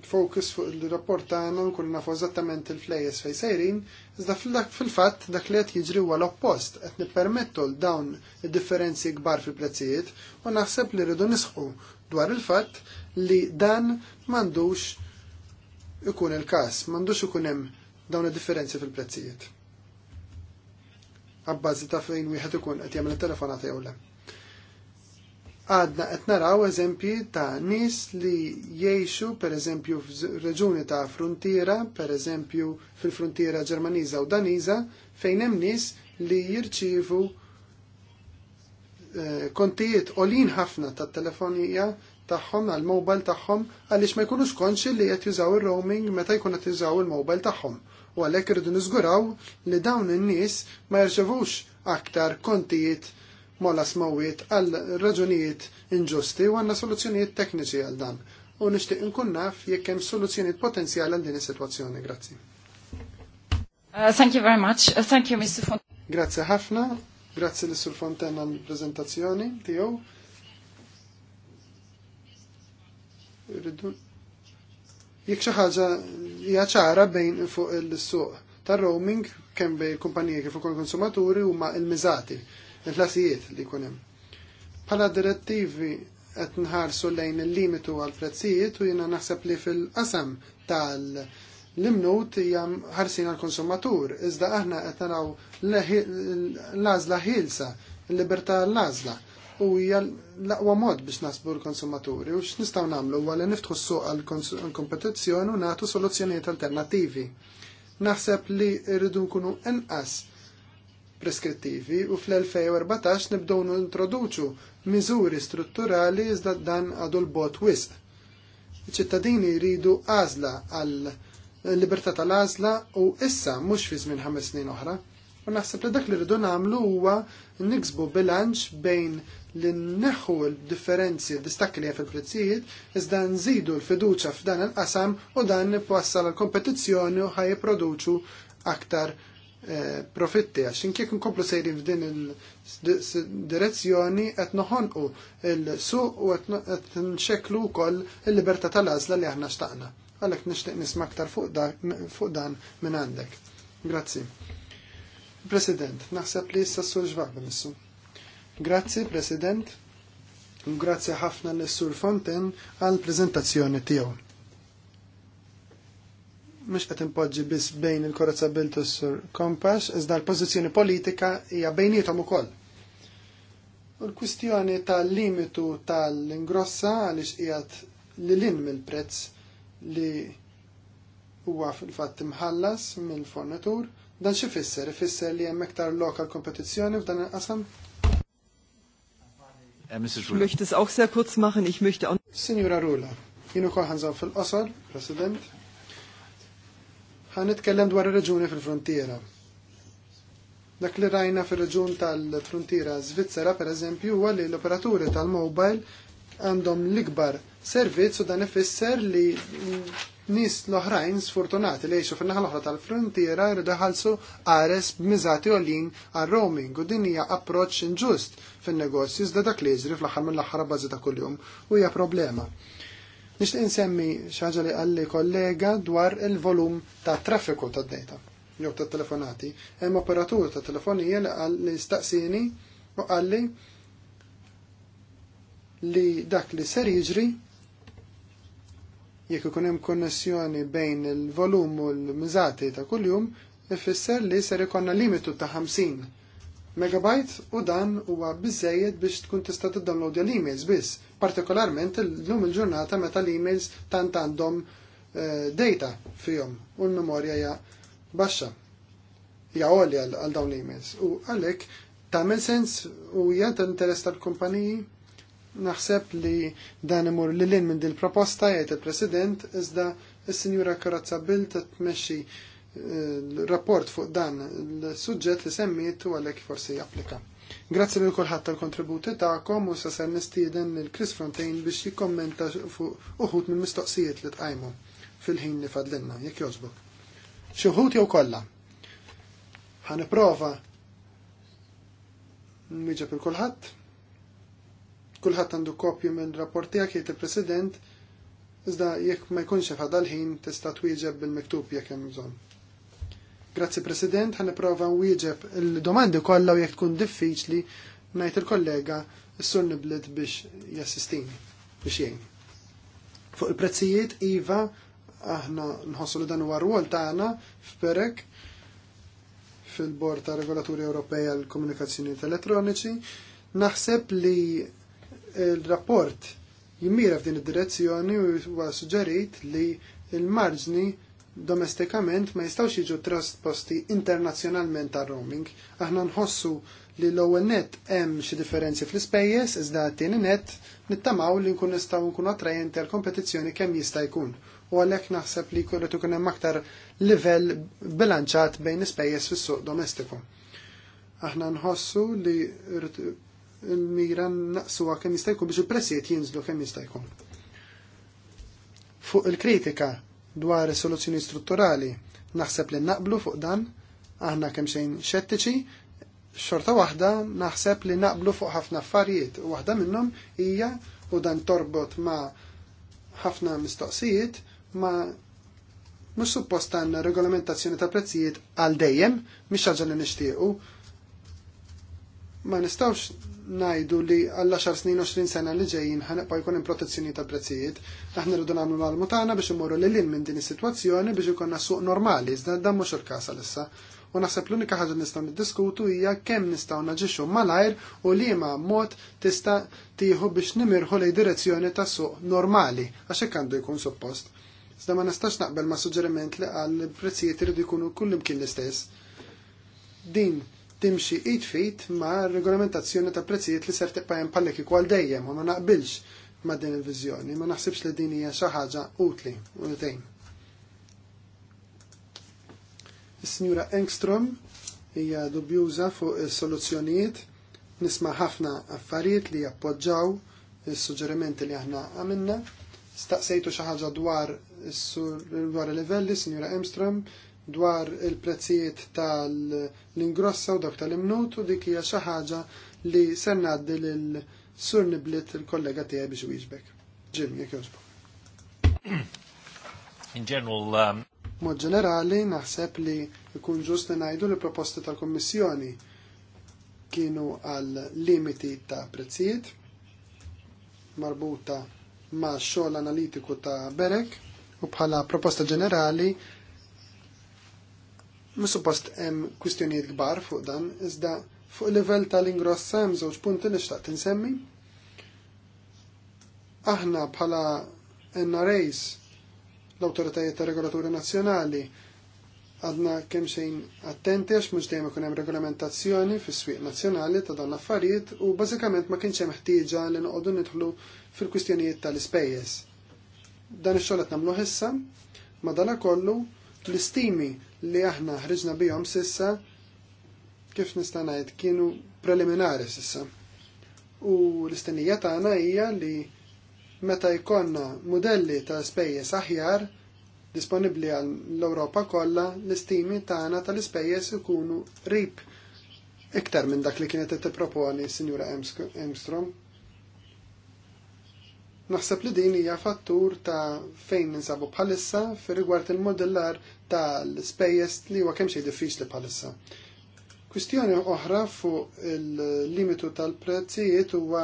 focus fuq il-rapport tagħna nkun nafu eżattament il-flejes fejn sejrin, iżda fil-fatt dak li qed jiġri huwa l-oppost qed nippermettu l dawn id-differenzi kbar fil-prezzijiet u naħseb li rridu nisħu dwar il-fatt li dan m'għandux ikun il-każ, m'għandux ikun hemm dawn id-differenzi fil-prezzijiet. Abbażi ta' fejn wieħed ikun qed jagħmel it-telefonata jew le. Għadna qed naraw eżempji ta' nies li jgħixu pereżempju f'reġuni ta' frontiera, pereżempju fil-frontiera Ġermaniża u Daniża, fejn hemm nies li jirċievu eh, kontijiet olin ħafna ta' telefonija tagħhom għal-mobile tagħhom għaliex ma jkunux konxi li qed jużaw ir-roaming meta jkun qed jużaw il-mobile tagħhom. U għalhekk irridu niżguraw li dawn in-nies ma jerċevux aktar kontijiet mola smawiet għal raġunijiet inġusti u għandna soluzzjonijiet tekniċi għal dan. U nixtieq inkun naf jekk hemm soluzzjonijiet potenzjali għal din is-sitwazzjoni. Grazzi. Uh, thank you very much. Uh, thank you, Mr. Font. Grazie ħafna. Grazie l-Sur Fontana għal-prezentazzjoni tiegħu Irridu jekk xi ħaġa hija ċara bejn fuq il-suq ta roaming kemm bejn kumpaniji kif ukoll konsumaturi huma l-miżati, il-ħlasijiet li jkun hemm. Bħala direttivi qed nħarsu lejn il-limitu għal prezzijiet u jiena naħseb li fil-qasam tal- l-imnut jam ħarsin għal-konsumatur, iżda aħna qed naraw l-għażla ħilsa, l-libertà l-għażla u hija l-aqwa mod biex nasbu l-konsumaturi u x'nistgħu nagħmlu huwa li niftħu s-suq għall-kompetizzjoni u nagħtu soluzzjonijiet alternattivi. Naħseb li rridu nkunu inqas preskrittivi u fl-2014 nibdew introduċu miżuri strutturali iżda dan għadu l-bot wisq. Iċ-ċittadini jridu għażla għal libertà tal-għażla u issa mhux fi żmien ħames snin oħra. U naħseb li dak li rridu nagħmlu huwa niksbu bilanċ bejn li neħu l-differenzi, l-distakki li fil-prezzijiet, iżda nżidu l-fiduċa f'dan il-qasam u dan wassal l-kompetizzjoni u ħaj produċu aktar eh, profitti, għax inkjek nkomplu sejri f'din il-direzzjoni qed noħonqu il-suq u qed nxeklu wkoll il-libertà tal-għażla li aħna xtaqna. Għalhekk nixtieq nisma' aktar fuq dan minn għandek. Grazzi. President, naħseb li issa sur ġvab missu. Grazzi, President. Grazzi ħafna l sur Fonten għal prezentazzjoni tiegħu. Mhux qed impoġġi biss bejn il-Korazza Biltu sur Kompax, iżda l-pożizzjoni politika hija bejnietom ukoll. U l-kwistjoni tal-limitu tal-ingrossa għaliex qiegħed li lin mill-prezz li huwa fil-fatt imħallas mill-fornitur, dan xi fisser? Ifisser li hemm iktar lokal kompetizzjoni f'dan il-qasam? Äh, ich möchte es auch sehr kurz machen. Ich möchte auch. Signora Rula, jien ukoll ħanżaw fil-qosor, President. Ħan nitkellem dwar il reġuni fil-frontiera. Dak li rajna fil reġun tal-frontiera Svizzera, per eżempju, huwa li l-operaturi tal-mobile għandhom l-ikbar servizz u dan ifisser li Nis l-oħrajn sfortunati li jiexu fin-naħa l-oħra tal-frontiera jridu ħalsu ares b'miżati għolin għal roaming u din hija approċċ inġust fin-negozju iżda dak li jiġri fl-aħħar mill-aħħar bażi ta' kuljum u hija problema. Nixtieq insemmi xaġa li għalli kollega dwar il-volum ta' traffiku ta' data jew ta' telefonati. Hemm operatur ta' telefonija li għalli staqsini u għalli li dak li ser jiġri jekk ikun hemm konnessjoni bejn il-volum u l-miżati ta' kuljum, ifisser li ser ikonna limitu ta' 50 megabajt u dan huwa biżejjed biex tkun tista' tiddownloadja l-emails biss, partikolarment il-lum il-ġurnata meta l-emails tant għandhom eh, data fihom u l-memorja hija baxxa. ja għolja għal dawn l-emails. U għalhekk tagħmel sens u hija ta' interess tal-kumpaniji Naħseb li dan imur li lin minn dil proposta jgħid il-President iżda il sinjura Karazza Bill tmexxi eh, rapport fuq dan l-suġġett li semmiet u għalhekk forsi japplika. Grazzi lil kulħadd tal-kontributi tagħkom u sa ser nistieden lil Chris Fontain biex jikkommenta fuq uħud mill-mistoqsijiet li tqajmu fil-ħin li fadlinna, jekk jogħġbok. Xi wħud jew kollha. Ħaniprova nmiġa il kulħadd Kulħadd għandu kopju minn rapport tiegħek jgħid il-President iżda jekk ma jkunx ħadal ħin tista' twieġeb bil-miktub jekk hemm bżonn. Grazzi President, ħan nipprova nwieġeb il-domandi kollha u jekk tkun diffiċli ngħid il-kollega s-sur niblet biex jassistini biex jgħin. Fuq il-prezzijiet iva aħna nħossu dan huwa rwol tagħna f'perek fil-Bord ta' Regolaturi Ewropej għall Komunikazzjoni Elettroniċi. Naħseb li il-rapport jimmira f'din id-direzzjoni u huwa suġġerit li il-marġni domestikament ma jistawx jiġu trasposti internazzjonalment ta' roaming. Aħna nħossu li l-ewwel net hemm xi differenzi fl-ispejjeż iżda t-tieni net nittamaw li nkun nistgħu nkunu attrajenti għal kompetizzjoni kemm jista' jkun. U għalhekk naħseb li jkun ikun hemm aktar livell bilanċat bejn ispejjeż fis-suq domestiku. Aħna nħossu li il-mira naqsuha kemm jista' jkun biex il-prezzijiet jinżlu kemm jista' jkun. Fuq il-kritika dwar soluzzjoni strutturali naħseb li naqblu fuq dan, aħna kemm xejn xettiċi, xorta waħda naħseb li naqblu fuq ħafna affarijiet. Waħda minnhom hija u dan torbot ma' ħafna mistoqsijiet ma' mhux suppost regolamentazzjoni ta' prezzijiet għal dejjem, mhix ħaġa li nixtiequ ma nistawx najdu li għall-10 snin 20 sena li ġejjin ħanibqa' jkun hemm protezzjoni ta' prezzijiet. Aħna rridu nagħmlu l-almu tagħna biex imorru lil lin minn din is-sitwazzjoni biex ikollna suq normali, iżda dan mhux il-każ għalissa. U naħseb l-unika ħaġa li nistgħu niddiskutu hija kemm nistgħu naġixxu malajr u liema mod tista' tieħu biex nimirħu lejn direzzjoni ta' suq normali għax hekk għandu jkun suppost. Iżda ma nistax naqbel ma' suġġeriment li għall prezzijiet iridu jkunu kullimkien l-istess. Din timxi id fit ma' regolamentazzjoni ta' prezzijiet li ser tibqajem pallek ikwal dejjem u ma naqbilx ma' din il-vizjoni, ma naħsibx li din hija xi ħaġa utli u tejn. Is-Sinjura Engstrom hija dubjuża fuq is-soluzzjonijiet, nisma' ħafna affarijiet li jappoġġaw is-suġġerimenti li aħna għamilna. Staqsejtu xi ħaġa dwar dwar il-livelli, Sinjura Engstrom, dwar il-prezzijiet tal-ingrossa u dawk tal-imnut u dik hija xi ħaġa li se ngħaddi lil Sur Niblit il-kollega tiegħi biex wieġbek. Jim, jekk jogħġbok. In general, um... Mod ġenerali naħseb li jkun ġust li ngħidu li proposti tal-Kummissjoni kienu għal limiti ta' prezzijiet marbuta ma' xogħol analitiku ta' Berek u bħala proposta ġenerali Mis-suppost hemm kwistjonijiet kbar fuq dan, iżda fuq livell tal ingross hemm żewġ punti li xtaqt insemmi. Aħna bħala NRAs, l-Awtoritajiet ta' Regolaturi Nazzjonali, għadna kemm xejn attenti għax mhux dejjem ikun hemm regolamentazzjoni fis-swieq nazzjonali ta' dan l-affarijiet u bażikament ma kienx hemm ħtieġa li noqogħdu nidħlu fil-kwistjonijiet tal-ispejjeż. Dan ix-xogħol qed nagħmlu issa, madanakollu l-istimi li aħna ħriġna bihom sissa kif nista' ngħid kienu preliminari sissa. U l-istennija tagħna hija li meta jkollna modelli ta' spejjeż aħjar disponibbli għal l-Ewropa kollha, l-istimi tagħna tal-ispejjeż ikunu rip iktar minn dak li kienet tipproponi signora Armstrong. Naħseb li din hija fattur ta' fejn ninsabu bħalissa fir rigward il-modellar tal-spejjeż li huwa kemm xejn diffiċli bħalissa. Kwistjoni oħra fuq il-limitu tal-prezzijiet huwa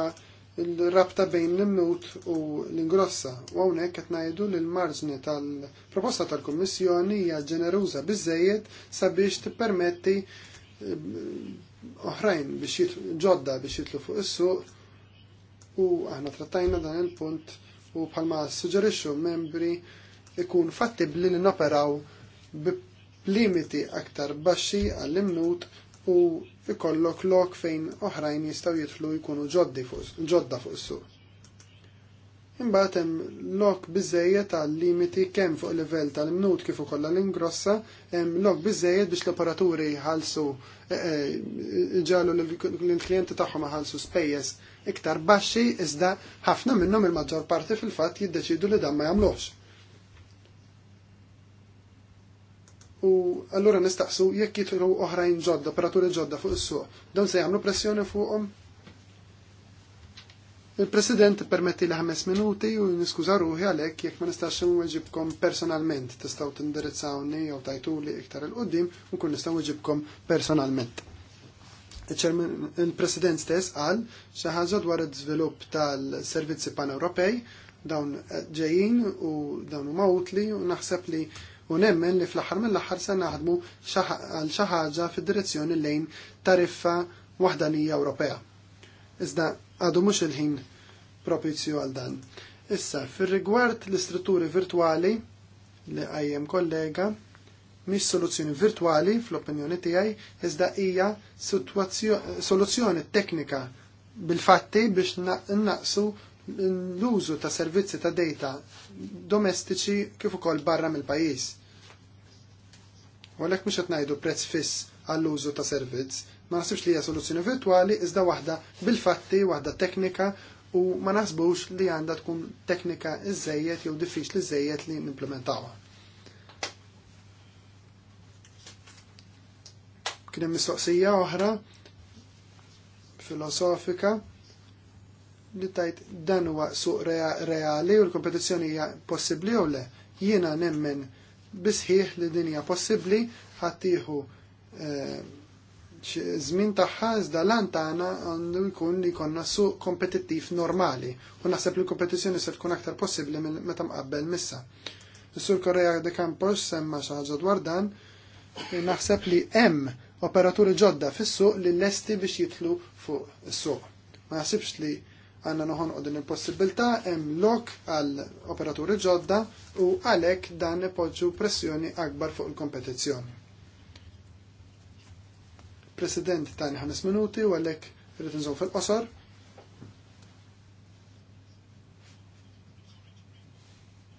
il-rabta bejn l immut u l-ingrossa. U hawnhekk qed ngħidu li l-marġni tal-proposta tal-Kummissjoni hija ġeneruża biżejjed sabiex tippermetti eh, oħrajn biex ġodda biex jitlu fuq is-suq u aħna trattajna dan il-punt u bħalma suġġerixxu membri ikun fattibli li noperaw limiti aktar baxxi għall-imnut u ikollok lok fejn oħrajn jistgħu jidħlu jkunu ġodda fuq is-suq. Imbagħad hemm lok biżejjed għal limiti kemm fuq livell tal-minut kif ukoll l-ingrossa, hemm lok biżejjed biex l-operaturi jħallsu eh, eh, ġallu l-klijenti tagħhom ħalsu spejjeż iktar baxxi iżda ħafna minnhom il-maġġor parti fil-fatt jiddeċidu li dan ma jagħmlux. U allura nistaqsu jekk jitru oħrajn ġodda, operaturi ġodda fuq is-suq, dawn se jagħmlu pressjoni fuqhom Il-President permetti li ħames minuti u niskuża ruħi għalhekk jekk ma nistax nweġibkom personalment tistgħu tindirizzawni jew tajtuli iktar il qudiem u kun nistgħu nweġibkom personalment. Il-President stess qal xi ħaġa dwar iż-żvilupp tal-servizzi pan-Ewropej dawn ġejjin u dawn huma utli u naħseb li u nemmen li fl-aħħar mill-aħħar se naħdmu għal xi ħaġa fid-direzzjoni lejn tariffa waħdanija Ewropea. Iżda għadu mhux il-ħin propizju għal dan. Issa, fir-rigward l-istrutturi virtuali li għajjem kollega, mis soluzzjoni virtuali fl-opinjoni tiegħi iżda hija soluzzjoni teknika bil-fatti biex naqsu l-użu ta' servizzi ta' data domestiċi kif ukoll barra mill-pajjiż. U għalhekk mhux qed ngħidu prezz fiss għall-użu ta' servizz, Ma nasibx li hija soluzzjoni virtwali iżda waħda bil-fatti, waħda teknika u ma naħsbux li għandha tkun teknika iżejjed jew diffiċli iżejjed li nimplementawha. Kien hemm mistoqsija oħra filosofika li tajt dan huwa suq reali u l-kompetizzjoni hija possibbli jew le. Jiena nemmen bisħiħ li din hija possibbli ħaddieħu eh, żmien tagħha iżda lan taħna għandu jkun li jkollna su kompetittiv normali u naħseb li kompetizjoni se tkun aktar possibbli meta qabbel missa. Is-Sur Korea de Campos semma xaħġa dwar dan naħseb li hemm operaturi ġodda fis-suq li lesti biex jitlu fuq is-suq. Ma naħsibx li għanna noħon u din il-possibilta hemm lok għal operaturi ġodda u għalhekk dan ipoġġu pressjoni akbar fuq il-kompetizzjoni president tani 5 minuti u għalek rrit nżom fil-qosor.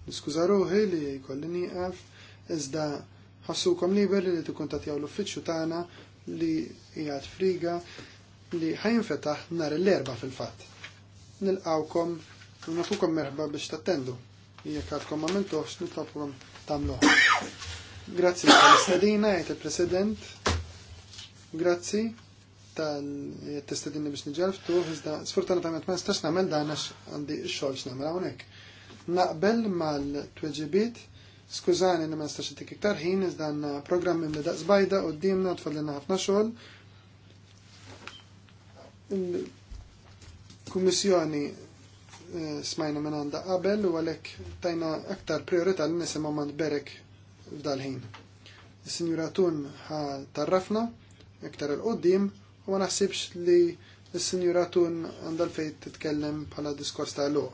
Niskuza ruħi li kolli niqaf, iżda ħassukom liberi li tkun tagħtijaw l uffiċu tagħna li jgħat friga li ħajinfetaħ nhar l-erba fil-fatt. nil u nagħtukom merħba biex tattendu. Jekk għadkom għamiltuħx nitlobkom tagħmluh. Grazzi tal-istadina, jgħid il-President, Grazzi tal dinni biex nġarftu, iżda sfortunatament ma stess nagħmel dan għax għandi xogħol namel hawnhekk. Naqbel mal tweġibit skużani li ma nistax intik iktar ħin iżda zbajda u d-dimna u t tfallilna ħafna xogħol. Kummissjoni eh, smajna minn għanda qabel u għalek tajna aktar priorita l nisimgħu mand berek f'dal-ħin. Is-Sinjura ħa tarrafna iktar il-qoddim u ma naħsibx li s-sinjura tun għandal fejt titkellem bħala diskors ta' luq.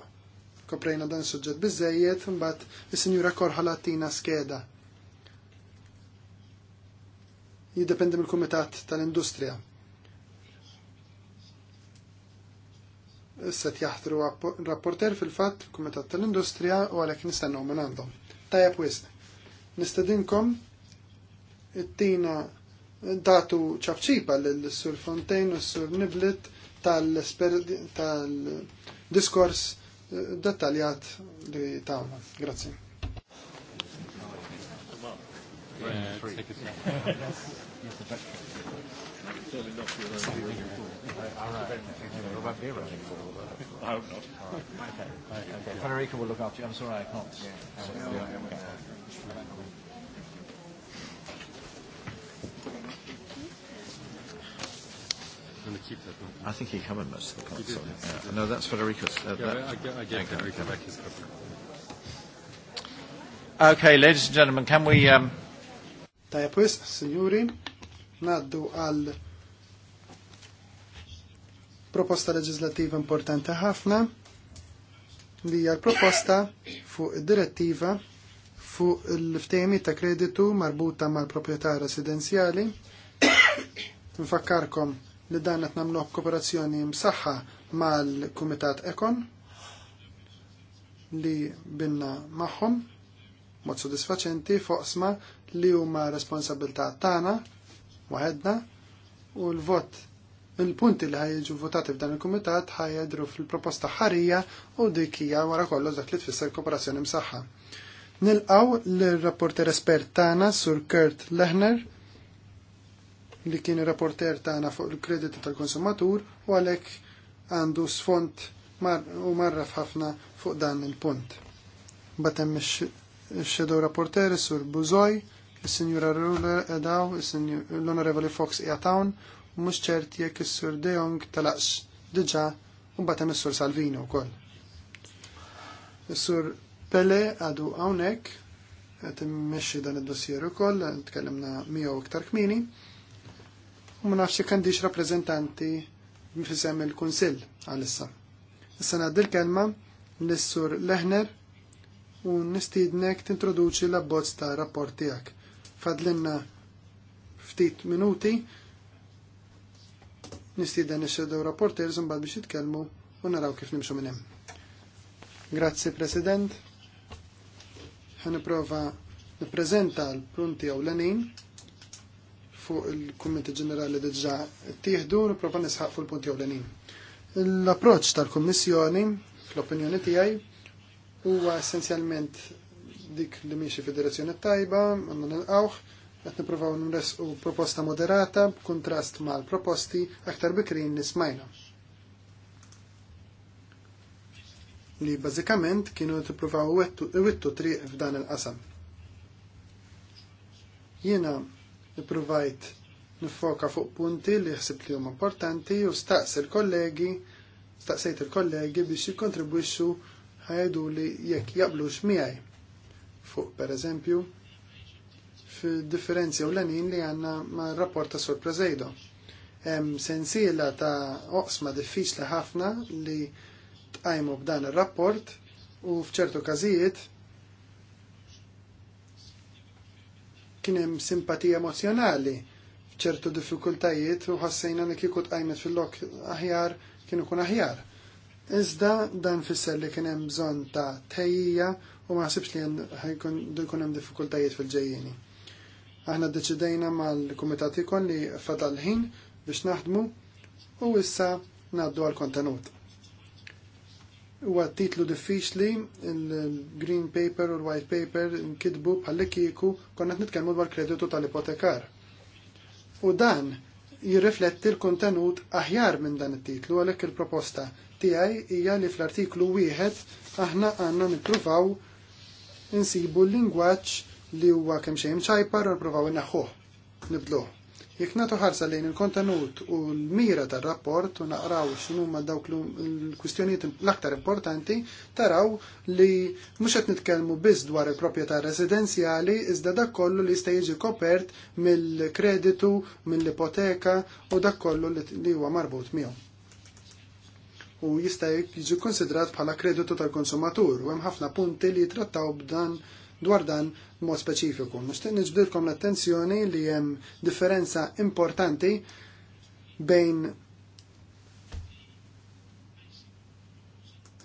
Koprejna dan suġġet bizzejiet, mbagħad is-sinjura korħala tina skeda. Jiddependi mill-Kumitat tal-Industrija. Issa jaħtru rapporter fil-fatt Kumitat tal-Industrija u għalhekk nistennew minn għandhom. Tajab wisq. Nistedinkom it-tina datu ċabċipa l-Sur Fontaine u sur Niblet tal-diskors eh, dettaljat li tawna. Grazie. Federica will look after you. I'm sorry, I can't. I think he covered most of the points. Yeah. No, that's Federico's. Uh, yeah, that, I get, I get Federico back Okay, ladies and gentlemen, can we... Um... Tajja pues, signori, naddu għal proposta legislativa importante ħafna li hija proposta fu direttiva fuq il ftemi ta' kreditu marbuta mal-proprjetà residenzjali. Nfakkarkom li dan qed nagħmluh kooperazzjoni msaħħa mal-Kumitat Ekon li binna magħhom mod sodisfaċenti foqsma li huma responsabilità tagħna waħedna u l-vot il-punti li ħajġu votati f'dan il-kumitat ħajadru fil-proposta ħarija u dik hija wara kollox dak li tfisser kooperazzjoni msaħħa. Nilqaw l-rapporter espert tagħna sur Kurt Lehner li kien il rapporter tagħna fuq il kredit tal-konsumatur u għalhekk għandu sfond mar u marraf ħafna fuq dan il-punt. Batem il shadow rapporter sur Buzoj, is-Sinjura Ruler edaw, l-Onorevoli Fox jatawn, u mhux ċert jekk is-Sur Deong Jong talaqx diġà u batem is-Sur Salvino wkoll. il sur Pele għadu għawnek, għet meċi dan id-dossier ukoll, tkellimna miegħu iktar kmini, u ma nafx kandix rappreżentanti fisem il-Kunsill għalissa. Issa ngħaddi l-kelma l-Sur Lehner u nistidnek tintroduċi l-abbozz ta' rapport tiegħek. Fadlinna ftit minuti nistieden ix-shadow rapporters mbagħad biex jitkellmu u naraw kif nimxu minn hemm. Grazzi President ħaniprofa nippreżenta l-punti ewlenin fuq il-kummenti ġenerali diġà ttieħdu nipprova nisħaq fuq il-punti ewlenin. L-approċċ tal-Kummissjoni fl-opinjoni tiegħi huwa essenzjalment dik li miexi fid-direzzjoni tajba, għandna nilqawh, qed nippruvaw nresqu proposta moderata b'kuntrast mal-proposti aktar bikrin nismajna. smajna. li bażikament kienu tippruvaw iwittu triq f'dan il-qasam. Jiena ippruvajt nifoka fuq punti li ħsibt li huma importanti u staqs il-kollegi, staqsejt il-kollegi biex jikkontribwixxu ħajdu li jekk jaqblux miegħi fuq pereżempju fil-differenzi u l-għanin li għanna ma' rapporta Sur Prezejdo. Sensiela ta' oqsma diffiċli ħafna li qajmu b'dan ir-rapport u f'ċertu każijiet kien hemm simpatija emozjonali f'ċertu diffikultajiet u ħassejna li kieku tqajmet fil-lok aħjar kien ikun aħjar. Iżda dan fisser li kien hemm bżonn ta' tejjija u ma ħsibx li jkun hemm diffikultajiet fil-ġejjieni. Aħna ddeċidejna mal-kumitat ikon li fadal ħin biex naħdmu u issa ngħaddu għal kontenut huwa titlu diffiċli, il-Green Paper u l-White Paper nkidbu bħalli kieku konna nitkellmu dwar kreditu tal-ipotekar. U dan jirrifletti l-kontenut aħjar minn dan it-titlu għalhekk il-proposta tiegħi hija li fl-artiklu wieħed aħna għandna nippruvaw insibu l-lingwaġġ li huwa kemm xejn ċajpar u nippruvaw inaħħuh nibdluh. Jekk nagħtu ħarsa lejn il-kontenut u l-mira tar-rapport u naqraw ma dawk l-kwistjonijiet l-aktar importanti, taraw li mhux qed nitkellmu biss dwar il-proprjetà residenzjali iżda dak kollu li jista' jiġi kopert mill-kreditu, mill-ipoteka u dak kollu li huwa marbut miegħu u jista' jiġi konsidrat bħala kreditu tal-konsumatur u hemm ħafna punti li jitrattaw b'dan dwar dan mod speċifiku. Nixtieq niġbdilkom l-attenzjoni li hemm differenza importanti bejn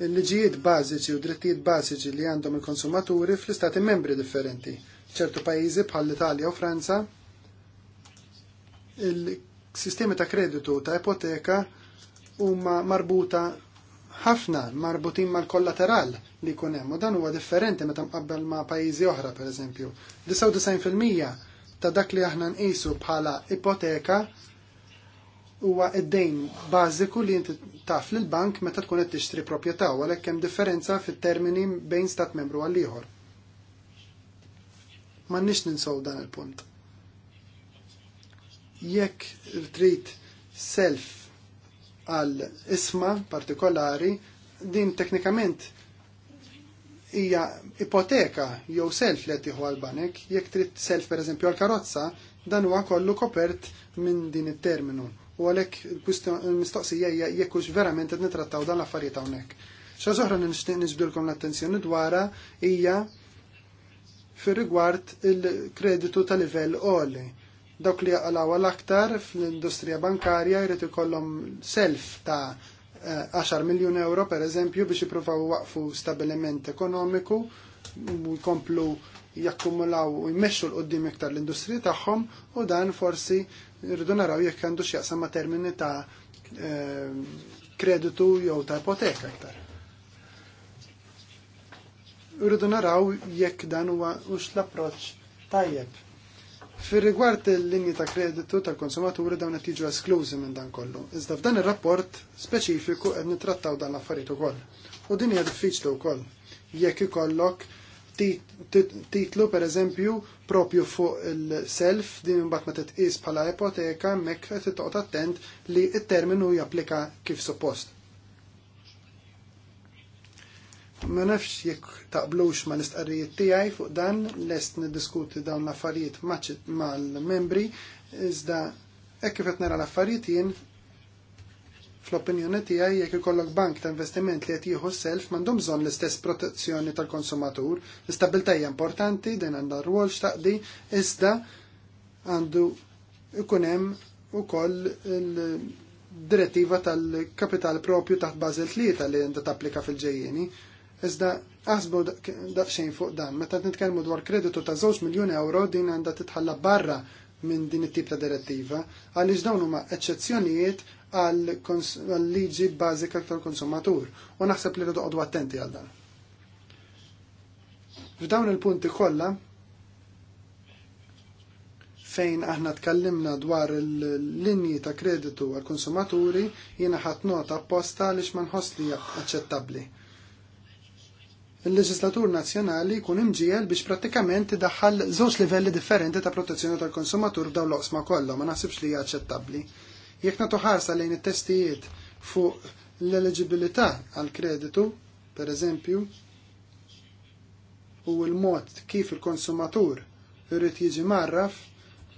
il-liġijiet bażiċi u drittijiet bażiċi li għandhom il-konsumaturi fl-istati membri differenti. ċertu pajjiżi bħal Italja u Franza il-sistemi ta' kreditu ta' ipoteka huma marbuta ħafna marbutin mal-kollateral li jkun hemm. U dan huwa differenti meta mqabbel ma' pajjiżi oħra pereżempju. 99% ta' dak li aħna nqisu bħala ipoteka huwa id-dejn bażiku li inti taf lil bank meta tkun qed tixtri proprjetà għalhekk hemm differenza fit-termini bejn stat membru għal ieħor. M'għandniex ninsow dan il-punt. Jekk trid self għal isma partikolari, din teknikament hija ipoteka jew self li qed tieħu għall-banek, jekk trid self pereżempju għall-karozza, dan huwa kollu kopert minn din it-terminu. U għalhekk il-mistoqsija hija jekk hux verament qed nitrattaw dan l-affarijiet hawnhekk. Xa soħra nixtieq niġbdilkom l-attenzjoni dwarha hija fir-rigward il-kreditu ta' livell għoli. Dawk li għalaw l-aktar fl-industrija bankarja jrid ikollhom self ta' 10 eh, miljun euro per eżempju biex jipruvaw waqfu stabiliment ekonomiku u jkomplu jakkumulaw u jmexxu l-qoddim iktar l-industrija tagħhom u dan forsi rridu naraw jekk għandu x'jaqsam ma' termini ta' eh, kreditu jew ta' ipoteka iktar. Rridu naraw jekk dan huwa mhux l-approċċ tajjeb Fir rigward il-linji ta' kreditu tal konsumaturi dawn qed jiġu esklużi minn dan kollu. Iżda f'dan ir-rapport speċifiku qed nittrattaw dan l-affarijiet ukoll. U din hija diffiċli wkoll. Jekk ikollok titlu per eżempju propju fuq il-self din imbagħad ma titqis bħala ipoteka mekk qed toqgħod attent li t-terminu japplika kif suppost. Ma nafx jekk taqblux ma nistqarrijiet tiegħi fuq dan lest niddiskuti dawn l-affarijiet mal-membri iżda hekk kif qed nara l-affarijiet jien fl-opinjoni tiegħi jekk ikollok bank ta' investiment li qed jieħu self m'għandhom bżonn l-istess protezzjoni tal-konsumatur. L-istabilità hija importanti, din għandha rwol x'taqdi, iżda għandu ikun hemm ukoll il-direttiva tal-kapital propju taħt Basel tlieta li għandha tapplika fil ġejjeni Iżda aħsbu daqsxejn fuq dan. Meta nitkellmu dwar kreditu ta' 2 miljuni euro din għandha titħalla barra minn din it-tip ta' direttiva għaliex dawn huma eċċezzjonijiet għal liġi bażika tal-konsumatur u naħseb li rridu qogħdu attenti għal dan. F'dawn il-punti kollha fejn aħna tkellimna dwar il-linji ta' kreditu għal konsumaturi jiena ħadd nota apposta għaliex ma nħossli li aċċettabbli il-leġislatur nazzjonali jkun imġiel biex prattikament daħħal żewġ livelli differenti ta' protezzjoni tal-konsumatur daw l-oqsma kollha ma naħsibx li hija aċċettabbli. Jekk nagħtu ħarsa lejn it-testijiet fuq l-eligibilità għal kreditu, per eżempju, u l-mod kif il-konsumatur irrid jiġi marraf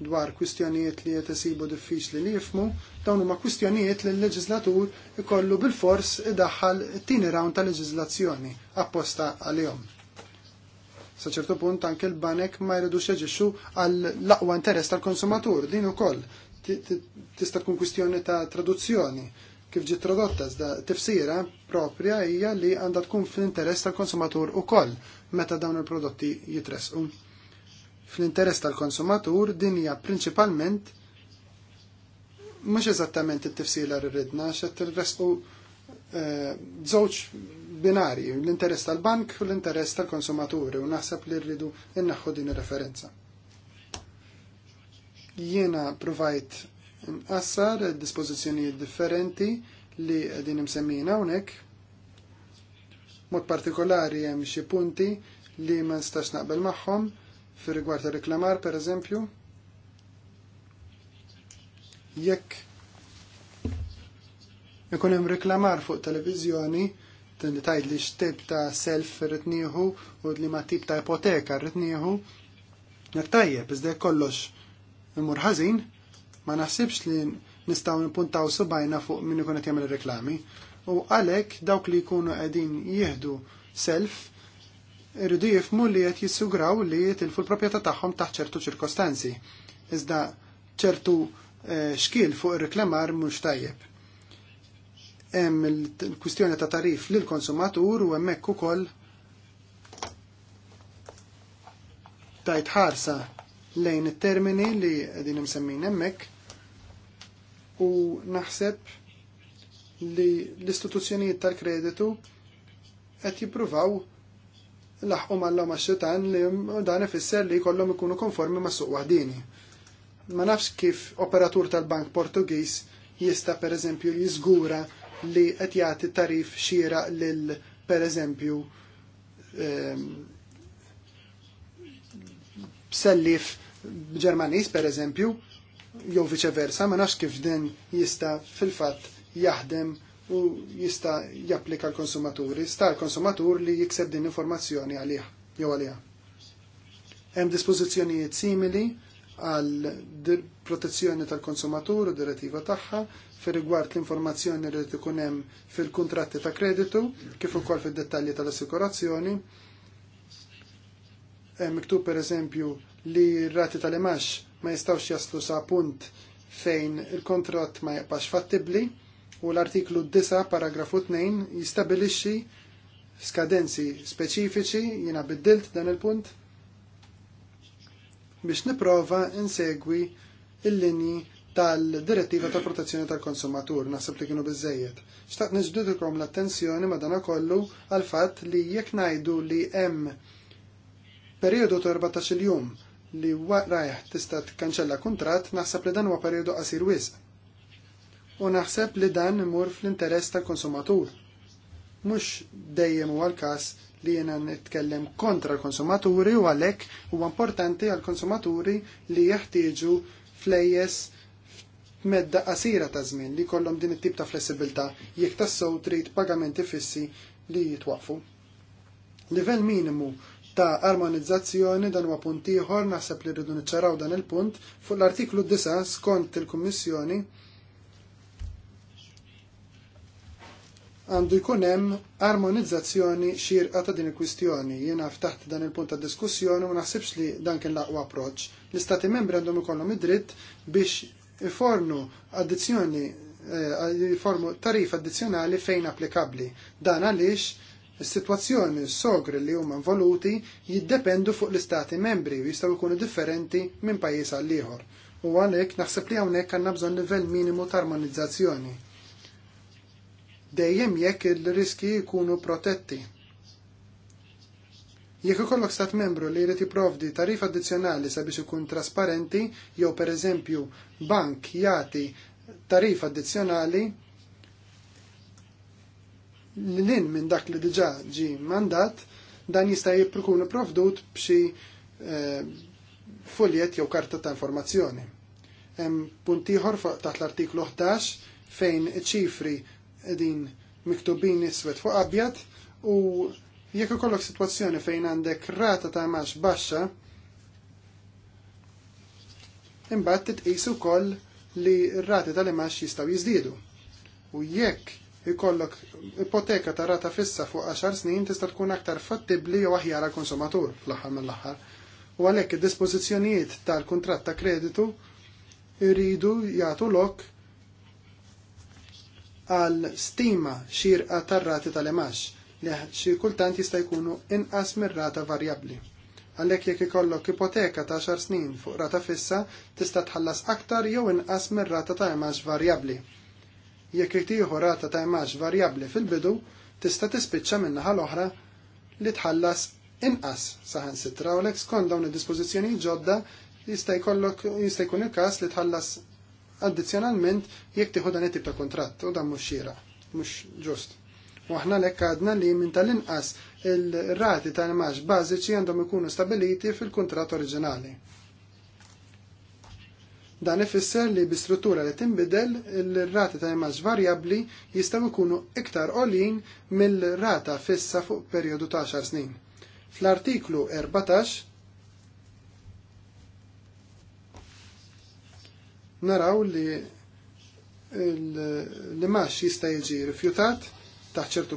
dwar kwistjonijiet li qed isibu diffiċli li jifmu, dawn huma kwistjonijiet li l-leġislatur ikollu bil-fors idaħħal it-tieni round ta' leġiżlazzjoni apposta għalihom. Sa ċertu punt anke l-banek ma jridux jaġixxu għall-aqwa interess tal-konsumatur din ukoll tista' tkun kwistjoni ta' traduzzjoni kif ġiet tradotta iżda tifsira propria hija li għandha tkun fl-interess tal-konsumatur ukoll meta dawn il-prodotti jitresqu fl-interess tal-konsumatur din hija prinċipalment mhux eżattament it-tifsira li rridna x'qed tirresqu eh, żewġ binari, l-interess tal-bank u l-interess tal-konsumaturi u naħseb li rridu innaħħu din ir-referenza. Jiena provajt nqassar dispożizzjonijiet differenti li qegħdin imsemmin hawnhekk mod partikolari hemm xi punti li ma nistax naqbel magħhom fir rigward ta' reklamar per eżempju, jekk ikun hemm reklamar fuq televiżjoni li tajt li x'tib ta' self rrid nieħu u li ma' tip ta' ipoteka rrid nieħu, jekk tajjeb iżda kollox imur ħażin, ma naħsibx li nistgħu nippuntaw subajna fuq min ikun qed jagħmel reklami. U għalhekk dawk li jkunu qegħdin jieħdu self irridu jifmu li qed jissugraw li jitilfu l-proprjetà tagħhom taħt ċertu ċirkostanzi. Iżda ċertu eh, xkil fuq ir-reklamar mhux tajjeb. Hemm il-kwistjoni ta' tarif lil konsumatur u hemmhekk ukoll tajt ħarsa lejn it-termini li qegħdin semmin hemmhekk u naħseb li l-istituzzjonijiet tal-kreditu qed jippruvaw laħqu mal-lom għax li dan ifisser li kollom ikunu konformi ma' suq waħdini. Ma nafx kif operatur tal-Bank Portugiż jista' pereżempju jiżgura li qed jagħti tarif xira lil pereżempju ehm, sellif Ġermaniż pereżempju jew viċeversa, ma nafx kif din jista' fil-fatt jaħdem u jista' japplika l-konsumaturi, sta l-konsumatur li jikseb din informazzjoni għalija, jew għaliha. Hemm dispożizzjonijiet simili għal protezzjoni tal-konsumatur u direttiva tagħha fi rigward l-informazzjoni li tkun hemm fil-kuntratti ta' kreditu kif ukoll fid-dettalji tal-assikurazzjoni. Hemm miktub pereżempju li r-rati tal-imax ma jistawx jaslu sa' punt fejn il kontrat ma jaqax fattibli u l-artiklu 9 paragrafu 2 jistabilixxi skadenzi speċifiċi jiena biddilt dan il-punt biex niprova insegwi il-linji tal-direttiva tal protezzjoni tal-konsumatur, naħseb li kienu bizzejiet. Xtaqt nġdudukom l-attenzjoni madana kollu għal fatt li jekk najdu li hemm periodu ta' 14 jum li warajh tista' tkanċella kontrat, naħseb li dan huwa periodu qasir wisq u naħseb li dan imur fl-interess tal-konsumatur. Mux dejjem huwa l-każ li jena nitkellem kontra l-konsumaturi u għalhekk huwa importanti għal-konsumaturi li jeħtieġu flejjes medda qasira ta' żmien li kollhom din it-tip ta' flessibilità jekk tassew trid pagamenti fissi li jitwaqfu. Livell minimu ta' armonizzazzjoni dan huwa punt ieħor naħseb li rridu niċċaraw dan il-punt fuq l-artiklu 9 skont il-Kummissjoni għandu jkun hemm armonizzazzjoni xirqa ta' din il-kwistjoni. Jiena ftaħt dan il-punt ta' diskussjoni u naħsibx li dan kien laqwa approċ. L-istati membri għandhom ikollhom id-dritt biex ifornu addizzjoni jiformu eh, tarif addizzjonali fejn applikabli. Dan għaliex is-sitwazzjoni sogri li huma involuti jiddependu fuq l-istati membri u jistgħu jkunu differenti minn pajjiż għal ieħor. U għalhekk naħseb li hawnhekk għandna bżonn livell minimu ta' armonizzazzjoni dejjem jekk il-riski jkunu protetti. Jekk ikollok stat membru li jrid jipprovdi tarif addizzjonali sabiex ikun trasparenti, jew pereżempju bank jagħti tarif addizzjonali lin minn dak li diġà ġi mandat, dan jista' jkun provdut b'xi eh, fuljet jew karta ta' informazzjoni. Hemm punt ieħor taħt l-artiklu 11 fejn ċifri edin miktubin iswed fuq abjad u jekk ikollok sitwazzjoni fejn għandek rata ta' max baxxa, imbagħad titqisu wkoll li r-rati tal-imax jistgħu jiżdiedu. U jekk ikollok ipoteka ta' rata fissa fuq 10 snin tista' tkun aktar fattibli jew aħjar għal konsumatur fl-aħħar mill-aħħar. U għalhekk id-dispożizzjonijiet tal-kuntratt ta' kreditu jridu jagħtu lok għal stima xirqa tar-rati tal-imax li xi kultant jista' jkunu inqas mir-rata varjabbli. Għalhekk jekk ikollok ipoteka ta' xar snin fuq rata fissa tista' tħallas aktar jew inqas mir-rata ta' imax varjabbli. Jekk tieħu rata ta' imax varjabbli fil-bidu, tista' tispiċċa min-naħa l-oħra li tħallas inqas saħan sitra u l-eks dawn id-dispożizzjoni ġodda jista' jkollok jista' jkun il-każ li tħallas addizzjonalment jekk tieħu dan it-tip ta' kontratt u dan mhux xira, mhux ġust. U aħna lekk għadna li minn tal-inqas il-rati ta' maġ bażiċi għandhom ikunu stabiliti fil-kuntratt oriġinali. Dan ifisser li bi-struttura li tinbidel il-rati ta' imax variabli jistgħu jkunu iktar olin mill-rata fissa fuq perjodu ta' 10 snin. Fl-artiklu 14 naraw li li imax jista' jiġi rifjutat taħt ċertu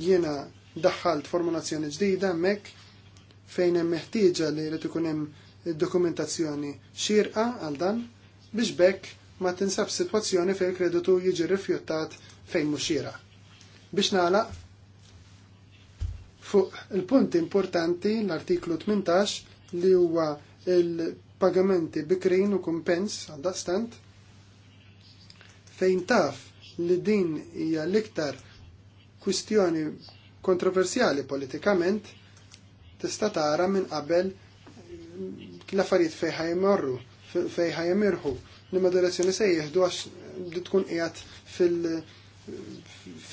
jiena daħħalt formulazzjoni ġdida hemmhekk fejn hemm meħtieġa li jrid ikun hemm dokumentazzjoni xirqa għal dan biex bekk ma tinsab sitwazzjoni fejn kreditu jiġi rifjuttat fejn mhux xira. Biex nagħlaq fuq il-punti importanti l-artiklu 18 li huwa il pagamenti bikrin u kumpens għaddastant fejn taf li din hija l-iktar kwistjoni kontroversjali politikament tista' tara minn qabel l-affarijiet fejn ħajmorru fejn ħajmirħu li moderazzjoni se jieħdu għax li tkun qiegħed fil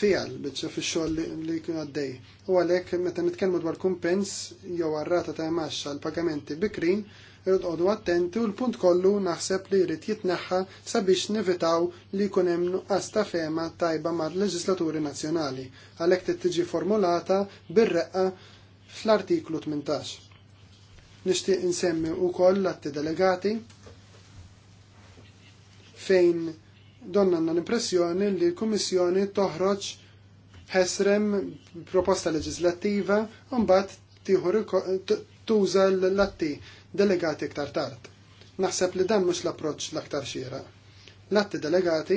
fial biċċa fix-xogħol li jkun għaddej. U għalhekk meta nitkellmu dwar kumpens jew ar-rata ta' imaxxa għall pagamenti bikrin irrid qogħdu attenti u l-punt kollu naħseb li jrid jitneħħa sabiex nevitaw li jkun hemm nuqqas ta' fema tajba mal-leġislaturi nazzjonali għalhekk trid tiġi formulata bir-reqqa fl-artiklu 18. Nixtieq insemmi wkoll l-atti delegati fejn donna l-impressjoni li l-Kummissjoni toħroġ ħesrem proposta leġislattiva u mbagħad tuża l-latti delegati iktar tard. Naħseb li dan mhux l-approċċ l-aktar xiera. L-atti delegati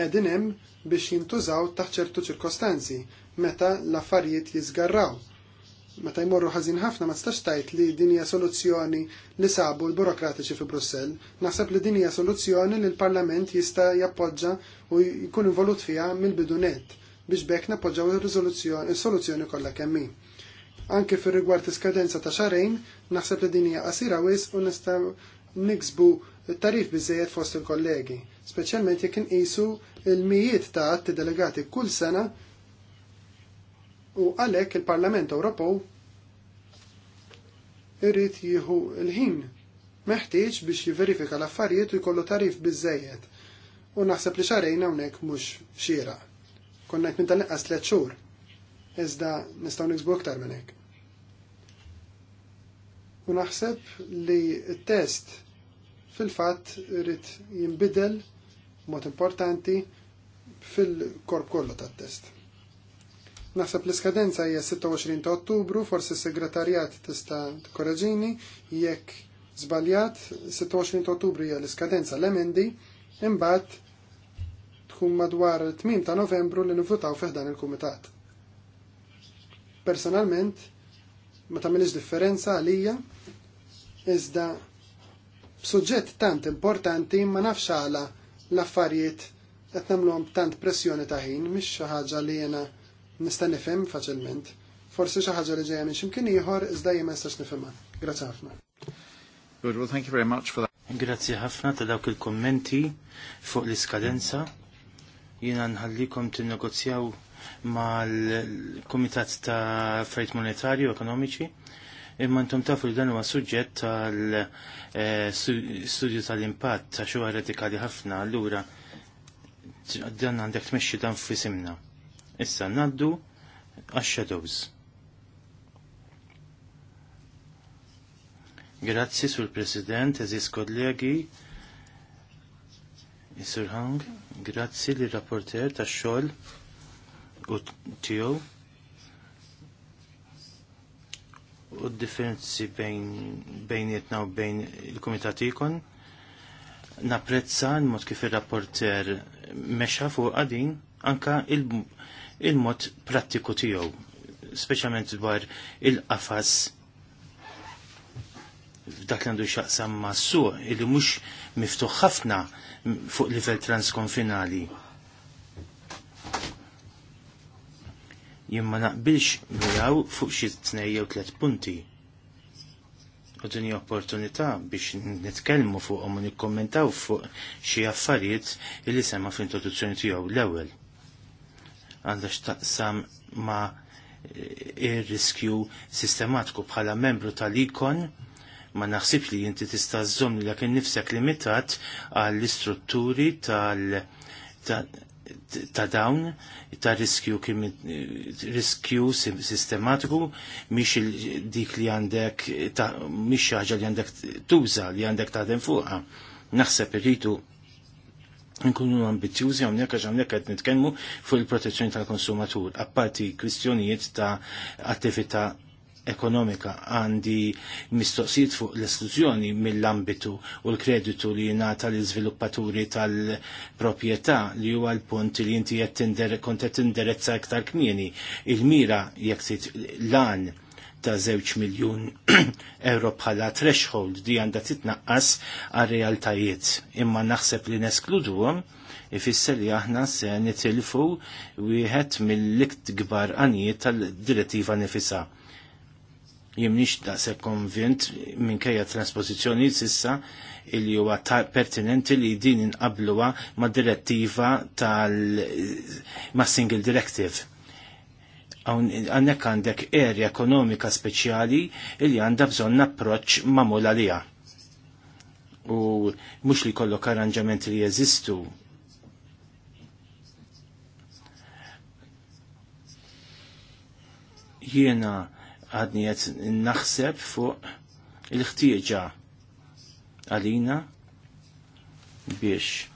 qegħdin hemm biex jintużaw taħt ċertu ċirkostanzi meta l-affarijiet jiżgarraw. Meta jmorru ħażin ħafna ma tistax tajt li din hija soluzzjoni li sabu l-burokratiċi fi Brussell. Naħseb li din hija soluzzjoni li l-Parlament jista' jappoġġa u jkun involut fiha mill-bidunet biex bekk nappoġġaw ir-riżoluzzjoni, is soluzzjoni kollha kemm Anke fir rigward iskadenza ta' xarejn, naħseb li din hija qasira wis u nistgħu niksbu tarif biżejjed fost il-kollegi, speċjalment jekk inqisu il-mijiet ta' atti delegati kull sena u għalhekk il-Parlament Ewropew irrid jieħu l-ħin meħtieġ biex jiverifika l-affarijiet u jkollu tarif biżejjed. U naħseb li xarejn hawnhekk mhux xira. Konna qed minn tal-inqas tliet xhur. Iżda nistgħu niksbu aktar minn hekk. U naħseb li t-test fil-fatt rrit jimbidel mod importanti fil-korp kollu tat-test. Naħseb l-iskadenza hija 26 ta' Ottubru, forsi s-segretarjat tista' tkoraġini jekk żbaljat 26 ta' Ottubru hija l-iskadenza l-emendi, imbagħad tkun madwar 8 ta' Novembru li nivvutaw fih dan il-Kumitat. Personalment, ma tagħmilx differenza għalija iżda b'suġġett tant importanti ma nafx għala l-affarijiet qed nagħmluhom tant pressjoni ta' ħin mhix xi ħaġa li jiena nista' nifhem faċilment. Forsi xi ħaġa li ġejja minn x'imkien ieħor iżda jien ma nistax nifhimha. Grazzi ħafna. Good, well thank you very much for that. Grazzi ħafna ta' dawk il-kommenti fuq l-iskadenza. Jiena nħallikom tinnegozjaw mal-Kumitat ta' Frejt Monetarju Ekonomiċi. Imma ntom tafu li dan huwa suġġett tal-studju eh, tal-impatt ta' xogħol radikali ħafna allura dan għandek tmexxi dan f'isimna. Issa naddu għax-shadows. Grazzi sur President, eżis kollegi, Isur Hang, grazzi li rapporter ta' xogħol u tiegħu u d-differenzi bejnietna u bejn il-Kumitat ikon. Napprezza l-mod kif ir-rapporter mexa fuq għadin anka il-mod il prattiku tiegħu, speċjalment dwar il-qafas f'dak li għandu xaqsam ma' su illi mhux miftuħ ħafna fuq livell transkonfinali jien ma naqbilx miraw fuq xi tnej jew tliet punti. U din opportunità biex nitkellmu fuqhom u nikkommentaw fuq xi affarijiet li sema fl-introduzzjoni tiegħu l-ewwel. Għandha x'taqsam ma eh, ir-riskju sistematiku bħala membru tal-ikon ma naħsibx li inti tista' żżomm li nifsek limitat għall-istrutturi -tal ta' dawn ta' riskju kim riskju sistematiku miex dik li għandek ta' miex ħaġa li għandek tuża li għandek taħdem fuqha. Naħseb irridu nkunu ambizjużi hawnhekk għax hawnhekk qed nitkellmu fuq il-protezzjoni tal-konsumatur, apparti kwistjonijiet ta' attività ekonomika għandi mistoqsijiet fuq l-istituzzjoni mill-ambitu u l-kreditu li jingħata l iżviluppaturi tal-proprjetà li huwa l-punt li inti qed kontet tinderezza iktar kmieni. Il-mira jekk lan ta' żewġ miljun euro bħala threshold di għandha titnaqqas għal realtajiet imma naħseb li neskluduhom ifisser li aħna se nitilfu wieħed mill ikt gbar għanijiet tal-direttiva nifisa jimnix nix se konvint minkejja transpozizjoni sissa il huwa pertinenti li din inqabluwa ma' direttiva tal ma' single directive. Għannek għandek erja ekonomika speċjali li għanda bżon approċ mamul għalija. U mux li kollok arranġamenti li jeżistu jiena għadni qed naħseb fuq il-ħtieġa għalina biex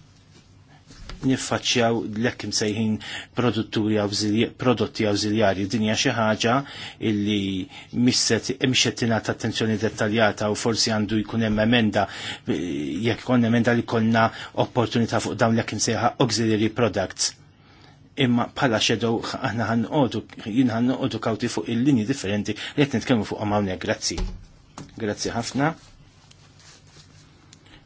niffaċċjaw l ekkim sejħin prodotti awżiljarji dinja xi ħaġa illi misset imxet tingħata attenzjoni dettaljata u forsi għandu jkun hemm emenda jekk kon emenda li konna opportunità fuq dawn l ekkim sejħa auxiliary products imma bħala xedow aħna ħanqodu, jien ħanqodu kawti fuq il-linji differenti li qed nitkellmu fuq hawnhekk. Grazzi. Grazzi ħafna.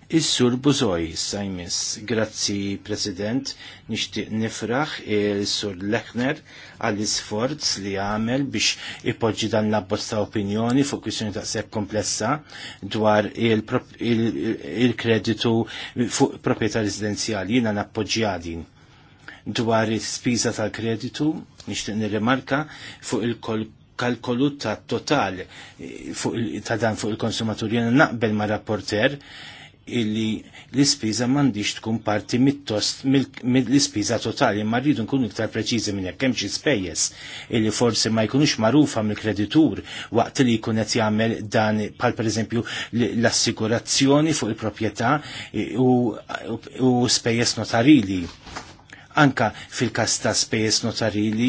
Is-sur Buzoj sajmis, grazzi President, nixtieq nifraħ il-sur Lechner għall isforz li għamel biex ipoġġi dan l abbosta ta' opinjoni fuq kwistjoni ta' sepp komplessa dwar il-kreditu fuq proprjetà residenzjali jiena nappoġġja din dwar ispiża tal-kreditu, nixtieq nirrimarka fuq il-kol kalkolu ta' total eh, ta' dan fuq il-konsumatur jena naqbel ma' rapporter illi l-ispiża m'għandix tkun parti mit l mill-ispiża totali, ma rridu nkunu iktar preċiżi minn hekk hemm xi spejjeż illi forsi ma jkunux magħrufa mill-kreditur waqt li jkun qed jagħmel dan bħal pereżempju l-assigurazzjoni fuq il-proprjetà eh, u, u spejjeż notarili anka fil-kas ta' spejjeż notarili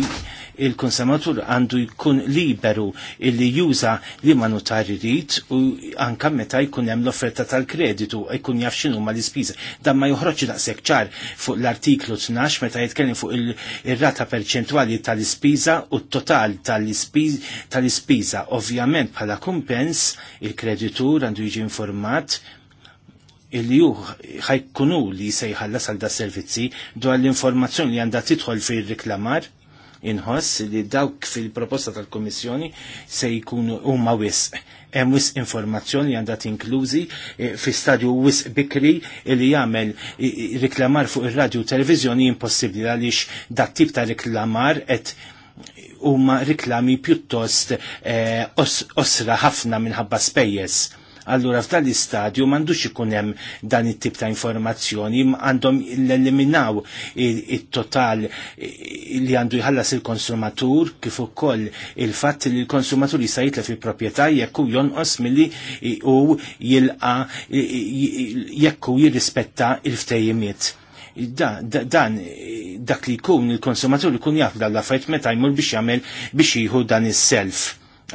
il konsumatur għandu jkun liberu illi juża li ma notar irid u anka meta jkun hemm l-offerta tal-kreditu jkun jaf x'inhu ma l-ispiża. Dan ma joħroġ daqshekk ċar fuq l-artiklu 12 meta jitkellem fuq ir-rata perċentwali tal-ispiża u t-total tal-ispiża. Ovvjament bħala kumpens il-kreditur għandu jiġi informat illi ju ħajkunu li sejħallas għal da servizzi dwar l-informazzjoni li għandha tidħol fil-riklamar inħoss li dawk fil-proposta tal-Komissjoni se jkunu huma wis hemm wis informazzjoni għandha tinklużi e, fi stadju wis bikri li jagħmel e, e, riklamar fuq ir-radju u televiżjoni impossibbli għaliex dak tip ta' riklamar qed huma riklami pjuttost osra ħafna minħabba spejjeż Allura f'dan l-istadju m'għandux ikun hemm dan it-tip ta' informazzjoni, għandhom l-eliminaw it-total li għandu jħallas il-konsumatur kif ukoll il-fatt li l-konsumatur jista' jitlef il-proprjetà jekk hu jonqos milli hu jilqa jekk hu jirrispetta il-ftejjimiet da, da, dan dak li jkun il-konsumatur ikun jaf dan l-affarijiet meta jmur biex jagħmel biex jieħu dan is-self.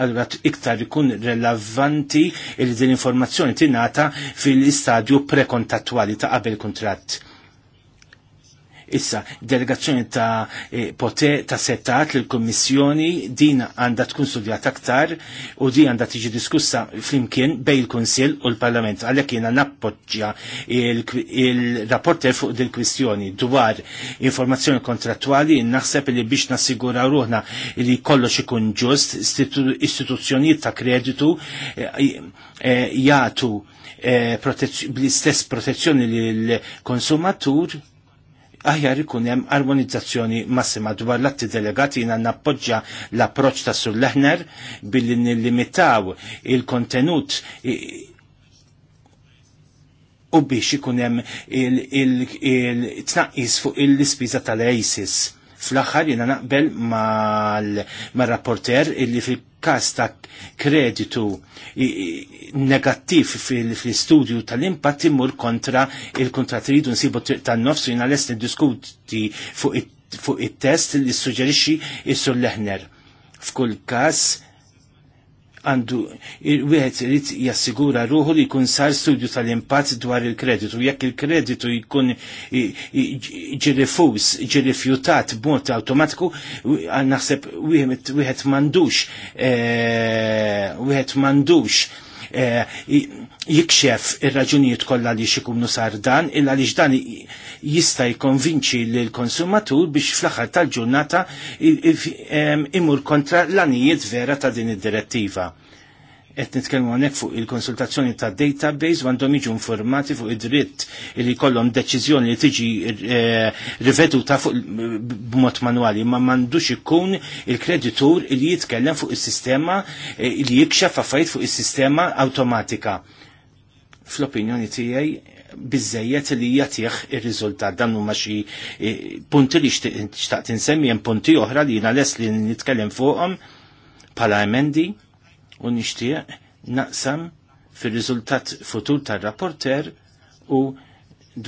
Allura iktar ikun relevanti il din informazzjoni tingħata fil-istadju prekontattwali ta' qabel kuntratt Issa, delegazzjoni ta' e, pote ta' settat l kommissjoni din għandha tkun studjata aktar u din għandha tiġi diskussa flimkien bej il-Kunsill u l-Parlament. Għalhekk jiena nappoġġja il-rapporter fuq dil-kwistjoni dwar informazzjoni kontrattwali naħseb li biex nassiguraw ruħna li kollox ikun ġust istituzzjonijiet ta' kreditu e, e, jagħtu bl-istess protezzjoni lill konsumatur aħjar ikun hemm armonizzazzjoni massima dwar l-atti delegati jiena nappoġġja l-approċċ ta' Sur Leħner billi nillimitaw il-kontenut u biex ikun hemm il-tnaqqis fuq il-ispiża tal-ISIS Fl-axħar jena naqbel mal-rapporter illi fil-kas ta' kreditu negattiv fil-studju tal-impatt imur kontra il-kontrat ridu nsibu tan-nofsu jena l-est diskuti fuq it-test li suġġerixxi is-sur Leħner. F'kull każ għandu wieħed irid jassigura ruħu li jkun sar studju tal-impatt dwar il-kreditu. Jekk il-kreditu jkun ġirrifus, ġirrifjutat b'mod awtomatiku, naħseb wieħed m'għandux wieħed m'għandux eh, Eh, jikxef ir-raġunijiet kollha li xikunu sar dan, illa li dan jista' jikonvinċi l konsumatur biex fl-aħħar tal-ġurnata imur kontra l-anijiet vera ta' din id-direttiva qed nitkellmu hawnhekk fuq il-konsultazzjoni ta' database għandhom jiġu informati fuq id-dritt li jkollhom deċiżjoni li tiġi eh, riveduta fuq b'mod manwali, ma m'għandux ikun il-kreditur li jitkellem fuq is-sistema eh, li jikxef affarijiet fuq is-sistema awtomatika. Fl-opinjoni tiegħi bizzejiet li jatieħ il-rizultat dan huma xi eh, punti li xtaqt insemmi hemm punti oħra li jiena les li nitkellem fuqhom bħala emendi u nixtieq naqsam fir-riżultat futur tar-rapporter u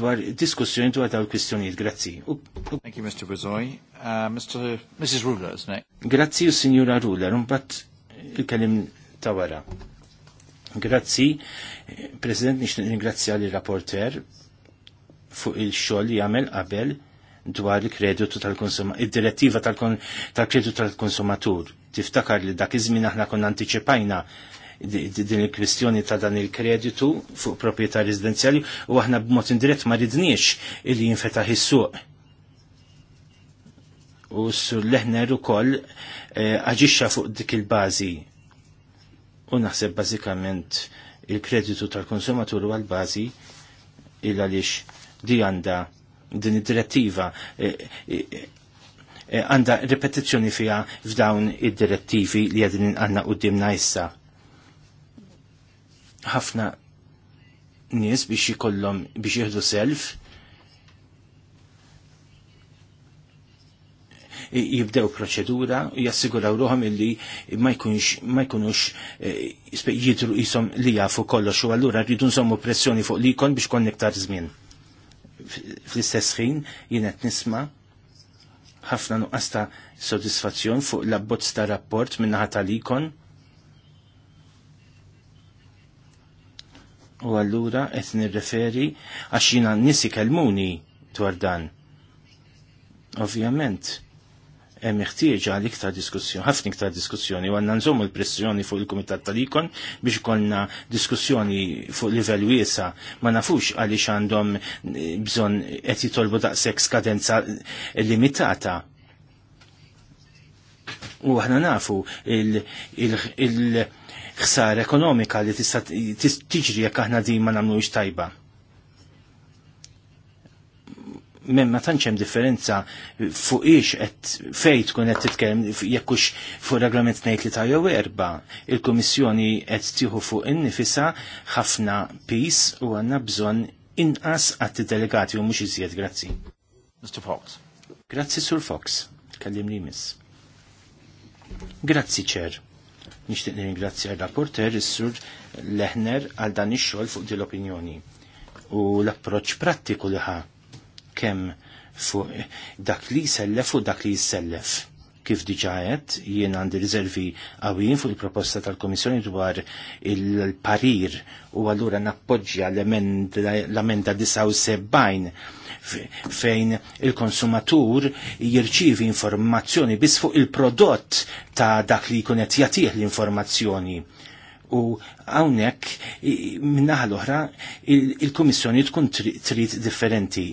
dwar diskussjoni dwar dawn kwistjonijiet. Grazzi. Thank you, Mr. Brazoy. Uh, Mr. Mrs. Ruler, isn't it? Grazzi u Signora Ruler, unbat il-kelim ta' wara. Grazzi, President, nix ringrazzja li rapporter fuq il-xogħol li jagħmel qabel dwar il-kreditu tal-konsumatur, id-direttiva tal-kreditu tal-konsumatur. Tiftakar li dak iż-żmien aħna konna antiċipajna din il-kwistjoni ta' dan il-kreditu fuq proprjetà residenzjali u aħna b'mod indirett ma ridniex illi jinfetaħ is-suq. U s-leħner u koll eh, aġixxa fuq dik il-bazi. U naħseb bażikament il-kreditu tal-konsumatur għal-bazi il għaliex di għanda din id-direttiva e, e, e, għanda ripetizzjoni fija f'dawn id-direttivi li għadin għanna u dimna issa. ħafna nies biex jikollom biex jieħdu self jibdew proċedura u jassiguraw ruħom illi ma jkunux jidru jisom li jafu kollox u allura rridu nsommu pressjoni fuq li kon biex kon iktar żmien fl-istess ħin jien qed nisma' ħafna nuqqas ta' sodisfazzjon fuq l-abbozz ta' rapport minnaħa tal U allura qed nirreferi għax jiena nisi ikellmuni dwar dan. Ovvjament, hemm meħtieġa għal iktar diskussjoni, ħafna iktar diskussjoni, u għandna nżommu l-pressjoni fuq il-Kumitat tal-Ikon biex konna diskussjoni fuq livell wiesa ma nafux għaliex għandhom eh, bżonn qed jitolbu daqshekk skadenza limitata. U aħna nafu il ħsar ekonomika li tista' tiġri jekk aħna din ma nagħmlux tajba men ma tantx hemm differenza fuq ix qed fejn tkun qed titkellem jekk hux fuq reglament ngħid li ta' jew erba'. Il-Kummissjoni qed tieħu fuq innifisa ħafna pis u għandna bżonn inqas għat delegati u mhux iżjed grazzi. Mr. Fox. Grazzi Sur Fox. li miss. Grazzi ċer. Nixtieq nirringrazzja r-rapporter is-sur Lehner għal dan ix-xogħol fuq dil-opinjoni u l-approċċ prattiku li ħa kemm fuq dak li jsellef u dak li jsellef. Kif diġajet, jien għandi riservi għawin fuq il-proposta tal-Komissjoni dwar il-parir u għallura nappoġġja l-amenda 79 fejn il-konsumatur jirċivi informazzjoni bis fuq il-prodott ta' dak li jkun qed jagħtih l-informazzjoni U għawnek minnaħal oħra il-Komissjoni il tkun trid differenti.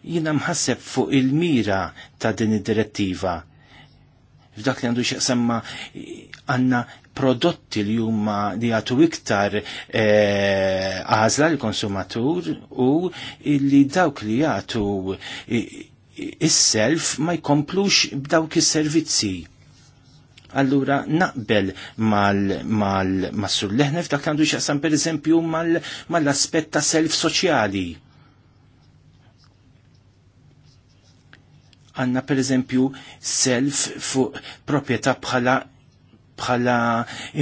Jina mħasseb fuq il-mira ta' din id-direttiva. F'dak li għandu xieqsemma għanna prodotti li huma li għatu iktar eh, għazla e, l-konsumatur u li dawk li għatu is-self ma jkomplux b'dawk is-servizzi Allura naqbel mal massur leħnef dak għandu xaqsam per eżempju mal-aspet ta' self soċjali. Għanna per eżempju self fuq propieta bħala bħala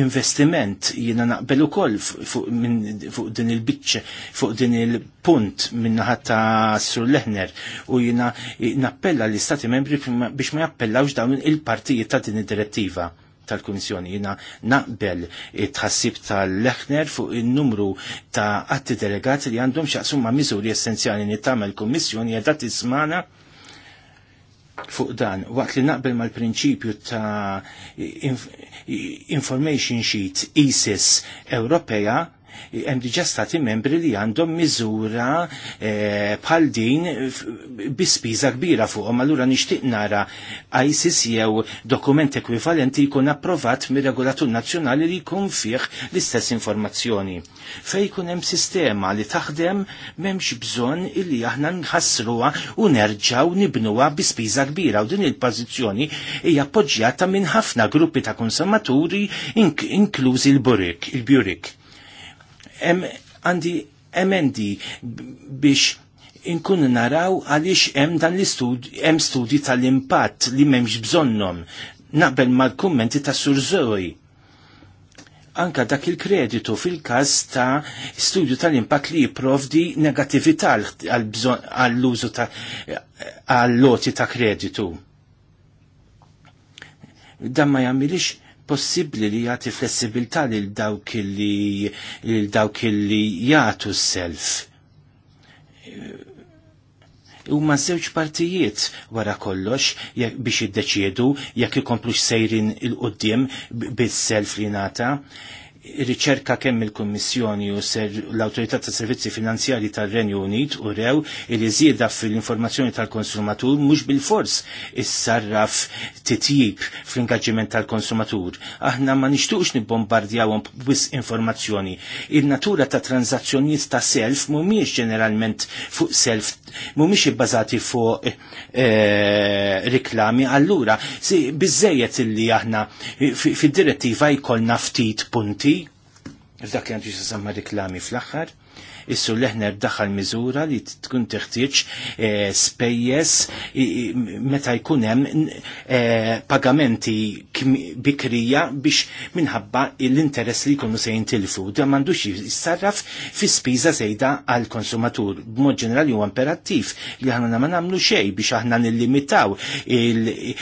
investiment jiena naqbel ukoll fuq din il-biċċa fuq din il-punt minnaħa ta' Sur Lehner u jiena nappella l-Istati membri biex ma jappellawx dawn il-partijiet ta' din id-direttiva tal-Komissjoni jina naqbel it-ħassib tal-Lechner fuq il-numru ta' atti delegati li għandhom xaqsumma ma' miżuri essenzjali li tagħmel Komissjoni qiegħda tismana fuq dan, waqt li naqbel mal-prinċipju ta' information sheet ISIS Ewropea hemm diġà stati membri li għandhom miżura eh, bħal din bi spiża kbira fuqhom allura nixtieq nara ISIS jew dokument ekwivalenti jkun approvat mir-regolatur nazzjonali li jkun fih l-istess informazzjoni. Fej jkun hemm sistema li taħdem m'hemmx bżonn illi aħna nħassruha u nerġgħu nibnuha bi spiża kbira u din il-pożizzjoni hija appoġġjata minn ħafna gruppi ta' konsumaturi inklużi l-burik, il-bjurik għandi emendi biex inkun naraw għaliex hemm dan l-istudju hemm studji tal-impatt li m'hemmx bżonnhom naqbel mal-kummenti ta' surżoj. Anka dak il-kreditu fil-każ ta' studju tal-impatt li jipprovdi negattività għall-użu ta' għall-loti ta' kreditu. Dan ma jagħmilix possibbli li jagħti flessibilità lil dawk li li jagħtu s-self. Huma żewġ partijiet wara kollox biex iddeċiedu jekk ikomplu sejrin il-qudiem bis-self li nata, riċerka kemm il-Kummissjoni u l-Awtorità ta' Servizzi Finanzjari tal-Renju Unit u rew li żieda fil-informazzjoni tal-konsumatur mhux bil-fors issarraf titjib fl-ingaġġiment tal-konsumatur. Aħna ma nixtuqx nibbombardjawhom wis informazzjoni. Il-natura ta' tranzazzjonijiet ta' self mhumiex ġeneralment fuq self mhumiex ibbażati fuq eh, eh, riklami allura biżejjed illi aħna fid-direttiva jkollna ftit punti f'dak li għandu jisasamma riklami fl-axħar, issu leħna daħal miżura li tkun teħtieġ eh, spejjes meta jkun hemm eh, pagamenti bikrija biex minħabba l-interess li jkunu se jintilfu. Da m'għandux jissarraf fi spiża żejda għal konsumatur. B'mod ġenerali huwa imperattiv li aħna ma nagħmlu xejn biex aħna nillimitaw il-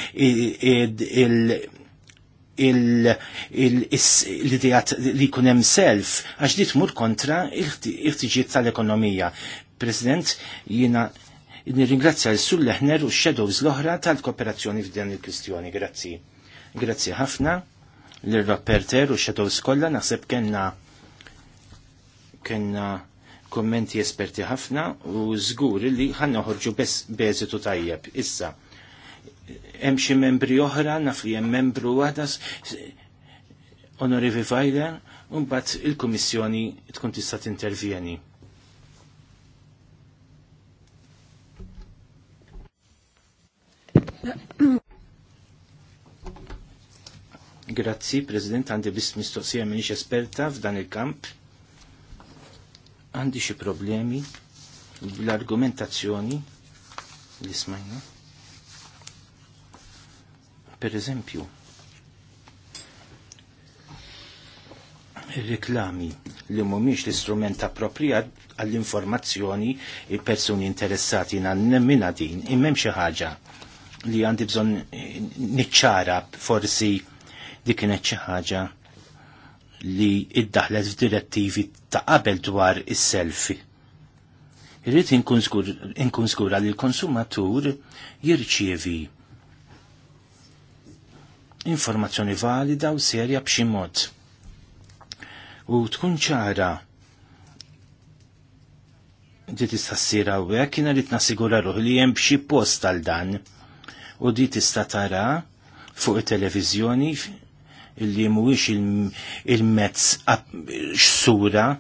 l-idejat li kunem self, għax li tmur kontra il-ħtiġiet tal-ekonomija. President, jina nirringrazzja l-Sul u x-Shadows l-oħra tal-kooperazzjoni f'dan il-kwistjoni. Grazzi. Grazzi ħafna l rapperter u x-Shadows kollha naħseb kellna kellna kommenti esperti ħafna u żgur li ħanna ħorġu beżitu tajjeb. Issa, hemm xi membri oħra, naf li hemm membru waħda Onorevi Vajda, u mbagħad il-Kummissjoni tkun tista' intervjeni. Grazzi, President, għandi biss mistoqsija minix esperta f'dan il-kamp. Għandi xi problemi l argumentazzjoni li smajna per eżempju, reklami li mumiex l-istrument appropriat għall-informazzjoni il persuni interessati nemmina din, immem xi ħaġa li għandi bżon eh, niċċara forsi dik kienet xi ħaġa li id-daħlet f'direttivi ta' qabel dwar is-selfi. Irrid inkun skura li l-konsumatur jirċievi informazzjoni valida u serja b'xi mod. U tkun ċara di tista' u hawnhekk jiena rid nassigura ruħ li hemm b'xi post għal dan u di tista' tara fuq it-televiżjoni illi mhuwiex il-mezz il sura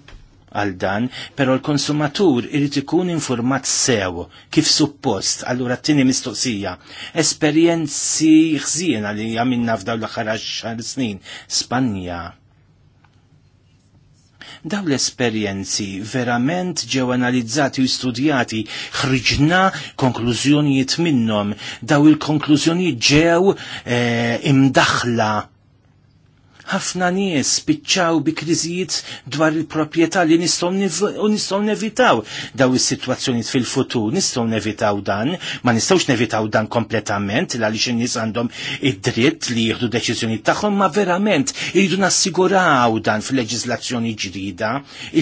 għal dan, pero l-konsumatur irrit ikun informat sew, kif suppost, allura t-tini mistoqsija. Esperienzi ħżiena li għamilna f'daw l-axar snin, Spanja. Daw l-esperienzi verament ġew analizzati u studjati ħriġna konklużjonijiet minnhom, daw il-konklużjonijiet ġew e, imdaħla ħafna nies spiċċaw bi kriżijiet dwar il-proprjetà li nistgħu nevitaw daw is-sitwazzjonijiet fil-futur, nistgħu nevitaw dan, ma nistgħux nevitaw dan kompletament għaliex in-nies għandhom id-dritt li jieħdu deċiżjonijiet tagħhom, ma verament iridu nassiguraw dan fil-leġiżlazzjoni ġdida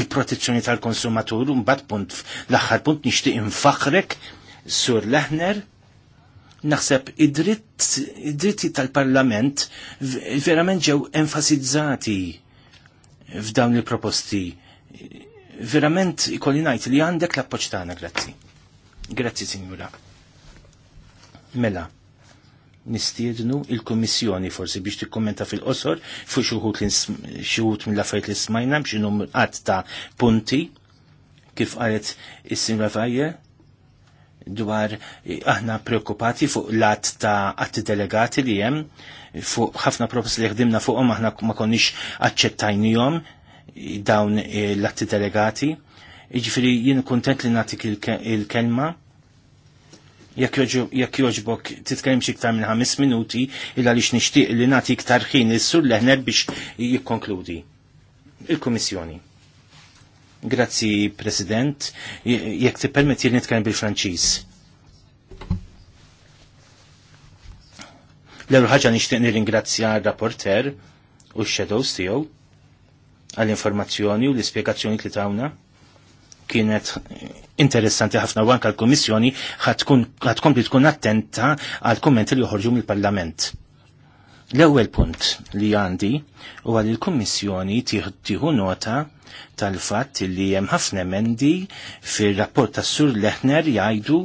il-protezzjoni tal-konsumatur, mbagħad punt l-aħħar punt nixtieq infaħrek Sur Lehner naħseb id-dritti tal-Parlament verament ġew enfasizzati f'dawn il-proposti. Verament ikolli ngħid li għandek l-appoġġ tagħna, grazzi. Grazzi, Sinjura. Mela, nistiednu il komissjoni forsi biex tikkommenta fil-qosor fuq xi wħud mill-affarijiet li smajna b'xi qatt ta' punti kif qalet is sinra fajja dwar eh, aħna preokkupati fuq lat ta' atti delegati li jem fuq ħafna propos li ħdimna fuqhom aħna ma konniex jom eh, dawn eh, l-atti delegati. Iġifiri jien kuntent li natik il-kelma. Jekk joġbok titkellem xi iktar minn ħames minuti illa għaliex nixtieq li nagħti iktar ħin is-sur leħner biex jikkonkludi. Il-Kummissjoni. Grazzi, President. Jek ti permetti nitkellem bil-Franċiż. L-ewwel ħaġa nixtieq nirringrazzja r-rapporter u x-shadows tiegħu għall-informazzjoni u l-ispjegazzjoni li tawna kienet interessanti ħafna u anka l-Komissjoni ħatkompli tkun attenta għal kommenti li joħorġu mill-Parlament. L-ewwel punt li għandi huwa li l-Kummissjoni tieħu nota tal-fatt li hemm ħafna emendi fir-rapport tas-Sur Leħner jgħidu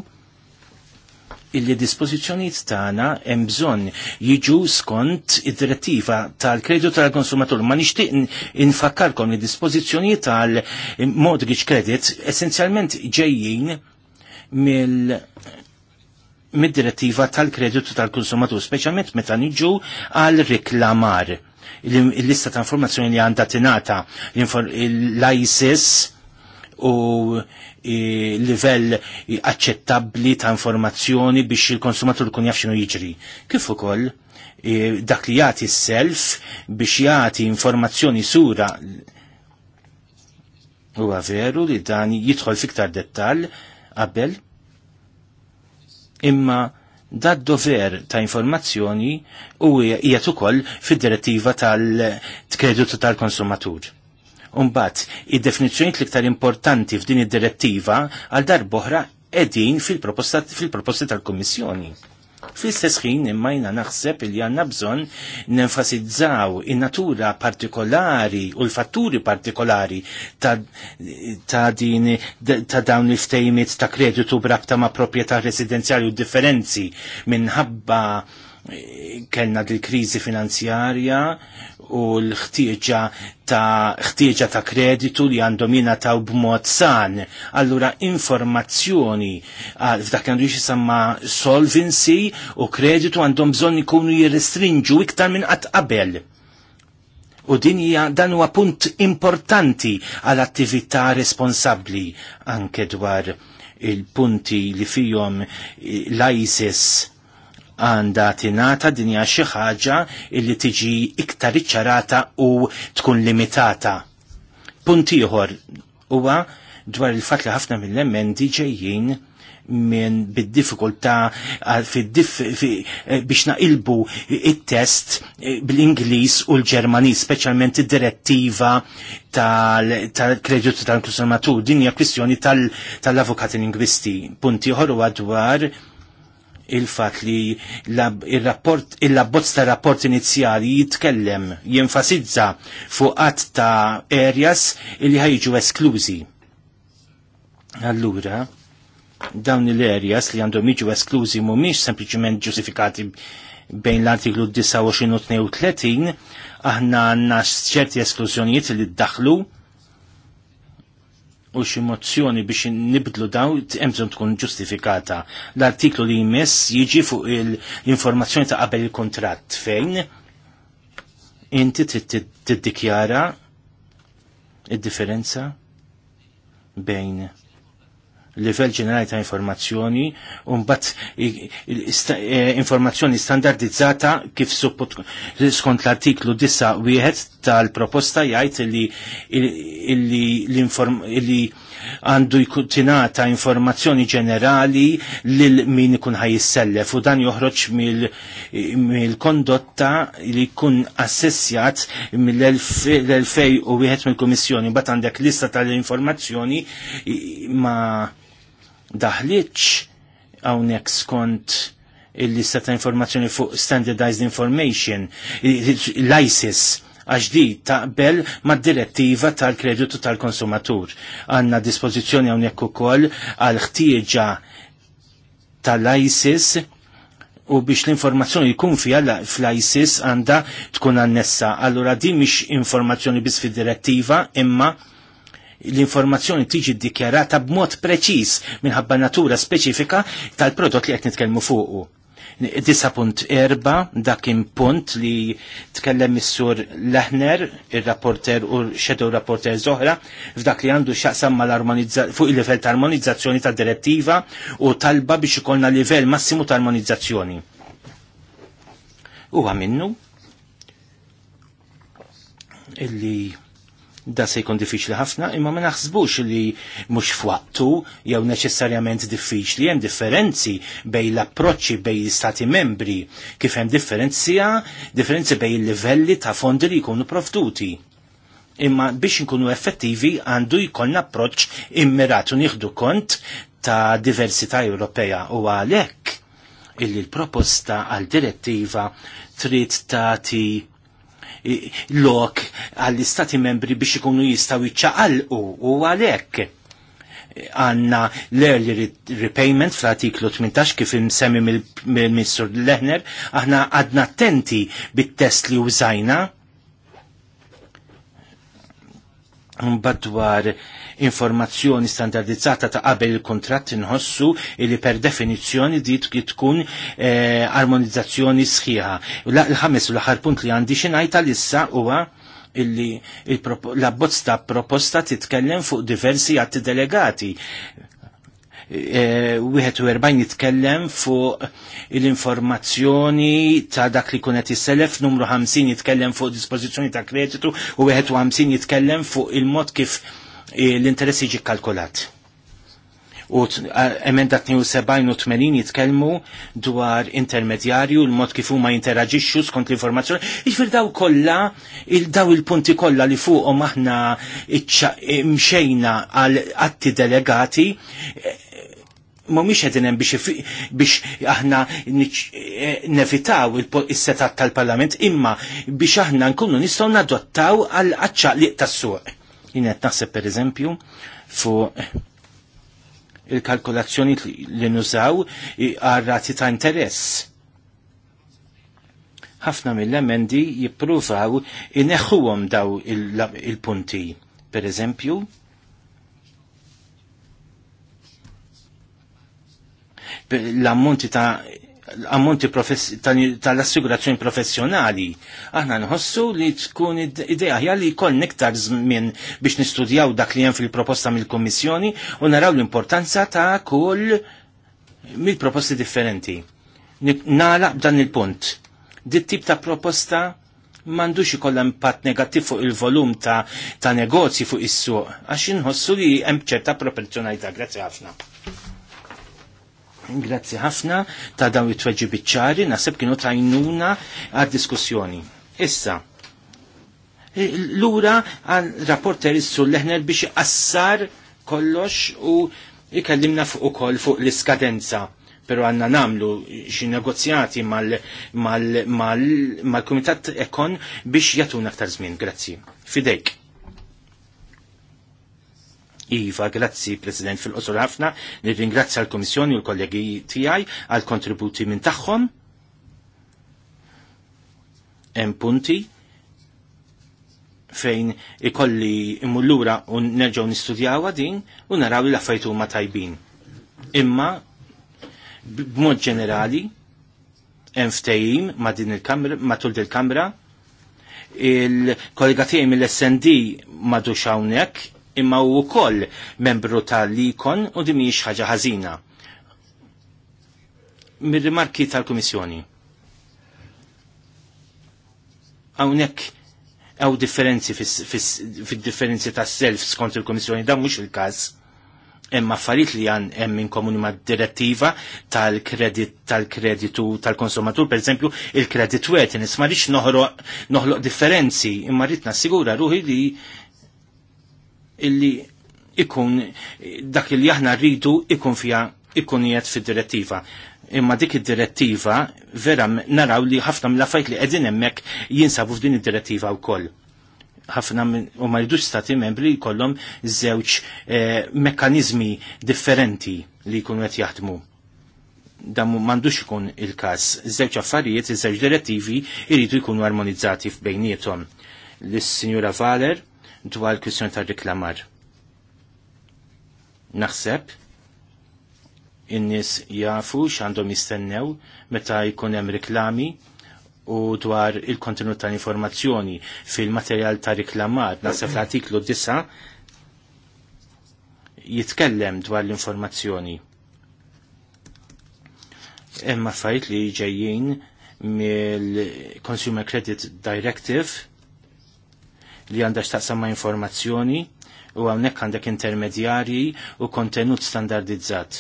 illi dispożizzjonijiet tagħna hemm bżonn jiġu skont id-direttiva tal-kreditu tal-konsumatur. Ma nixtieq infakkarkom li dispożizzjonijiet tal-mortgage credit essenzjalment ġejjin mill mid-direttiva tal-kreditu tal-konsumatur, speċjalment meta niġu għal riklamar il-lista ta' informazzjoni li għandha tingħata l-ISIS u e, livell aċċettabbli ta' informazzjoni biex il-konsumatur kun jaf x'inhu jiġri. Kif ukoll e, dak li jagħti s-self biex jagħti informazzjoni sura huwa veru li dan jidħol fiktar dettal qabel imma dat dover ta' informazzjoni u hija ukoll fid-direttiva tal-kreditu tal-konsumatur. Umbat, id-definizzjoni l-iktar importanti f'din id-direttiva għal darboħra edin fil-proposti fil proposti fil tal komissjoni Fl-istess ħin imma naħseb li għanna bżon nenfasizzaw in-natura partikolari u l-fatturi partikolari ta' din ta' dawn il-ftejmiet ta' kreditu brabta ma' proprjetà residenzjali u differenzi minħabba kellna dil kriżi finanzjarja u l-ħtieġa ta' ħtieġa ta' kreditu li għandhom jingħataw b'mod san. Allura informazzjoni f'dak għandu jisamma solvency u kreditu għandhom bżonn ikunu jirrestrinġu iktar minn qatt qabel. U din hija dan huwa punt importanti għal attività responsabbli anke dwar il-punti li fihom l-ISIS għanda tinata dinja xi ħaġa illi tiġi iktar iċċarata u tkun limitata. Punt ieħor huwa dwar il-fatt li ħafna mill-emendi ġejjin minn bid-diffikultà eh, biex naqilbu it-test eh, bl-Ingliż u l-Ġermaniż, speċjalment id-direttiva tal-kreditu tal-konsumatur. Din hija kwistjoni tal-avukati lingwisti. Punti ieħor huwa dwar il-fat li il-rapport, il-labbozz ta' rapport inizjali jitkellem, jinfasizza fuq qatt ta' areas li ħajġu esklużi. Allura, dawn il-areas li għandhom jiġu esklużi mhumiex sempliciment ġustifikati bejn l-artiklu 29 u 32, aħna għanna ċerti esklużjonijiet li ddaħlu u xi mozzjoni biex nibdlu daw t-emżon tkun ġustifikata. L-artiklu li jmiss jiġi fuq l-informazzjoni ta' qabel il kontrat fejn inti tiddikjara id-differenza bejn livell ġenerali ta' informazzjoni u mbagħad e, informazzjoni standardizzata kif suppot skont l-artiklu 9 wieħed tal-proposta jgħid li li għandu jkutinata informazzjoni ġenerali lil min ikun ħajissellef u dan joħroġ mill-kondotta li jkun assessjat mill-2001 mill-Kummissjoni. Bat għandek lista tal-informazzjoni ma' daħliċ hawnhekk skont il-lista ta' informazzjoni fuq standardized information, l-ISIS, għax di taqbel mad direttiva tal-kreditu tal-konsumatur. Għanna dispozizjoni għonek ukoll għal ħtieġa tal-ISIS u biex l-informazzjoni jkun fija fl-ISIS għanda tkun annessa. Allura di mhix informazzjoni biss fid-direttiva imma l-informazzjoni tiġi ddikjarata b'mod preċiż minħabba natura speċifika tal-prodott li qed nitkellmu fuqu. 9.4 dakin punt li tkellem is-sur Lehner, il-rapporter u shadow rapporter Zohra, f'dak li għandu xaqsam mal fuq il-livell ta' armonizzazzjoni tal direttiva u talba biex ikollna livell massimu ta' armonizzazzjoni. U għaminnu illi da se jkun diffiċli ħafna, imma ma naħsbux li mhux fwaqtu jew neċessarjament diffiċli, hemm differenzi bej l-approċċi bej l-istati membri, kif hemm differenzija, differenzi bej il-livelli ta' fondi li jkunu profduti. Imma biex nkunu effettivi għandu jkollna approċċ immirat u nieħdu kont ta' diversità Ewropea u għalhekk illi l-proposta għal direttiva trid tagħti lok għall-istati membri biex ikunu jistaw iċċaqalqu u għalhekk għanna l-early repayment fl-artiklu 18 kif imsemmi mill mr Lehner, aħna għadna attenti bit-test li użajna Um, badwar informazzjoni standardizzata ta' qabel il-kontratt inħossu li per definizzjoni di tkun eh, armonizzazzjoni sħiħa. Il-ħames u l-aħħar punt li għandi xi ngħid tal-issa huwa illi il la bozz ta' proposta titkellem fuq diversi atti delegati 41 eh, jitkellem fuq l-informazzjoni ta' dak li kunet jisselef, numru 50 jitkellem fuq dispożizzjoni ta' kreditu u 51 jitkellem fuq il-mod kif eh, l interessi ġi kalkulat u emendat 72 u 80 jitkellmu dwar intermedjarju, l-mod kif huma jinteraġixxu skont l-informazzjoni. Iġfir daw kolla, daw il-punti kollha li fuqhom aħna mxejna għal atti delegati mhumiex qegħdin hemm biex aħna eh, nevitaw is-setat tal-Parlament imma biex aħna nkunu nistgħu nadottaw għal aċċaqliq tas-suq. Jien qed naħseb pereżempju fuq il-kalkolazzjoni li nużaw għar-rati ta' interess. ħafna mill-emendi jippruvaw ineħħuhom daw il-punti. Per eżempju, l-ammonti ta' ammonti tal-assigurazzjoni professjonali, aħna nħossu li tkun idea ħja li kol iktar żmien biex nistudjaw dak li hemm fil-proposta mill-Kummissjoni u naraw l-importanza ta' kull mill-proposti differenti. Nalaq dan il-punt. Dit tip ta' proposta mandux ikollha impatt negattiv fuq il-volum ta', ta negozji fuq is-suq għax inħossu li hemm ċerta proporzjonalità. Grazzi ħafna. Grazzi ħafna ta' dawn it-tweġi biċċari, naħseb kienu tajnuna għad-diskussjoni. Issa, e, l-ura għal rapporter l leħner biex assar kollox u ikellimna fuq ukoll fuq l-iskadenza pero għanna namlu xi negozjati mal-Kumitat Ekon biex jatun aktar żmien. Grazzi. Fidejk. Iva, grazzi President fil-qosor ħafna, nirringrazzja l-Komissjoni u l-kollegi tiegħi għal kontributi minn tagħhom. Hemm punti fejn ikolli imullura u nerġgħu nistudjawha din u naraw il affarijiet ma tajbin. Imma b'mod ġenerali hemm ftehim ma' din il-kamra matul il-kamra il-kollega tiegħi mill-SND ma hawnhekk imma u wkoll membru tal-ikon u di mhijiex ħaġa ħażina. Mir-rimarki tal-Kummissjoni. Hawnhekk għaw differenzi fil-differenzi ta' self skont il-Komissjoni, dan mux il kaz Emma affarijiet li għan hemm inkomuni ma' direttiva tal-kredit tal-kreditu tal-konsumatur, per eżempju, il-kredit wet, nisma rix noħloq differenzi, imma rrit nassigura ruħi li illi ikun dak il aħna rridu ikun fija ikun jiet fid-direttiva. Imma dik id-direttiva vera naraw li ħafna mill-affajt li qegħdin hemmhekk jinsabu f'din id-direttiva wkoll ħafna u ma jridux stati membri jkollhom żewġ eh, mekkaniżmi differenti li jkunu qed jaħdmu. Dan m'għandux ikun il-każ. Żewġ affarijiet, iż-żewġ direttivi jridu jkunu armonizzati f'bejniethom. Lis-Sinjura Valer dwar l-kwistjoni tar-riklamar. Naħseb in-nies jafu x'għandhom jistennew meta jkun hemm riklami u dwar il-kontenut tal-informazzjoni fil-materjal ta' riklamar, naħseb l-artiklu 9 jitkellem dwar l-informazzjoni. Emma fajt li ġejjin mill-Consumer Credit Directive li għandek x'taqsam ma' informazzjoni u hawnhekk għandek intermedjarji u kontenut standardizzat.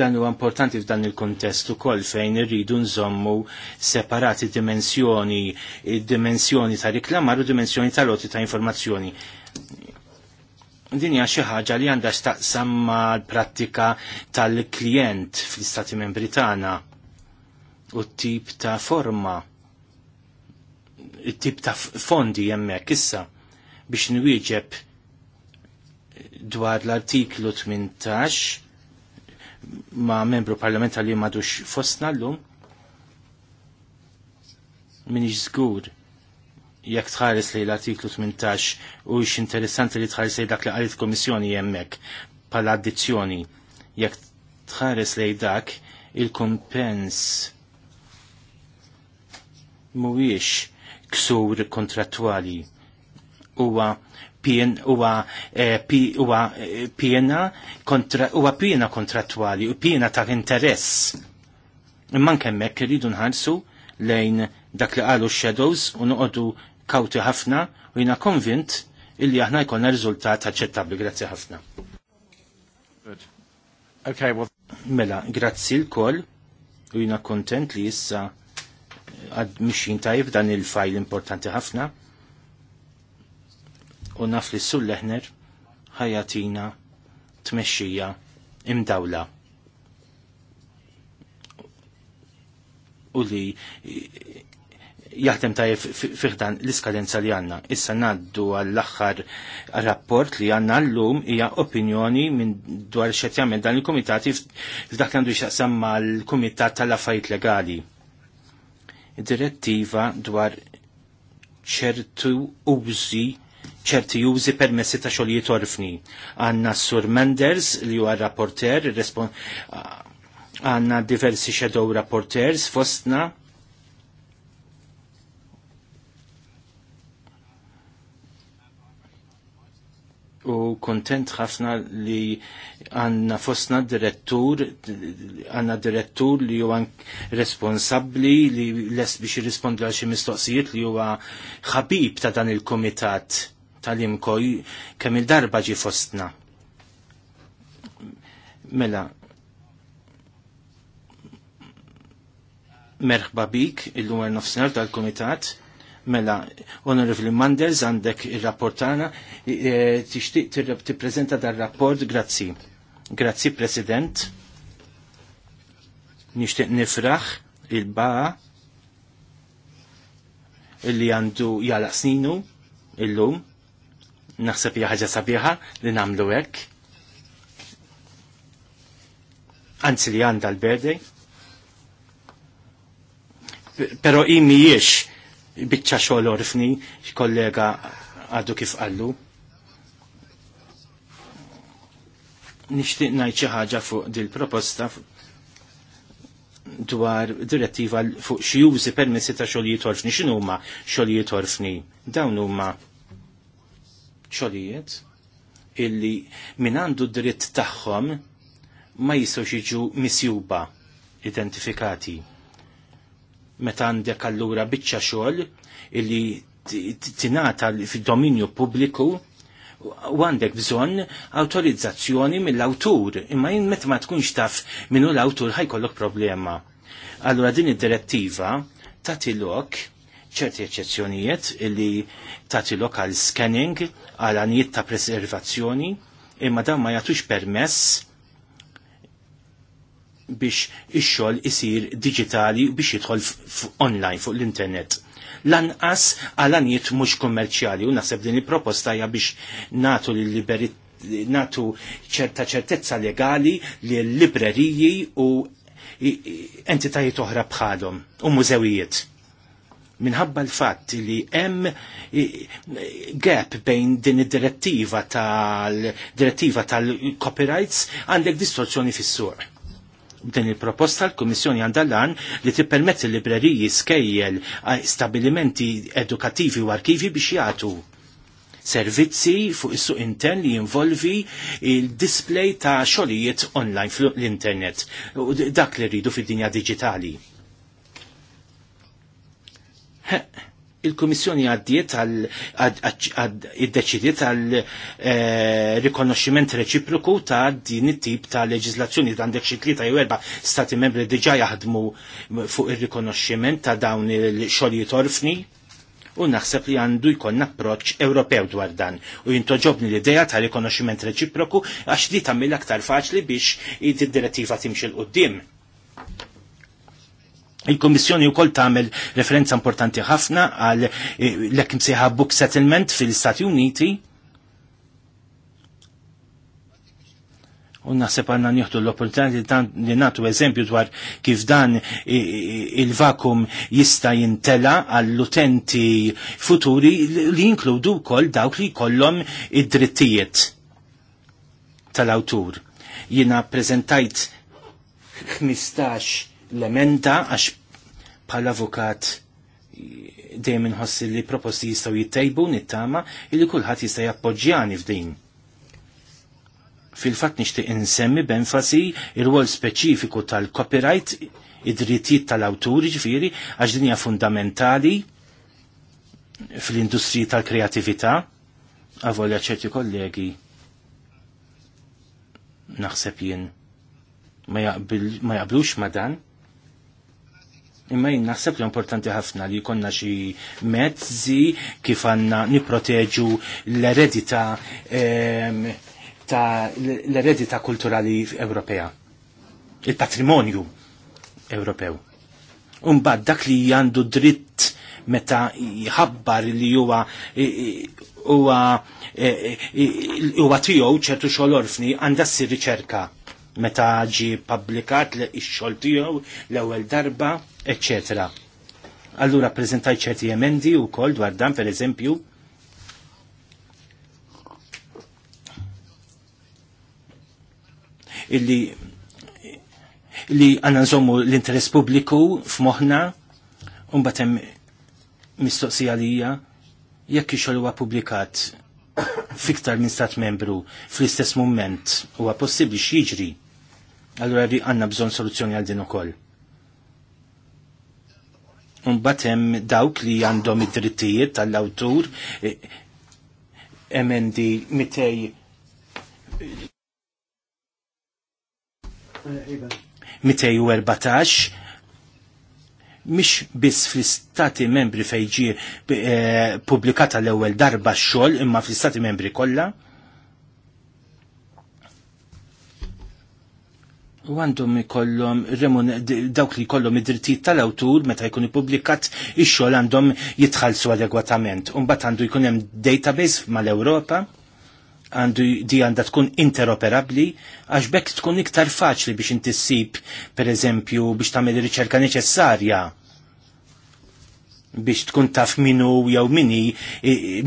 Dan huwa importanti f'dan il-kuntest ukoll fejn irridu nżommu separati dimensjoni, dimensjoni ta' riklamar u dimensjoni ta' loti ta' informazzjoni dinja xi ħaġa li għandha x'taqsam mal-prattika tal klient fl-Istati Membri tagħna u t-tip ta' forma tip ta' fondi jemmek issa biex nwieġeb dwar l-artiklu 18 ma' membru parlamentari li madux fostna l-lum minn zgur jekk tħares li l-artiklu 18 u x interessanti li tħares li dak li għalit komissjoni jemmek pal addizzjoni jekk tħares li dak il-kompens mhuwiex ksur kontrattwali. Huwa pien eh, pi, uwa eh, piena kontra uwa piena kontrattwali u piena ta' interess. Imman kemmek irridu nħarsu lejn dak li qalu shadows u noqogħdu kawti ħafna u jina konvint illi aħna jkollna riżultat aċċettabbli. Grazzi ħafna. Okay, well... Mela, grazzi l-koll u jiena kontent li issa għad mixin tajib dan il-fajl importanti ħafna u naf li s-sul leħner ħajatina tmexxija imdawla u li jaħdem tajjeb fiħdan l-iskadenza li għanna. Issa naddu għall-axħar rapport li għanna l-lum hija opinjoni minn dwar xed jagħmel dan il-kumitati f'dak għandu jxaqsam mal-kumitat tal-affarijiet legali direttiva dwar ċertu użi ċerti jużi permessi ta' xogħlijiet orfni. Għanna Sur Menders li huwa rapporter, għanna diversi shadow rapporters fostna u kontent ħafna li għanna fosna direttur, għanna direttur li huwa responsabli li les biex jirrispondi għal xi mistoqsijiet li huwa ħabib ta' dan il-komitat tal-imkoj kemm il-darba ġi fostna. Mela, merħba bik il-lumar nofsinhar tal-komitat Mela, Onorevoli Manders, għandek il-rapportana, e, tixtiq t-prezenta dal-rapport, grazzi. Grazzi, President. Nishtiq nifraħ il-baqa illi għandu jalaq sninu illum. Naħseb hija ħaġa sabiħa li nagħmlu hekk. Anzi li għandha l-berdej. Pero i jiex bitċa xogħol orfni, kollega għaddu kif qallu. Nixtieq ngħid xi ħaġa fuq dil-proposta dwar direttiva fuq xi jużi permessi ta' xogħlijiet orfni. X'inhuma huma xogħlijiet orfni? Dawn huma xogħlijiet illi min għandu dritt tagħhom ma jistgħux jiġu misjuba identifikati meta għandek allura biċċa xogħol illi tingħata fid-dominju pubbliku u għandek bżonn awtorizzazzjoni mill-awtur, imma jien meta ma tkunx taf minnu l-awtur ħajkollok problema. Allura din id-direttiva tagħtilok ċerti eċċezzjonijiet illi tagħtilok għal scanning għal anijiet ta' preservazzjoni imma dan ma jagħtux permess biex ix-xogħol isir digitali biex jidħol online fuq l-internet. Lanqas għalanijiet mhux kummerċjali u naħseb din il-proposta hija biex nagħtu l ċerta ċertezza legali li l-libreriji u entitajiet oħra bħalhom u mużewijiet minħabba l-fatt li hemm gap bejn din id-direttiva tal-direttiva tal-copyrights għandek distorsjoni fis-suq Din il-proposta l-Kummissjoni għandha lan li tippermetti l-libreriji skejjel stabilimenti edukattivi u arkivi biex jagħtu servizzi fuq is-suq intern li jinvolvi il-display ta' xogħlijiet online fl-internet u dak li rridu fid-dinja diġitali il-Komissjoni għaddiet għad-deċidiet għal eh, rikonoxximent reċiproku ta' din it-tip ta' leġislazzjoni ta' għandek xi tlieta jew erba' stati membri diġà jaħdmu fuq ir-rikonoxximent ta' dawn il-xogħlijiet orfni u naħseb li għandu jkun approċċ Ewropew dwar dan u jintoġobni l-idea ta' rikonoxximent reċiproku għax li tagħmel aktar faċli biex id-direttiva timxil l-qudiem Il-Kommissjoni u koll tamel referenza importanti ħafna għal eh, l-ekim seħa book settlement fil-Stati Uniti. Unna naħseb għanna nieħdu l-opportunità li natu eżempju dwar kif dan eh, eh, il-vakum jista' jintela għall-utenti futuri li jinkludu wkoll dawk li kollom id-drittijiet tal-awtur. Jiena prezentajt 15 l-emenda għax pal avukat dejjem inħossi li proposti jistgħu jittejbu nittama illi kulħadd jista' jappoġġjani f'din. Fil-fatt nixtieq insemmi b'enfasi ir-rwol speċifiku tal-copyright id-drittijiet tal-awturi ġifieri għax din hija fundamentali fl-industriji tal-kreatività għavolja ċerti kollegi naħseb jien ma jaqblux ma dan Imma jinn naħseb li importanti ħafna li jkollna xi mezzi kif għandna nipproteġu l-eredità ehm, ta' l-eredità kulturali Ewropea. Il-patrimonju Ewropew. Umbad dak li għandu dritt meta jħabbar li huwa huwa e, e, huwa tiegħu ċertu xogħol orfni għandha ssir riċerka meta ġi publikat l xogħol tiegħu l-ewwel darba eccetera. Allura prezentaj ċerti emendi u kol dwar dan, per eżempju, illi li għanna nżommu l-interess publiku f'moħna, unbatem mistoqsija li hija jekk ixol huwa publikat fiktar minn stat membru fl-istess moment huwa possibbli x'jiġri, allura li għandna bżonn soluzzjoni għal din ukoll un hemm dawk li għandhom id-drittijiet tal-awtur e, emendi mitej mitej u erbatax mish bis fl-istati membri fejġi e, publikata l-ewel darba xol imma fl-istati membri kolla u għandhom ikollhom dawk li jkollhom id-drittijiet tal-awtur meta jkun ippubblikat ix-xogħol għandhom jitħallsu adegwatament. U mbagħad għandu jkun hemm database mal-Ewropa għandu di għanda tkun interoperabli, għax bekk tkun iktar faċli biex intissib, per eżempju, biex tagħmel riċerka neċessarja biex tkun taf minu jew mini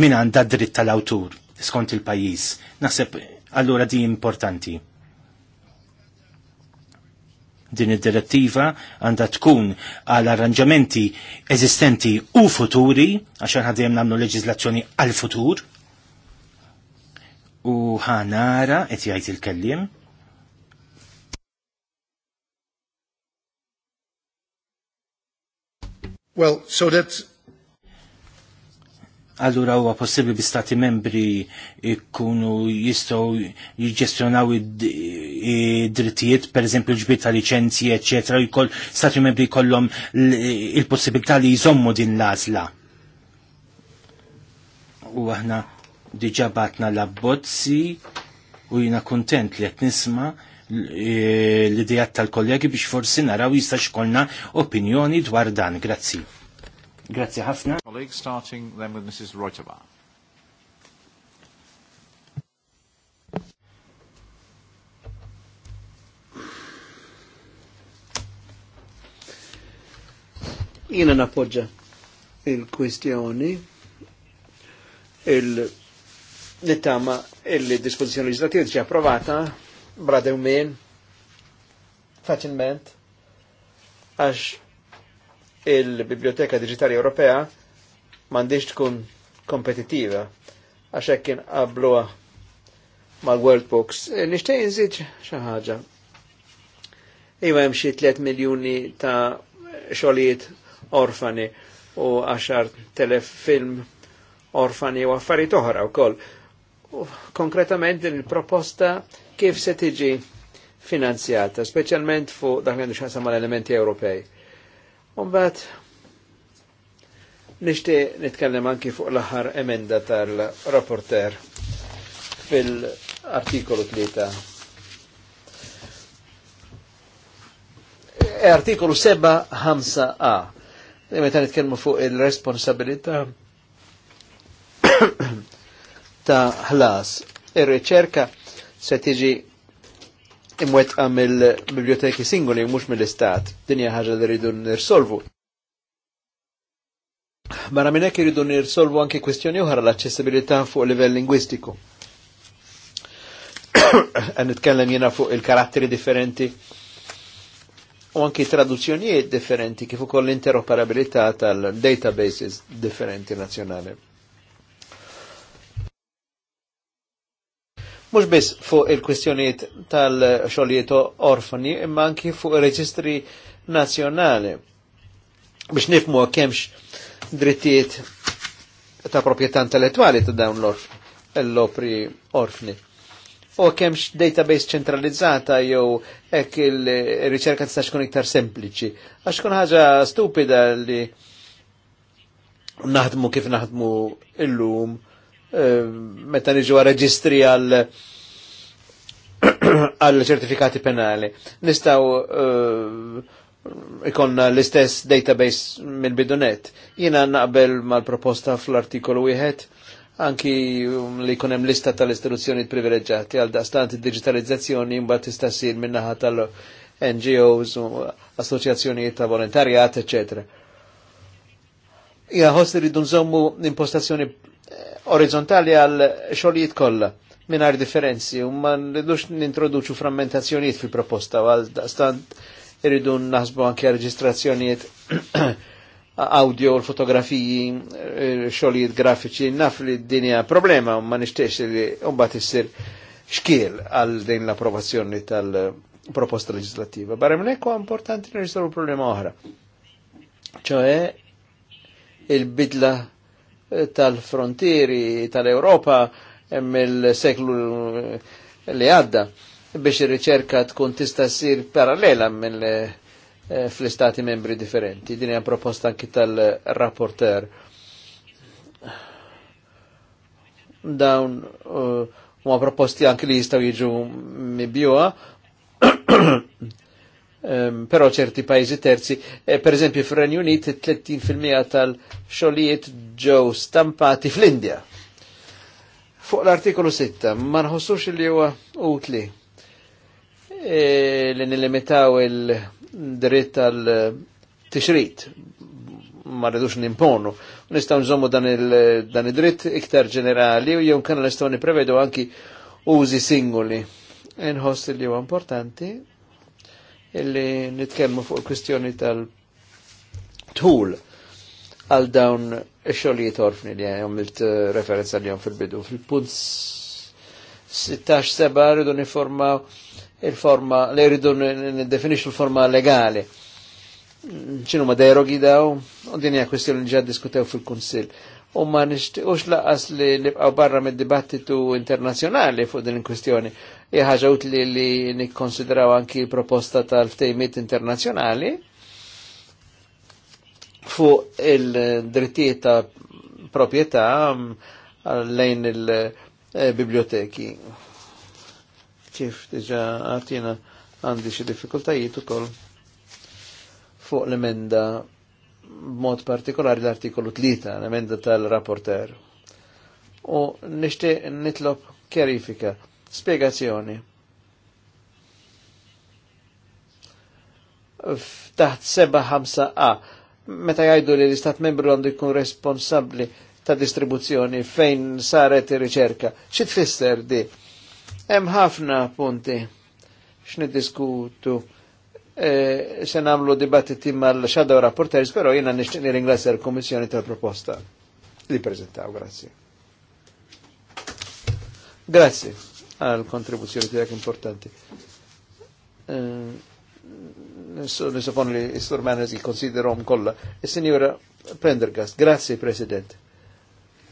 min għanda dritt tal-awtur skont il-pajjiż. Naħseb allura di importanti. Din id-direttiva għandha tkun għal arranġamenti eżistenti u futuri, għaxan għadjem namlu leġizlazzjoni għal futur. U ħanara, qed jgħid il-kellim, Well, so that allura huwa possibbli bi stati membri jkunu jistgħu jiġġestjonaw id-drittijiet, pereżempju ġbiet ta' liċenzji, eċetera, jkoll stati membri jkollhom il-possibilità li jżommu din l-għażla. U aħna diġà batna l-abbozzi u jina kontent li qed nisma' l-idejat tal-kollegi biex forsi naraw jista' xkolna opinjoni dwar dan. Grazzi. Grazie ħafna. Colleagues, starting then with Mrs. Reuterba. Jina nappoġġa il-kwistjoni il-nittama il-dispozizjoni legislativa ġi approvata bradew min faċilment għax il-Biblioteka Digitali Ewropea mandiġ tkun kompetitiva għax hekk inqabluha mal-World Books. E, nixtieq inżid xi ħaġa. Iva hemm xi 3 miljuni ta' xogħlijiet orfani u 10,000 film orfani u affarijiet oħra wkoll. Konkretament din il-proposta kif se tiġi finanzjata, speċjalment fuq dak li għandu mal-elementi Ewropej Unbat, nishti nitkellem anki fuq l-ħar emenda tal-rapporter fil-artikolu 3. E, artikolu 7-5a. E, meta nitkellmu fuq il-responsabilità ta' ħlas. Ir-riċerka e, se tiġi imwet mill-biblioteki singoli mhux mill-istat. Din hija ħaġa li rridu nirsolvu. Mara minn hekk irridu nirsolvu anke kwestjoni oħra l-aċċessibilità fuq livell lingwistiku. Qed nitkellem jiena fuq il-karatteri differenti u anki traduzzjonijiet differenti kif ukoll l-interoperabilità tal-databases differenti nazzjonali. mhux biss fuq il-kwistjonijiet tal-xogħlijiet orfani, imma anki fuq il-reġistri nazzjonali biex nifmu kemx drittijiet ta' proprjetà intellettuali ta' dawn l-opri orfni u kemx database ċentralizzata jew ek il-riċerka tista' tkun iktar sempliċi. Għax kun ħaġa stupida li naħdmu kif naħdmu illum Eh, meta niġu reġistri għal għal ċertifikati penali. Nistaw eh, ikonna l-istess database mill bidunet Jina naqbel mal-proposta fl-artikolu wieħed anki um, li kunem lista tal-istituzzjoni privileġġati għal daqstant digitalizzazzjoni mbagħad tista' ssir minnaħa tal-NGOs u assoċjazzjonijiet ta' volontarjat, eccetera. Ja, hosti rridu nżommu impostazzjoni orizzontali għal xogħlijiet kollha mingħajr differenzi u ma nridux nintroduċu frammentazzjonijiet fil-proposta għal stant irridu naħsbu anke reġistrazzjonijiet audio u fotografiji eh, xogħlijiet grafiċi naf li d-dinja problema u ma nixtiex li mbagħad issir xkiel għal din l-approvazzjoni tal-proposta leġislattiva. Barra minn ekku importanti nirrisolvu problema oħra. ċoe il-bidla tal-frontieri tal-Europa mill-seklu li għadda biex ir-riċerka tkun tista' ssir parallela mill eh, fl-istati membri differenti. Din hija proposta anki tal-rapporter. Dawn eh, huma uh, proposti anki li jistgħu jiġu mibjuha Um, però ċerti pajzi terzi, eh, per eżempju fil renju Unit 30% tal xolijiet ġew stampati fl india Fuq l-artikolu 6, ma nħossux li huwa utli e, li nilimitaw il-dritt tal-tixrit ma rridux nimponu. Nistaw nżommu dan id-dritt iktar ġenerali u jew kanal nistaw niprevedu anki użi singoli. Inħoss li huwa importanti illi nitkellmu fuq kwistjoni tal-tul għal dawn xogħlijiet orfni li għamilt referenza li fil-bidu. Fil-punt 16-7 rridu niformaw il-forma, li rridu nidefinix il-forma legali. ċinu ma derogi daw, u din hija kwestjoni li ġad diskutew fil-Kunsill. U ma nixtiqux laqas li nibqaw barra mid-dibattitu internazzjonali fuq din il ħaġa li li nikkonsidraw anki proposta tal ftejmit internazjonali fuq il-drittijiet ta' proprjetà mm, lejn il-biblioteki. Kif diġa għatina għandi xie diffikultajiet ukoll fuq l-emenda mod partikolari l-artikolu 3, l-emenda tal-rapporter. U nishtiq nitlob kjarifika Spiegazzjoni. Taħt 7-5a, meta jgħidu li l-istat membru għandu jkun responsabli ta' distribuzzjoni fejn saret ir-riċerka. Xi tfisser di? Hemm ħafna punti x'niddiskutu. E, se namlu dibattiti mal-shadow rapporters, pero jina nishtiqni ringrazzja l-Komissjoni tal-proposta li prezentaw, grazie. Grazie għal kontribuzzjoni tijak importanti. Eh, Nisofon li istur managers jikonsiderom kolla. Il-Sinjura e Pendergast, grazie President.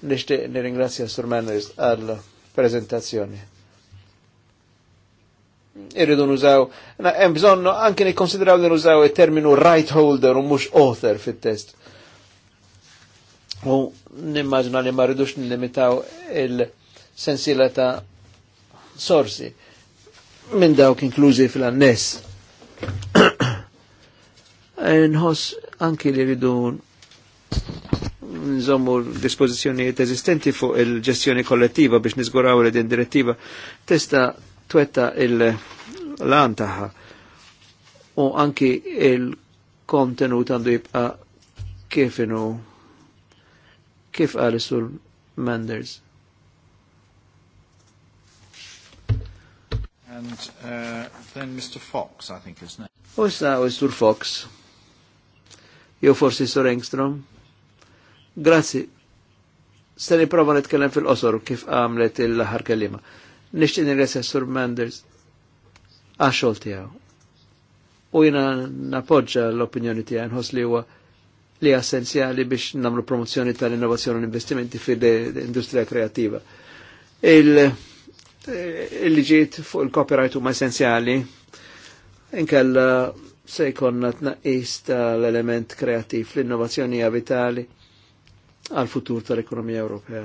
Nishti nirringrazzja istur managers għal prezentazzjoni. Irridu nużaw, hemm bżonn anke nikkonsidraw li nużaw it-terminu right holder u mhux author fit-test. U nimmaġna li ma rridux nlimitaw il-sensila ta' sorsi minn dawk inklużi fil-annes. Eh, nħoss anki li ridu nżommu dispozizjoniet eżistenti fuq il-ġestjoni kollettiva biex nizguraw li din direttiva testa twetta il-lan taħħa u anki il-kontenut għandu jibqa kifinu kif għal sur Manders And uh, then Mr. Fox, I think his name. U issa u Sur Fox. jew forsi Sir Engstrom. Grazzi. Se niprofa nitkellem fil-qosor kif għamlet il-ħar kellima. il nirresja Sir Manders għaxol tiegħu. U jina napoġġa l-opinjoni tiegħu nħoss li huwa li essenzjali biex namlu promozzjoni tal-innovazzjoni u investimenti fil industria kreativa. Il- Eh, illi ġiet fuq il-copyright huma essenzjali. Inkella se jkollna tnaqqis tal-element kreativ l-innovazzjoni hija vitali għal futur tal-ekonomija Ewropea.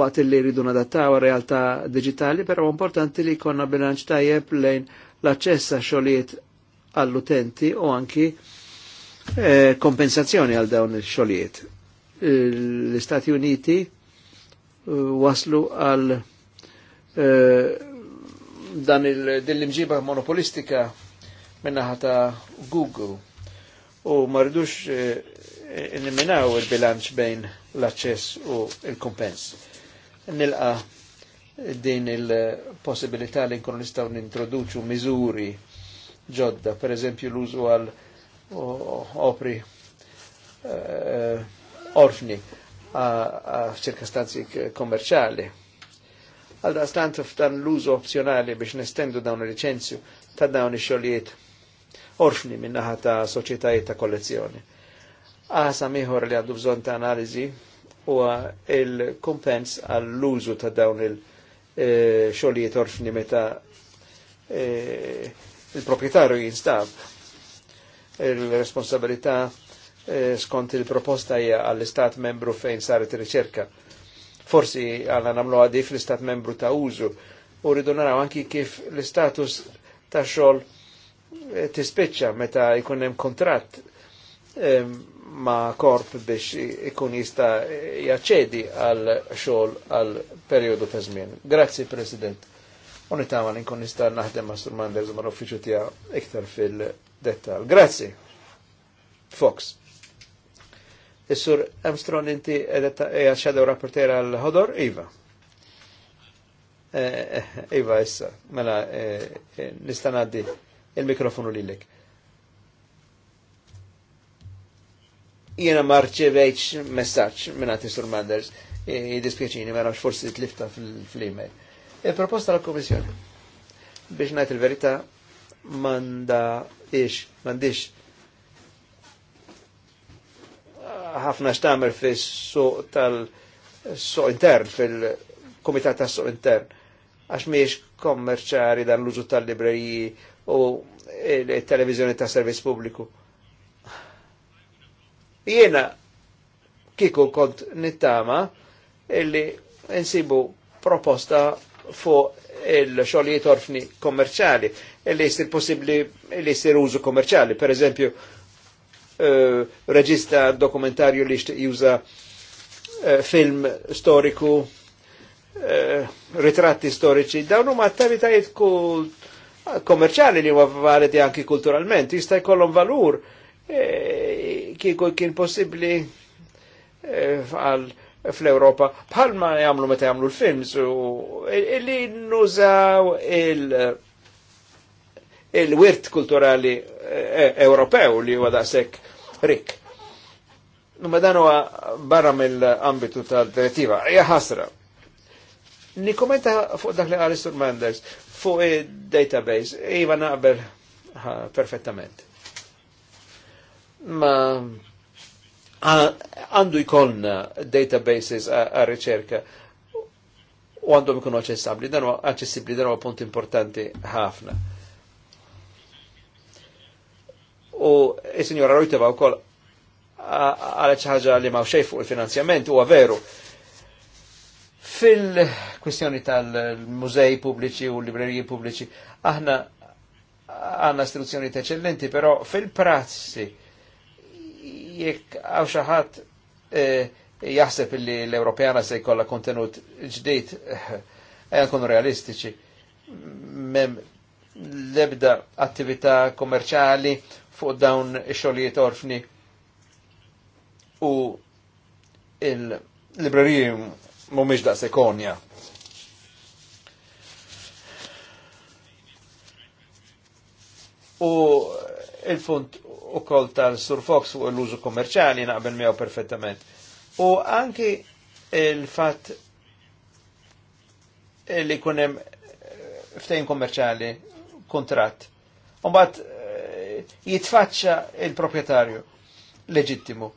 Waqt li rridu nadattaw realtà digitali, però importanti li jkollna bilanċ tajjeb lejn l-aċċess għax xogħlijiet għall-utenti u anki eh, kompensazzjoni għal dawn il-xogħlijiet. L-Istati Uniti waslu għal eh, dan il dillimġiba monopolistika minnaħa ta' Google u marridux eliminaw eh, il-bilanċ bejn l-aċċess u il kompens Nilqa din il-possibilità li nkunu nistaw nintroduċu miżuri ġodda, per eżempju l-użu għal opri eh, orfni f'ċirkastanzi kommerċali. Għalda stant f'dan l-użu opzjonali biex nestendu dawn il-licenzju ta' dawn ix-xogħlijiet orfni minnaħa ta' soċjetajiet ta' kollezzjoni. Għasam ieħor li għandu bżonn ta' analiżi huwa il-kumpens għall-użu ta' dawn il-xogħlijiet eh, orfni meta eh, il proprietarju jinstab il-responsabilità Eh, skont il-proposta hija għall-istat membru fejn saret ir riċerka. Forsi għanna namlu għadi fl-istat membru ta' użu u rridu naraw anki kif l-istatus ta' xol eh, tispiċċa meta jkun hemm kontratt eh, ma' korp biex ikun jista' jaċċedi għal xogħol għal perjodu ta' żmien. Grazzi President. U nitama li nkun nista' naħdem ma' Sur Manders mal-uffiċċju tiegħu iktar fil-dettal. Grazzi. Fox. Is-sur Armstrong inti eja shadow rapportera għal ħodor Iva. Eh, eh, iva issa, mela eh, nista' il-mikrofonu lilek. Jiena ma rċevejtx messaċ minna t sur Manders, jidispieċini, mela, nafx forsi tlifta fil email Il-proposta l-Komissjoni biex najt il-verità manda ix, mandix ħafna xtamer fis-suq tal-suq intern, fil-komitat tal suq intern, għax miex kommerċari dan l-użu tal-libreriji u il-televizjoni ta' servizz pubbliku. Jena, kiku kont nittama illi nsibu proposta fuq il-xogħlijiet orfni kommerċali illi jistir possibli, illi jistir użu kommerċali. Per eżempju, Eh, reġista dokumentarju li xtiq juża eh, film storiku, eh, ritratti storiċi, dawn huma attivitajiet kommerċali li huwa validi anki kulturalment, jista' jkollhom valur kieku kien possibli għal fl-Europa bħalma jagħmlu meta jgħamlu l-films u li nużaw il- il-wirt kulturali eh, eh, Ewropew li huwa daqshekk rik. Ma dan huwa barra mill-ambitu tal-direttiva, hija ħasra. Nikkumenta fuq dak li għal Manders fuq il-database, iva naqbel perfettament. Ma għandu jkollna databases għal riċerka u għandhom ikunu aċċessibbli, dan huwa aċċessibbli, dan huwa punt importanti ħafna. U il-Sinjora Rojteva u kol għalet ħaġa li ma' xejfu fuq il-finanzjament u għaveru. Fil-kwistjoni tal-mużej pubbliċi u librerji pubbliċi, aħna għanna istruzzjoni eccellenti, però fil-prazzi jekk għaw xaħat eh, jaħseb li l-Europjana se jkolla kontenut ġdijt, għankun e, eh, realistiċi, mem lebda attività kommerċali fuq dawn xogħlijiet orfni u il-libreriji mhumiex da sekonja. U il-punt u kol tal-surfox u l-użu kommerċali naqbel miegħu perfettament. U anki il-fat li kunem ftejn kommerċali kontrat. Umbat jitfaċċa il proprietarju leġittimu.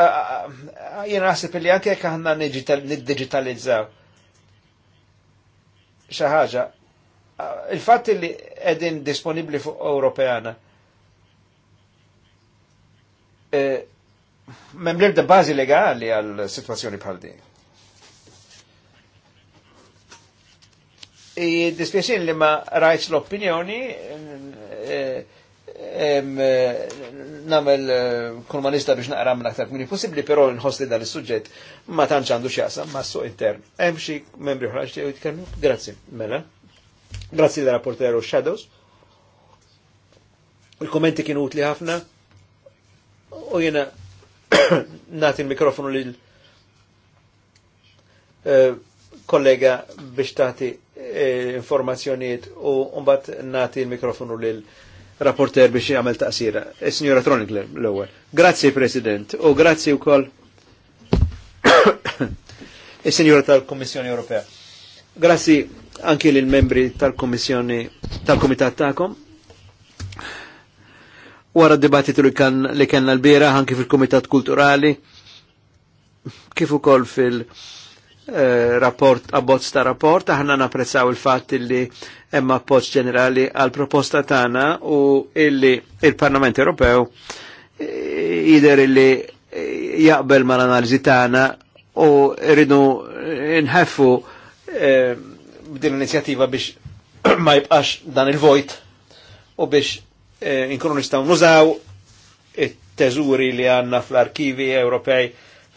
Jien naħseb li anke jekk aħna niddigitalizzaw xi ħaġa, il-fatt li qegħdin disponibbli fuq Ewropeana e, memlir l-ebda bażi legali għal sitwazzjoni bħal din. Dispjaċin li ma rajt l-opinjoni, eh, eh, namel eh, kolmanista biex naqra minn aktar kmini possibli, pero nħossli dan il-sujġet ma tantx għandu xjasam ma s-suq intern. Emxie membri oħra u jitkellmu? Grazzi, mela. Grazzi da rapportero Shadows. Il-kommenti kienu utli ħafna u jena nati l mikrofonu lil kollega biex tati E, informazzjoniet u mbagħad nagħti l-mikrofonu lil rapporter biex jagħmel taqsira. Is-Sinjora e, Tronic l-ewwel. Grazzi President u grazzi wkoll is sinjura tal-Kummissjoni Ewropea. Grazzi anki lil membri tal-Kummissjoni tal-Kumitat tagħkom wara d-dibattitu li kan li kellna l-bira anki fil-Kumitat Kulturali kif ukoll fil-, -kumitat Eh, rapport abbozz ta' rapport, aħna napprezzaw il-fatt li hemm appoġġ ġenerali għal proposta tagħna u illi il-Parlament Ewropew eh, jider illi eh, jaqbel mal analiżi tagħna u rridu nħeffu b'din l-inizjattiva biex ma jibqax dan il-vojt u biex inkunu nistgħu nużaw it-teżuri li għandna fl-arkivi Ewropej,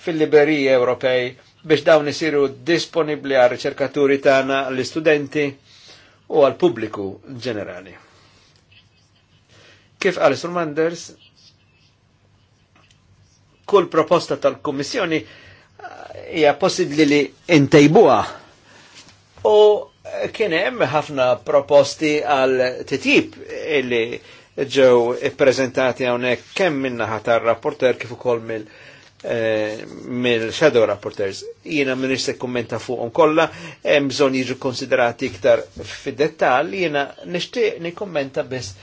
fil librerija Ewropej biex dawn isiru disponibli għal riċerkaturi tagħna l-istudenti u għal pubbliku ġenerali. Kif għal Manders, kull proposta tal-Kummissjoni eh, hija possibbli li intejbuha. U kien hemm ħafna proposti għal titjib illi ġew ippreżentati hawnhekk kemm minnaħa tar-rapporter kif ukoll mill- mill-shadow rapporters. Jiena minn se kommenta fuqhom kollha, hemm bżonn jiġu konsiderati iktar fid-dettall, jiena nixtieq nikkummenta biss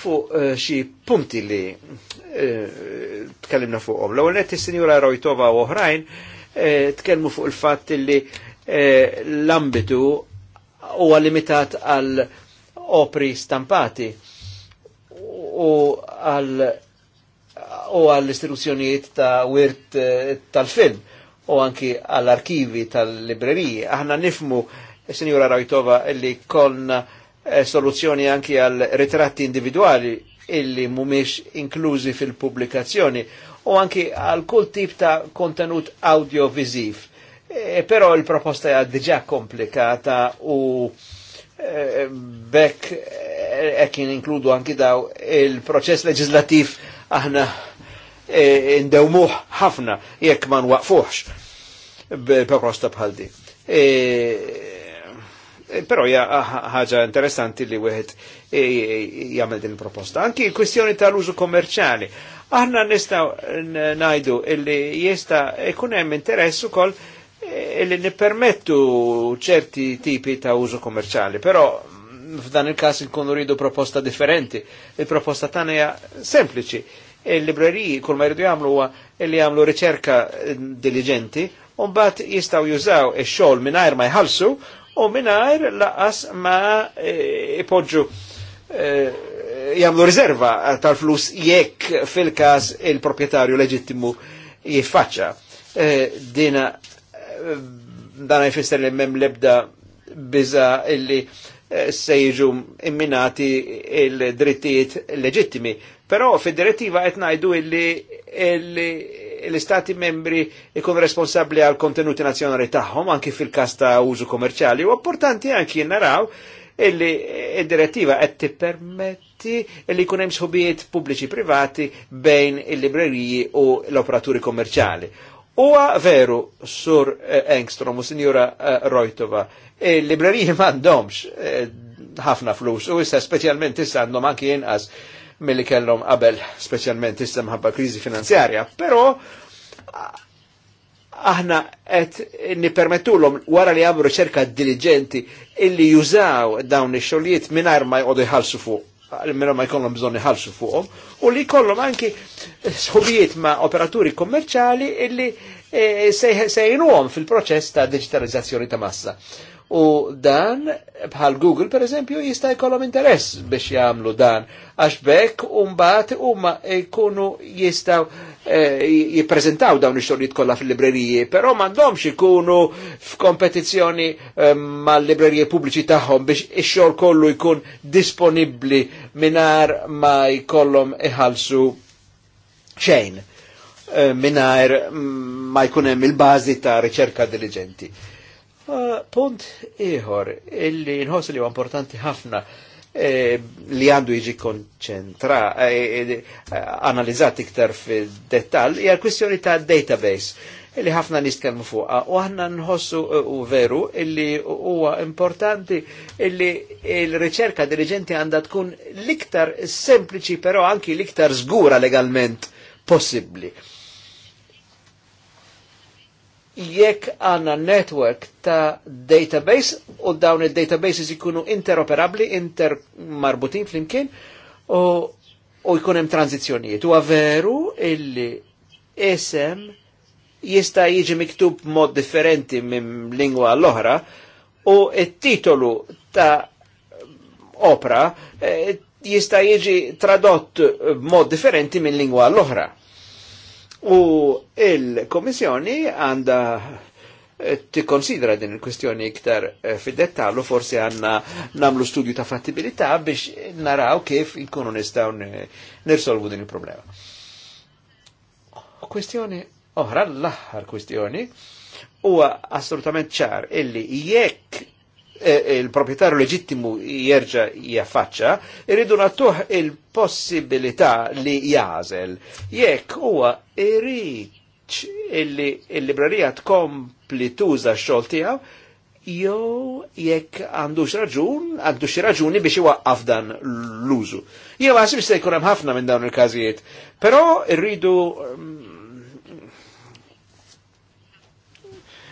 fuq eh, xi punti li eh, tkellimna fuqhom. L-ewwel qed is-Sinjura Rojtova u oħrajn eh, tkellmu fuq il-fatt li l-ambitu huwa limitat għal opri stampati u għal u għall-istituzzjonijiet ta' wirt eh, tal-film u anki għall-arkivi tal-libreriji. Aħna nifmu, eh, Signora Rajtova, illi konna eh, soluzzjoni anki għal ritratti individuali illi mumiex inklużi fil publikazzjoni u anki għal kull tip ta' kontenut audiovisiv. E, però il-proposta hija diġà komplikata u e, bekk e, kien inkludu anki daw il-proċess leġislativ aħna e, indewmuh ħafna jekk ma nwaqfuhx b'prosta bħal di. E, e, Pero ja ħaġa interessanti li wieħed jagħmel din il-proposta. Anki l-kwistjoni tal-użu kommerċjali. Aħna nistgħu ngħidu li jista' ikun hemm interess ukoll li nippermettu ċerti tipi ta' użu kommerċjali, però f'dan il-kas nkunu rridu proposta differenti. Il-proposta tagħna hija sempliċi. Il-libreriji kull ma jridu jagħmlu huwa li jagħmlu riċerka eh, diligenti u mbagħad jistgħu jużaw ix-xogħol mingħajr ma jħallsu u mingħajr laqas ma eh, ipoġġu eh, jagħmlu riserva tal-flus jekk fil-każ il-proprjetarju leġittimu jiffaċċa. Dina dan jfisser li mem lebda biza illi Eh, se jiġu imminati il-drittijiet leġittimi. Però fi direttiva qed ngħidu illi l-istati membri ikun responsabli għal kontenuti nazjonali tagħhom anki fil-każ ta' użu kommerċjali u importanti anki naraw illi id-direttiva qed tippermetti illi jkun hemm sħubijiet pubbliċi privati bejn il-libreriji u l-operaturi kommerċjali. Huwa veru sur eh, Engstrom u Sinjura eh, Rojtova il-libreriji m'għandhomx eh, ħafna flus u issa speċjalment issa għandhom anki inqas mill-li kellhom qabel speċjalment issa mħabba kriżi finanzjarja, però aħna qed nippermettulhom wara li għamlu riċerka diligenti illi jużaw dawn ix-xogħlijiet mingħajr ma jqogħdu jħallsu fuq minna ma jkollhom bżonn iħallsu fuqhom, u li jkollhom anki sħubijiet ma' operaturi kommerċali illi eh, sejnuhom fil-proċess ta' digitalizzazzjoni ta' massa. U dan, bħal Google per eżempju, jista' jkollhom interess biex jagħmlu dan, għax bekk mbagħad huma jkunu jistgħu eh, jippreżentaw dawn ix-xogħlijiet kollha fil-libreriji, però m'għandhomx ikunu f'kompetizzjoni eh, mal librerije pubbliċi tagħhom biex ix-xogħol kollu jkun disponibbli mingħajr ma jkollhom iħallsu xejn eh, mingħajr ma jkun hemm il-bażi ta' riċerka diligenti. Punt iħor, illi nħos li importanti ħafna e, li għandu jiġi konċentra, e, e, analizzat iktar fi dettal, hija kwistjoni ta' database illi ħafna niskelmu fuqa u ħanna nħossu u veru illi huwa importanti illi il-riċerka dirigenti għandha tkun l-iktar sempliċi però anki l-iktar żgura legalment possibbli jekk għanna network ta' database u dawn il-databases jikunu interoperabli, intermarbutin flimkien u, u jkun hemm tranzizzjonijiet. U veru illi isem jista' jiġi miktub mod differenti minn lingwa l-oħra u it-titolu ta' opra eh, jista' jiġi tradott mod differenti minn lingwa l-oħra. U il-Komissjoni għanda eh, t-konsidra din il-kwestjoni iktar eh, fid-dettallu, forsi għanna namlu studju ta' fattibilità biex naraw kif jkunu nistaw nirsolvu din il-problema. Kwestjoni oħra, l-aħħar kwestjoni, u assolutament ċar illi jekk E, e, il-proprietarju leġittimu jerġa jaffaċċa, irridu nattuħ il-possibilità li jazel. Jekk huwa irriċ il-librerija tkompli tuża x-xogħol tiegħu, jew jekk għandux raġun, għandu xi raġuni biex iwaqqaf dan l-użu. Jew għasib se jkun hemm ħafna minn dawn il-każijiet, però rridu mm,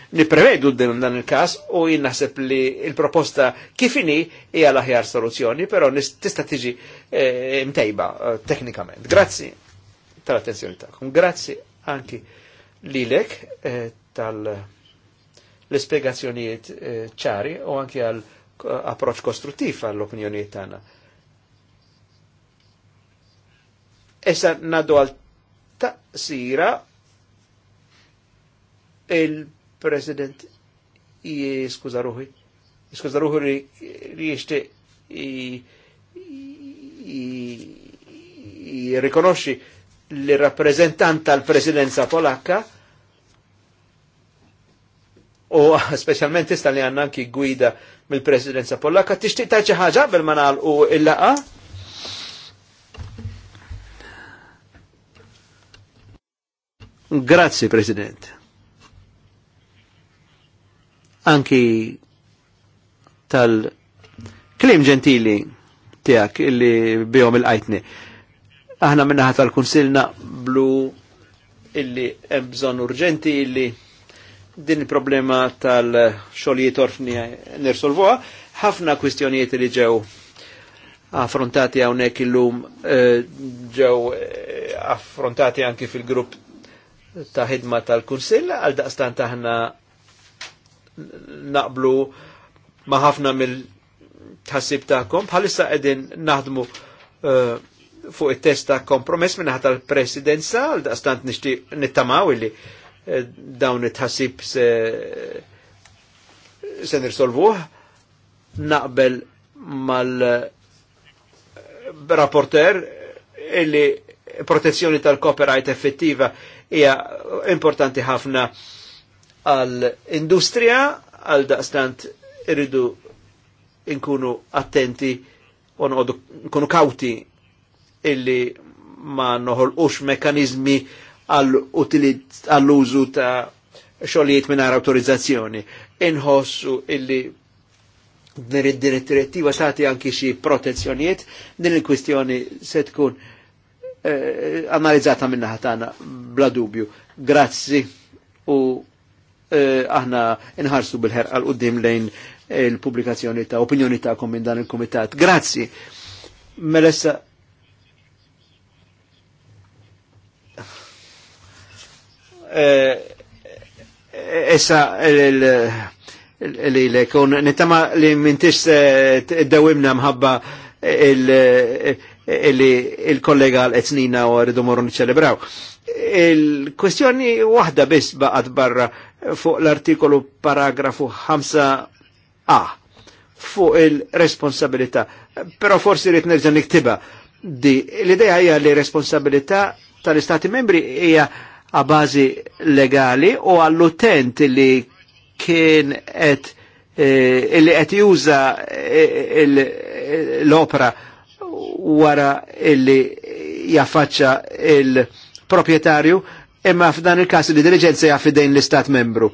niprevedu din dan il-kas u jinnaħseb li il-proposta kifini hija l-aħjar soluzzjoni, però tista' tiġi e, mtejba eh, teknikament. Grazzi tal-attenzjoni tagħkom. Grazzi anki lilek e, tal l ispjegazzjonijiet ċari u anki għal approċ kostruttiv għall-opinjonijiet tagħna. Issa nadu għal taqsira il- President jiskuza ruħi. Jiskuza ruħi li jishti jirrikonoxxi li rappresentant tal-presidenza polakka u specialment tista li għanna anki gwida mill-presidenza polakka tixtieq taċi xi ħaġa qabel u nagħlqu Grazie laqa President anki tal-klim ġentili tijak illi bijom il-qajtni. Aħna minnaħat tal-kunsilna blu illi ebżon urġenti illi din il-problema tal-xolijiet orfni nirsolvuha, ħafna kwistjonijiet li ġew affrontati hawnhekk illum eh, ġew eh, affrontati anki fil-grupp ta' ħidma tal-Kunsill għal daqstant aħna naqblu ma' ħafna mill-tħassib taħkom, Bħalissa edin naħdmu uh, fuq it-test ta' kompromess minna ħata l-presidenza, l daqstant nishti nittamaw illi uh, dawn it tħassib se, se naqbel mal-rapporter illi protezzjoni tal-copyright effettiva hija importanti ħafna għal-industrija, għal daqstant irridu inkunu attenti u nqodu nkunu kawti illi ma noħolqux mekanizmi għall-użu ta' xogħlijiet minn autorizzazzjoni. Inħossu illi din direttiva tagħti anki xi protezzjonijiet, din il-kwistjoni se tkun eh, analizzata minna ħatana bla dubju. Grazzi u Eh, aħna inħarsu bil-ħerqa l-qoddim lejn il-publikazzjoni eh, ta' opinjoni ta' minn dan il-komitat. Grazzi. Melessa. Eh, essa li lekon nittama li mintix d-dawimna mħabba il-kollega l-etnina u rridu morru niċċelebraw. Il-kwestjoni wahda bis baqat barra fuq l-artikolu paragrafu 5a fuq il-responsabilità. Però forsi rrit nerġa' niktiba di l-idea hija li responsabilità tal-Istati membri hija a bażi legali u għall-utent li kien qed illi eh, qed juża eh, l-opra wara illi jaffaċċa il-proprjetarju il imma f'dan il-kas li diligenza jgħaf fidejn l-istat membru.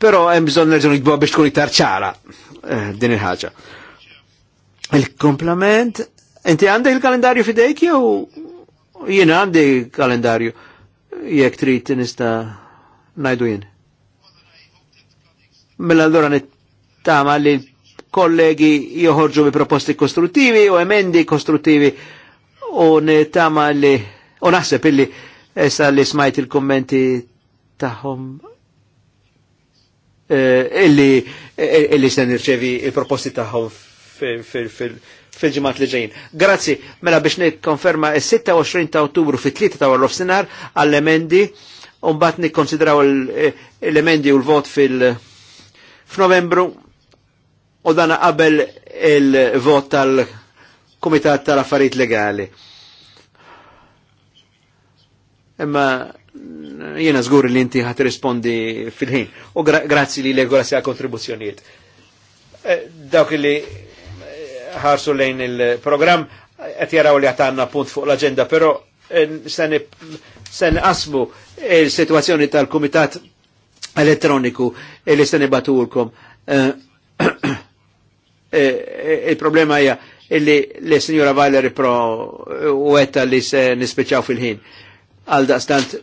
Pero hemm bżonn nerġgħu nikbu biex tkun iktar ċara eh, din il-ħaġa. Il-komplement, inti għandek il-kalendarju fidejk jew jiena għandi kalendarju jekk trid nista' ngħidu jien. Mela allura nittama li kollegi joħorġu bi proposti kostruttivi u emendi kostruttivi u nittama li u naħseb illi Issa li smajt il-kommenti tagħhom eh, eh, illi se nirċevi il-proposti tagħhom fil-ġimat li ġejjin. Grazzi, mela biex nikkonferma il 26 ta' Ottubru fit-3 ta' warrof sinar għall-emendi u mbagħad nikkonsidraw l-emendi u l-vot fil-Novembru u dan qabel il-vot tal-Kumitat tal-Affarijiet Legali imma jena zgur li inti ħat rispondi fil-ħin. U grazzi li l-għu kontribuzzjoniet. Eh, dawk li eh, ħarsu lejn il-program, għet jaraw li għatanna punt fuq l-agenda, pero eh, sen asmu il-situazzjoni tal-Komitat elettroniku e li sen batulkom. Il-problema hija li l-Signora Valeri pro u għetta li se nispeċaw fil-ħin għal daqstant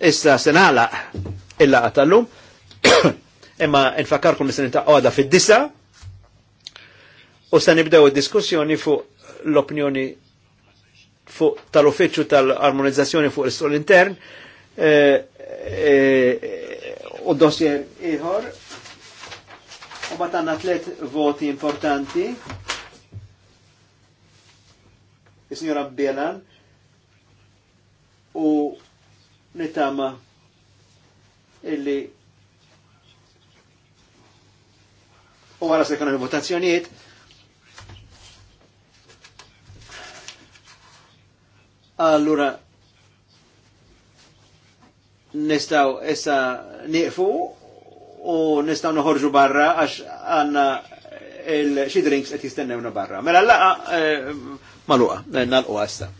issa senala illa għatallum, imma infakarkum nistanin ta' għada fid-disa, u sta' nibdew diskussjoni fuq l-opinjoni fuq tal-uffiċċju tal-armonizzazzjoni fuq l-istol intern, eh, eh, u dossier iħor, u tanna tlet voti importanti, il-signora Bielan, u nitama illi u għara se kanu votazzjoniet allura nistaw essa niqfu u nistaw noħorġu barra għax għanna il-xidrinks għet jistennewna barra. Mela laqa eh, maluqa, eh, nalqa għasta.